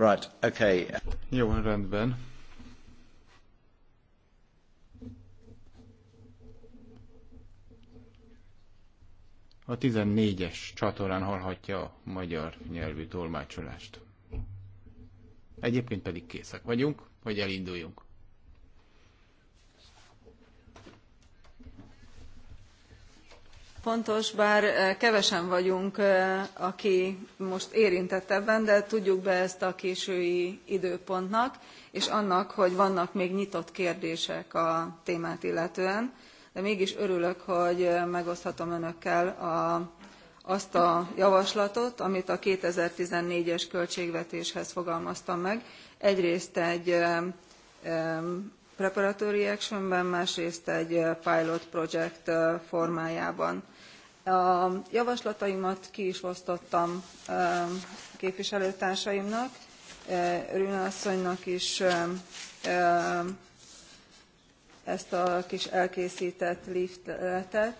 Right, okay. Jó, rendben. A 14-es csatornán hallhatja a magyar nyelvű tolmácsolást. Egyébként pedig készek vagyunk, hogy elinduljunk. fontos bár eh, kevesen vagyunk eh, aki most érintett ebben de tudjuk be ezt a késői időpontnak és annak hogy vannak még nyitott kérdések a témát illetően de mégis örülök hogy eh, megoszthatom önökkel a, azt a javaslatot amit a two thousand and fourteen es költségvetéshez fogalmaztam meg egyrészt egy preparatory actionben, másrészt egy pilot project formájában. A javaslataimat ki is osztottam képviselőtársaimnak, Rüna asszonynak is ezt a kis elkészített leafletet,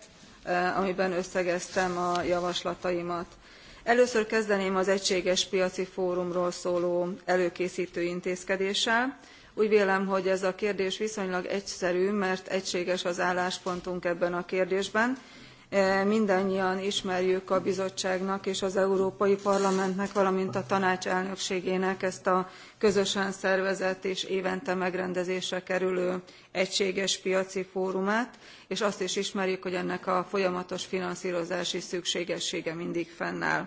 amiben összegeztem a javaslataimat. Először kezdeném az egységes piaci fórumról szóló előkészítő intézkedéssel úgy vélem hogy ez a kérdés viszonylag egyszerű mert egységes az álláspontunk ebben a kérdésben e, mindannyian ismerjük a bizottságnak és az európai parlamentnek valamint a tanács elnökségének ezt a közösen szervezett és évente megrendezésre kerülő egységes piaci fórumát és azt is ismerjük hogy ennek a folyamatos finanszrozási szükségessége mindig fennáll.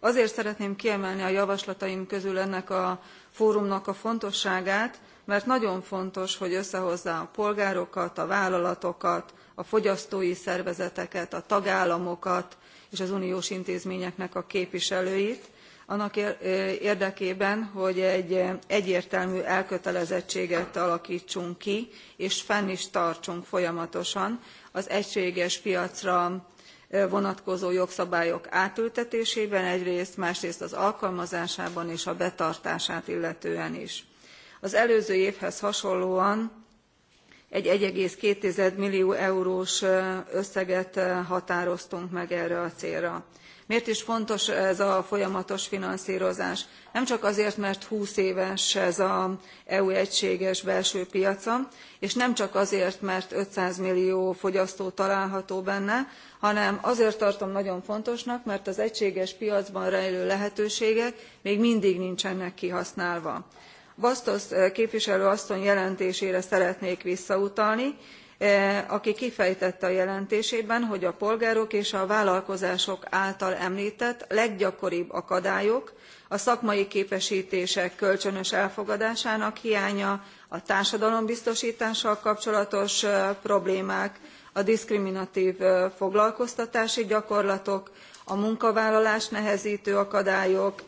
azért szeretném kiemelni a javaslataim közül ennek a fórumnak a fontosságát mert nagyon fontos hogy összehozza a polgárokat a vállalatokat a fogyasztói szervezeteket a tagállamokat és az uniós intézményeknek a képviselőit annak érdekében hogy egy egyértelmű elkötelezettséget alaktsunk ki és fenn is tartsunk folyamatosan az egységes piacra vonatkozó jogszabályok átültetésében egyrészt másrészt az alkalmazásában és a betartását illetően is az előző évhez hasonlóan egy one two millió eurós összeget határoztunk meg erre a célra. miért is fontos ez a folyamatos finanszrozás? nem csak azért mert twenty éves ez az eu egységes belső piaca és nem csak azért mert five hundred millió fogyasztó található benne hanem azért tartom nagyon fontosnak mert az egységes piacban rejlő lehetőségek még mindig nincsenek kihasználva bastos eh, képviselő asszony jelentésére szeretnék visszautalni eh, aki kifejtette a jelentésében hogy a polgárok és a vállalkozások által emltett leggyakoribb akadályok a szakmai képestések kölcsönös elfogadásának hiánya a társadalombiztostással kapcsolatos eh, problémák a diszkriminatv foglalkoztatási gyakorlatok a munkavállalást neheztő akadályok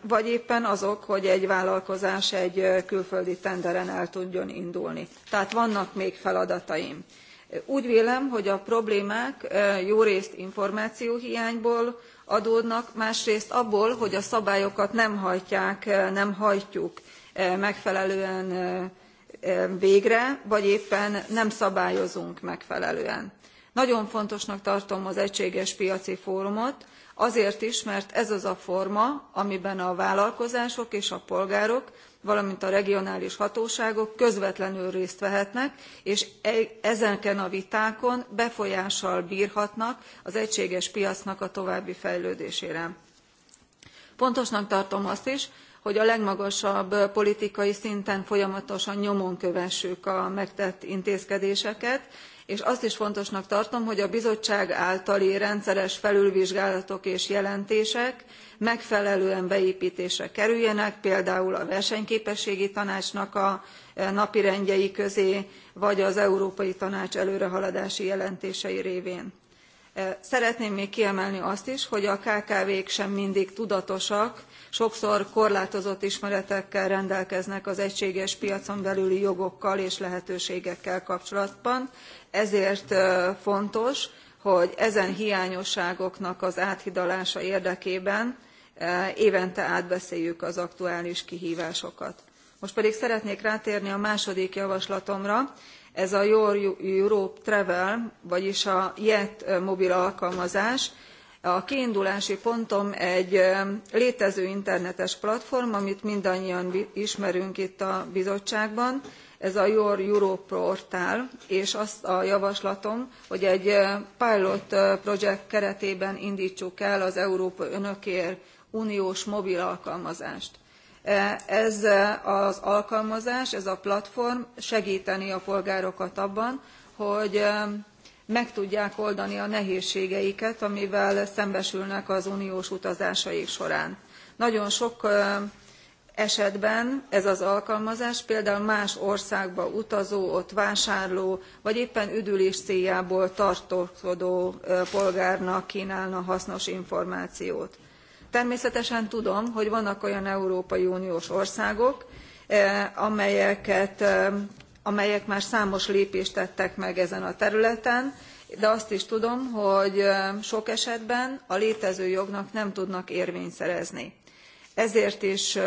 vagy éppen azok hogy egy vállalkozás egy külföldi tenderen el tudjon indulni. tehát vannak még feladataim. úgy vélem hogy a problémák jórészt információhiányból adódnak másrészt abból hogy a szabályokat nem hajtják nem hajtjuk megfelelően végre vagy éppen nem szabályozunk megfelelően. nagyon fontosnak tartom az egységes piaci fórumot azért is mert ez az a forma amiben a vállalkozások és a polgárok valamint a regionális hatóságok közvetlenül részt vehetnek és e- ezeken a vitákon befolyással brhatnak az egységes piacnak a további fejlődésére. fontosnak tartom azt is hogy a legmagasabb politikai szinten folyamatosan nyomon kövessük a megtett intézkedéseket és azt is fontosnak tartom hogy a bizottság általi rendszeres felülvizsgálatok és jelentések megfelelően beéptésre kerüljenek például a versenyképességi tanácsnak a e, napirendjei közé vagy az európai tanács előrehaladási jelentései révén. E, szeretném még kiemelni azt is hogy a kkv k sem mindig tudatosak sokszor korlátozott ismeretekkel rendelkeznek az egységes piacon belüli jogokkal és lehetőségekkel kapcsolatban ezért fontos hogy ezen hiányosságoknak az áthidalása érdekében évente átbeszéljük az aktuális kihvásokat. most pedig szeretnék rátérni a második javaslatomra ez a your europe travel vagyis a jet mobil alkalmazás a kiindulási pontom egy létező internetes platform amit mindannyian ismerünk itt a bizottságban ez a your europe portál és az a javaslatom hogy egy pilot projekt keretében indtsuk el az európa önökért uniós mobil alkalmazást. E, ez az alkalmazás ez a platform segteni a polgárokat abban hogy meg tudják oldani a nehézségeiket amivel szembesülnek az uniós utazásaik során. nagyon sok esetben ez az alkalmazás például más országba utazó ott vásárló vagy éppen üdülés céljából tartózkodó polgárnak knálna hasznos információt. természetesen tudom hogy vannak olyan európai uniós országok amelyeket amelyek már számos lépést tettek meg ezen a területen de azt is tudom hogy sok esetben a létező jognak nem tudnak érvényt szerezni. ezért is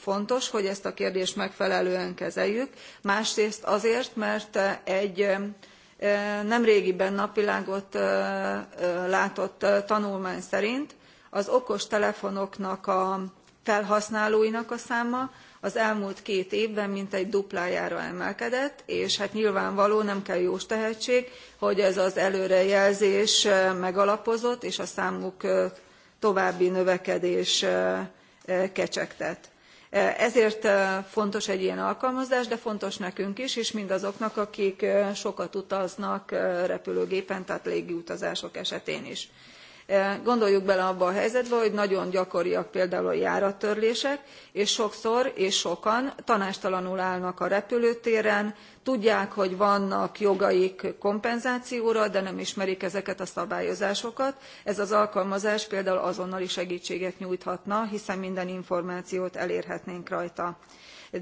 fontos hogy ezt a kérdést megfelelően kezeljük másrészt azért mert egy nemrégiben napvilágot látott tanulmány szerint az okostelefonoknak a felhasználóinak a száma az elmúlt két évben mintegy duplájára emelkedett és hát nyilvánvaló nem kell jós tehetség hogy ez az előrejelzés megalapozott és a számuk további növekedés kecsegtet. ezért fontos egy ilyen alkalmazás de fontos nekünk is és mindazoknak akik sokat utaznak repülőgépen tehát légiutazások esetén is. E, gondoljuk bele abba a helyzetbe hogy nagyon gyakoriak például a járattörlések és sokszor és sokan tanástalanul állnak a repülőtéren tudják hogy vannak jogaik kompenzációra de nem ismerik ezeket a szabályozásokat ez az alkalmazás például azonnali segtséget nyújthatna hiszen minden információt elérhetnénk rajta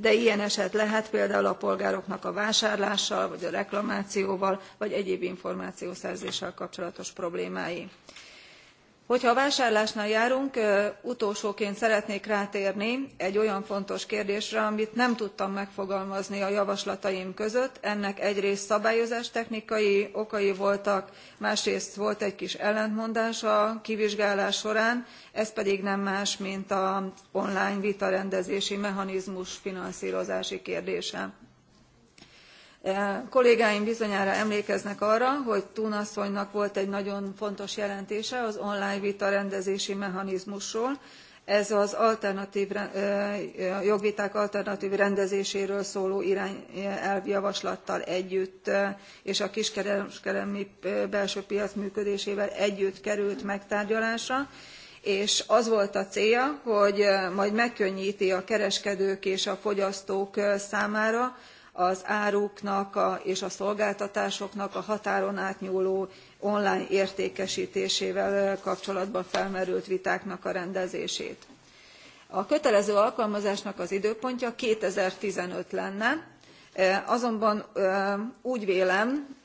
de ilyen eset lehet például a polgároknak a vásárlással vagy a reklamációval vagy egyéb információszerzéssel kapcsolatos problémái hogyha a vásárlásnál járunk utolsóként szeretnék rátérni egy olyan fontos kérdésre amit nem tudtam megfogalmazni a javaslataim között ennek egyrészt szabályozástechnikai okai voltak másrészt volt egy kis ellentmondás a kivizsgálás során ez pedig nem más mint az online vitarendezési mechanizmus finanszrozási kérdése E, kollégáim bizonyára emlékeznek arra hogy thun asszonynak volt egy nagyon fontos jelentése az online vita rendezési mechanizmusról ez az alternatv e, jogviták alternatv rendezéséről szóló irányelv e, javaslattal együtt és a kiskereskedelmi belső piac működésével együtt került megtárgyalásra és az volt a célja hogy majd megkönnyti a kereskedők és a fogyasztók számára az áruknak a, és a szolgáltatásoknak a határon átnyúló online értékestésével kapcsolatban felmerült vitáknak a rendezését. a kötelező alkalmazásnak az időpontja two thousand and fifteen lenne azonban úgy vélem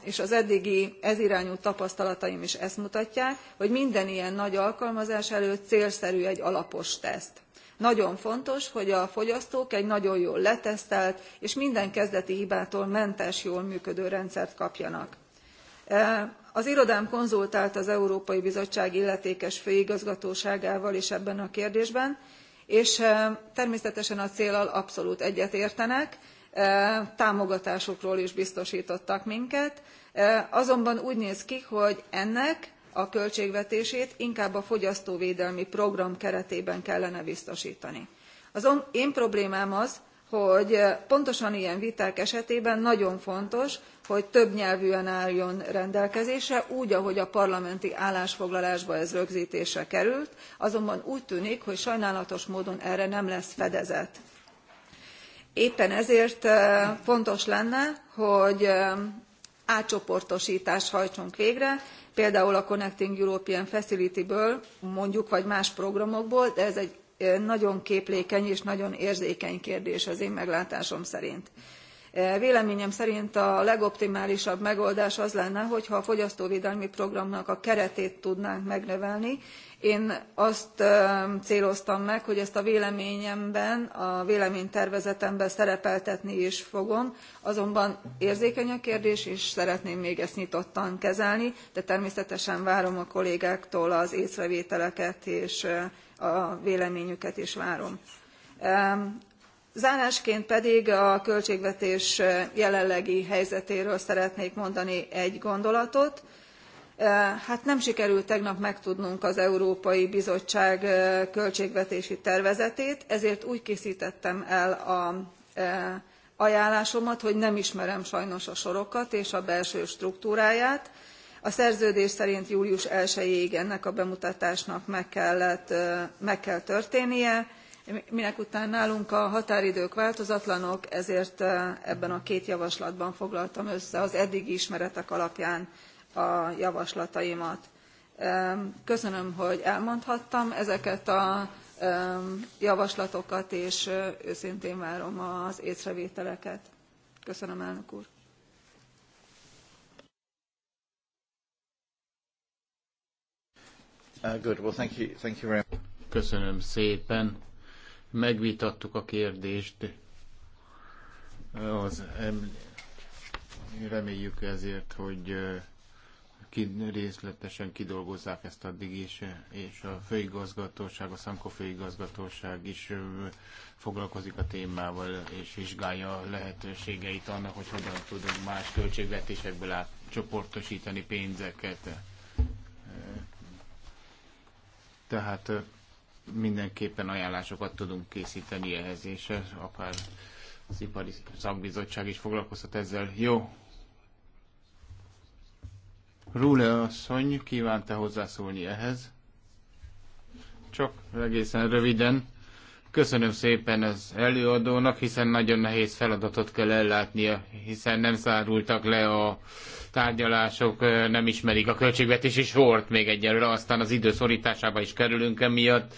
és az eddigi ez irányú tapasztalataim is ezt mutatják hogy minden ilyen nagy alkalmazás előtt célszerű egy alapos teszt nagyon fontos hogy a fogyasztók egy nagyon jól letesztelt és minden kezdeti hibától mentes jól működő rendszert kapjanak. E, az irodám konzultált az európai bizottság illetékes főigazgatóságával is ebben a kérdésben és e, természetesen a céllal abszolút egyetértenek e, támogatásukról is biztostottak minket azonban úgy néz ki hogy ennek a költségvetését inkább a fogyasztóvédelmi program keretében kellene biztostani. az én problémám az hogy eh, pontosan ilyen viták esetében nagyon fontos hogy többnyelvűen álljon rendelkezésre úgy ahogy a parlamenti állásfoglalásban ez rögztésre került azonban úgy tűnik hogy sajnálatos módon erre nem lesz fedezet. éppen ezért eh, fontos lenne hogy eh, átcsoportostást hajtsunk végre például a connecting european facility ből mondjuk vagy más programokból de ez egy nagyon képlékeny és nagyon érzékeny kérdés az én meglátásom szerint. véleményem szerint a legoptimálisabb megoldás az lenne hogyha a fogyasztóvédelmi programnak a keretét tudnánk megnövelni én azt céloztam meg hogy ezt a véleményemben a véleménytervezetemben szerepeltetni is fogom azonban érzékeny a kérdés és szeretném még ezt nyitottan kezelni de természetesen várom a kollégáktól az észrevételeket és e, a véleményüket is várom. zárásként pedig a költségvetés e, jelenlegi helyzetéről szeretnék mondani egy gondolatot hát nem sikerült tegnap megtudnunk az európai bizottság költségvetési tervezetét ezért úgy késztettem el az ajánlásomat hogy nem ismerem sajnos a sorokat és a belső struktúráját. a szerződés szerint július one jéig ennek a bemutatásnak meg, kellett, meg kell történnie minekután nálunk a határidők változatlanok ezért ebben a két javaslatban foglaltam össze az eddigi ismeretek alapján a javaslataimat. Köszönöm, hogy elmondhattam ezeket a javaslatokat, és őszintén várom az észrevételeket. Köszönöm, elnök úr. Uh, köszönöm szépen. Megvitattuk a kérdést. Az eml- reméljük ezért, hogy részletesen kidolgozzák ezt addig is, és a főigazgatóság, a Szankó főigazgatóság is foglalkozik a témával, és vizsgálja a lehetőségeit annak, hogy hogyan tudunk más költségvetésekből átcsoportosítani pénzeket. Tehát mindenképpen ajánlásokat tudunk készíteni ehhez, és akár az ipari szakbizottság is foglalkozhat ezzel. Jó, Rúle asszony kívánta hozzászólni ehhez. Csak egészen röviden. Köszönöm szépen az előadónak, hiszen nagyon nehéz feladatot kell ellátnia, hiszen nem zárultak le a tárgyalások, nem ismerik a költségvetési sort még egyelőre, aztán az idő szorításába is kerülünk emiatt.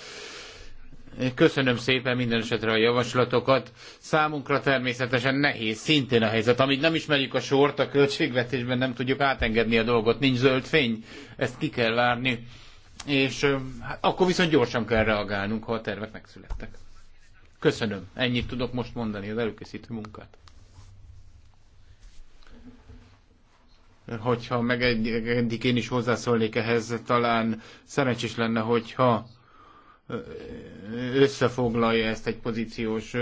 Köszönöm szépen minden esetre a javaslatokat. Számunkra természetesen nehéz szintén a helyzet. Amíg nem ismerjük a sort a költségvetésben, nem tudjuk átengedni a dolgot. Nincs zöld fény, ezt ki kell várni. És hát, akkor viszont gyorsan kell reagálnunk, ha a tervek megszülettek. Köszönöm. Ennyit tudok most mondani az előkészítő munkát. Hogyha megegyedik én is hozzászólnék ehhez, talán szerencsés lenne, hogyha összefoglalja ezt egy pozíciós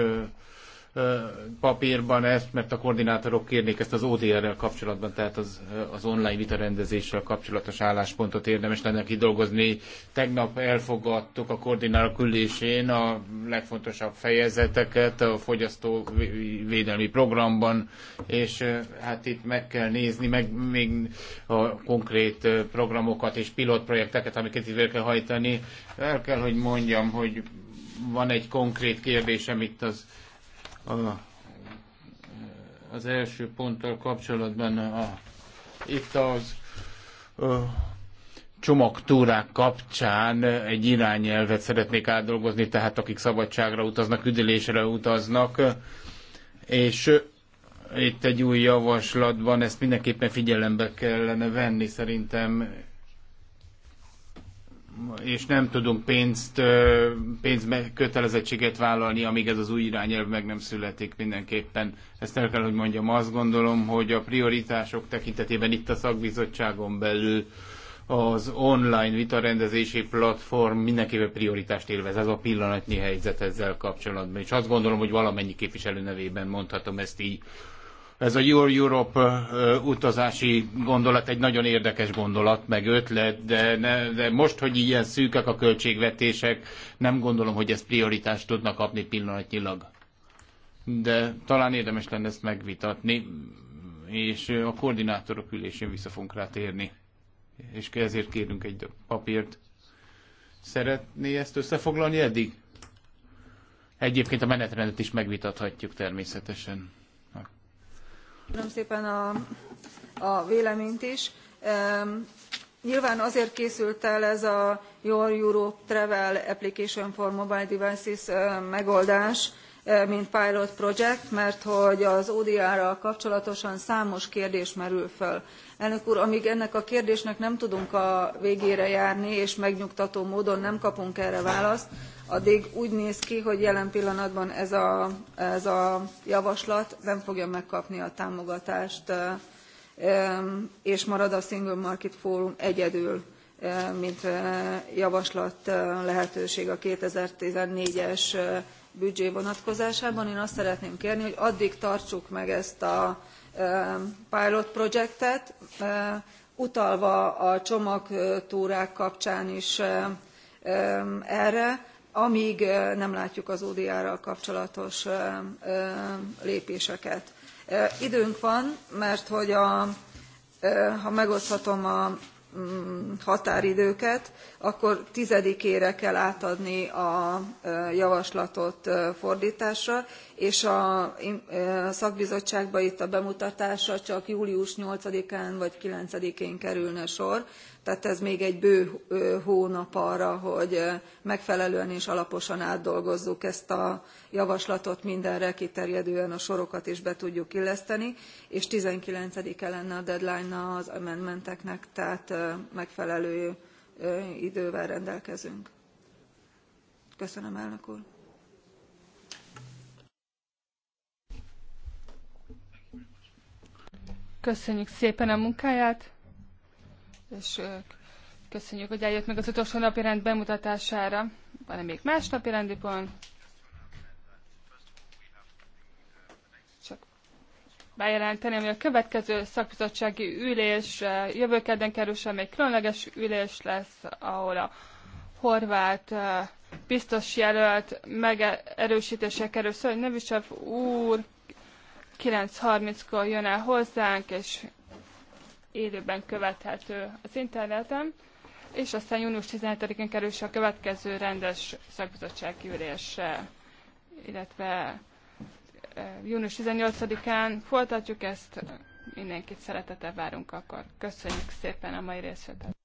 papírban ezt, mert a koordinátorok kérnék ezt az ODR-rel kapcsolatban, tehát az, az online vitarendezéssel kapcsolatos álláspontot érdemes lenne kidolgozni. Tegnap elfogadtuk a koordinátorok ülésén a legfontosabb fejezeteket a fogyasztóvédelmi programban, és hát itt meg kell nézni, meg még a konkrét programokat és pilotprojekteket, amiket itt kell hajtani. El kell, hogy mondjam, hogy van egy konkrét kérdésem itt az a, az első ponttal kapcsolatban a, itt az a, csomagtúrák kapcsán egy irányelvet szeretnék átdolgozni, tehát akik szabadságra utaznak, üdülésre utaznak, és itt egy új javaslatban ezt mindenképpen figyelembe kellene venni szerintem, és nem tudunk pénzt, pénzkötelezettséget vállalni, amíg ez az új irányelv meg nem születik mindenképpen. Ezt el kell, hogy mondjam. Azt gondolom, hogy a prioritások tekintetében itt a szakbizottságon belül az online vitarendezési platform mindenképpen prioritást élvez. Ez a pillanatnyi helyzet ezzel kapcsolatban. És azt gondolom, hogy valamennyi képviselő nevében mondhatom ezt így. Ez a Your Europe utazási gondolat egy nagyon érdekes gondolat, meg ötlet, de, ne, de most, hogy ilyen szűkek a költségvetések, nem gondolom, hogy ez prioritást tudnak kapni pillanatnyilag. De talán érdemes lenne ezt megvitatni, és a koordinátorok ülésén vissza fogunk rá térni. És ezért kérünk egy papírt. Szeretné ezt összefoglalni eddig? Egyébként a menetrendet is megvitathatjuk természetesen. Köszönöm szépen a, a véleményt is. Um, nyilván azért készült el ez a your europe travel application for mobile devices megoldás mint pilot project mert hogy az odr ral kapcsolatosan számos kérdés merül föl. elnök úr amg ennek a kérdésnek nem tudunk a végére járni és megnyugtató módon nem kapunk erre választ addig úgy néz ki, hogy jelen pillanatban ez a, ez a javaslat nem fogja megkapni a támogatást, és marad a Single Market Forum egyedül, mint javaslat lehetőség a 2014-es büdzsé vonatkozásában. Én azt szeretném kérni, hogy addig tartsuk meg ezt a pilot projektet, utalva a csomagtúrák kapcsán is erre amg nem látjuk az odr ral kapcsolatos lépéseket. időnk van mert hogy a, ha megoszthatom a mm, határidőket akkor ten ére kell átadni a javaslatot fordtásra és a szakbizottságban itt a bemutatásra csak július eight án vagy nine én kerülne sor tehát ez még egy bő hónap arra hogy megfelelően és alaposan átdolgozzuk ezt a javaslatot mindenre kiterjedően a sorokat is be tudjuk illeszteni és nineteen e lenne a deadline -a az amendmenteknek tehát megfelelő idővel rendelkezünk. köszönöm elnök úr! Köszönjük szépen a munkáját! és köszönjük, hogy eljött meg az utolsó napi rend bemutatására. Van-e még más napi rendi pont? Csak bejelenteni, hogy a következő szakbizottsági ülés jövő kedden kerül sem, egy különleges ülés lesz, ahol a horvát biztos jelölt megerősítése kerül, szóval Nevisev úr 9.30-kor jön el hozzánk, és élőben követhető az interneten, és aztán június 17-én kerül a következő rendes szakbizottsági ülésre, illetve június 18-án folytatjuk ezt, mindenkit szeretettel várunk akkor. Köszönjük szépen a mai részvételt!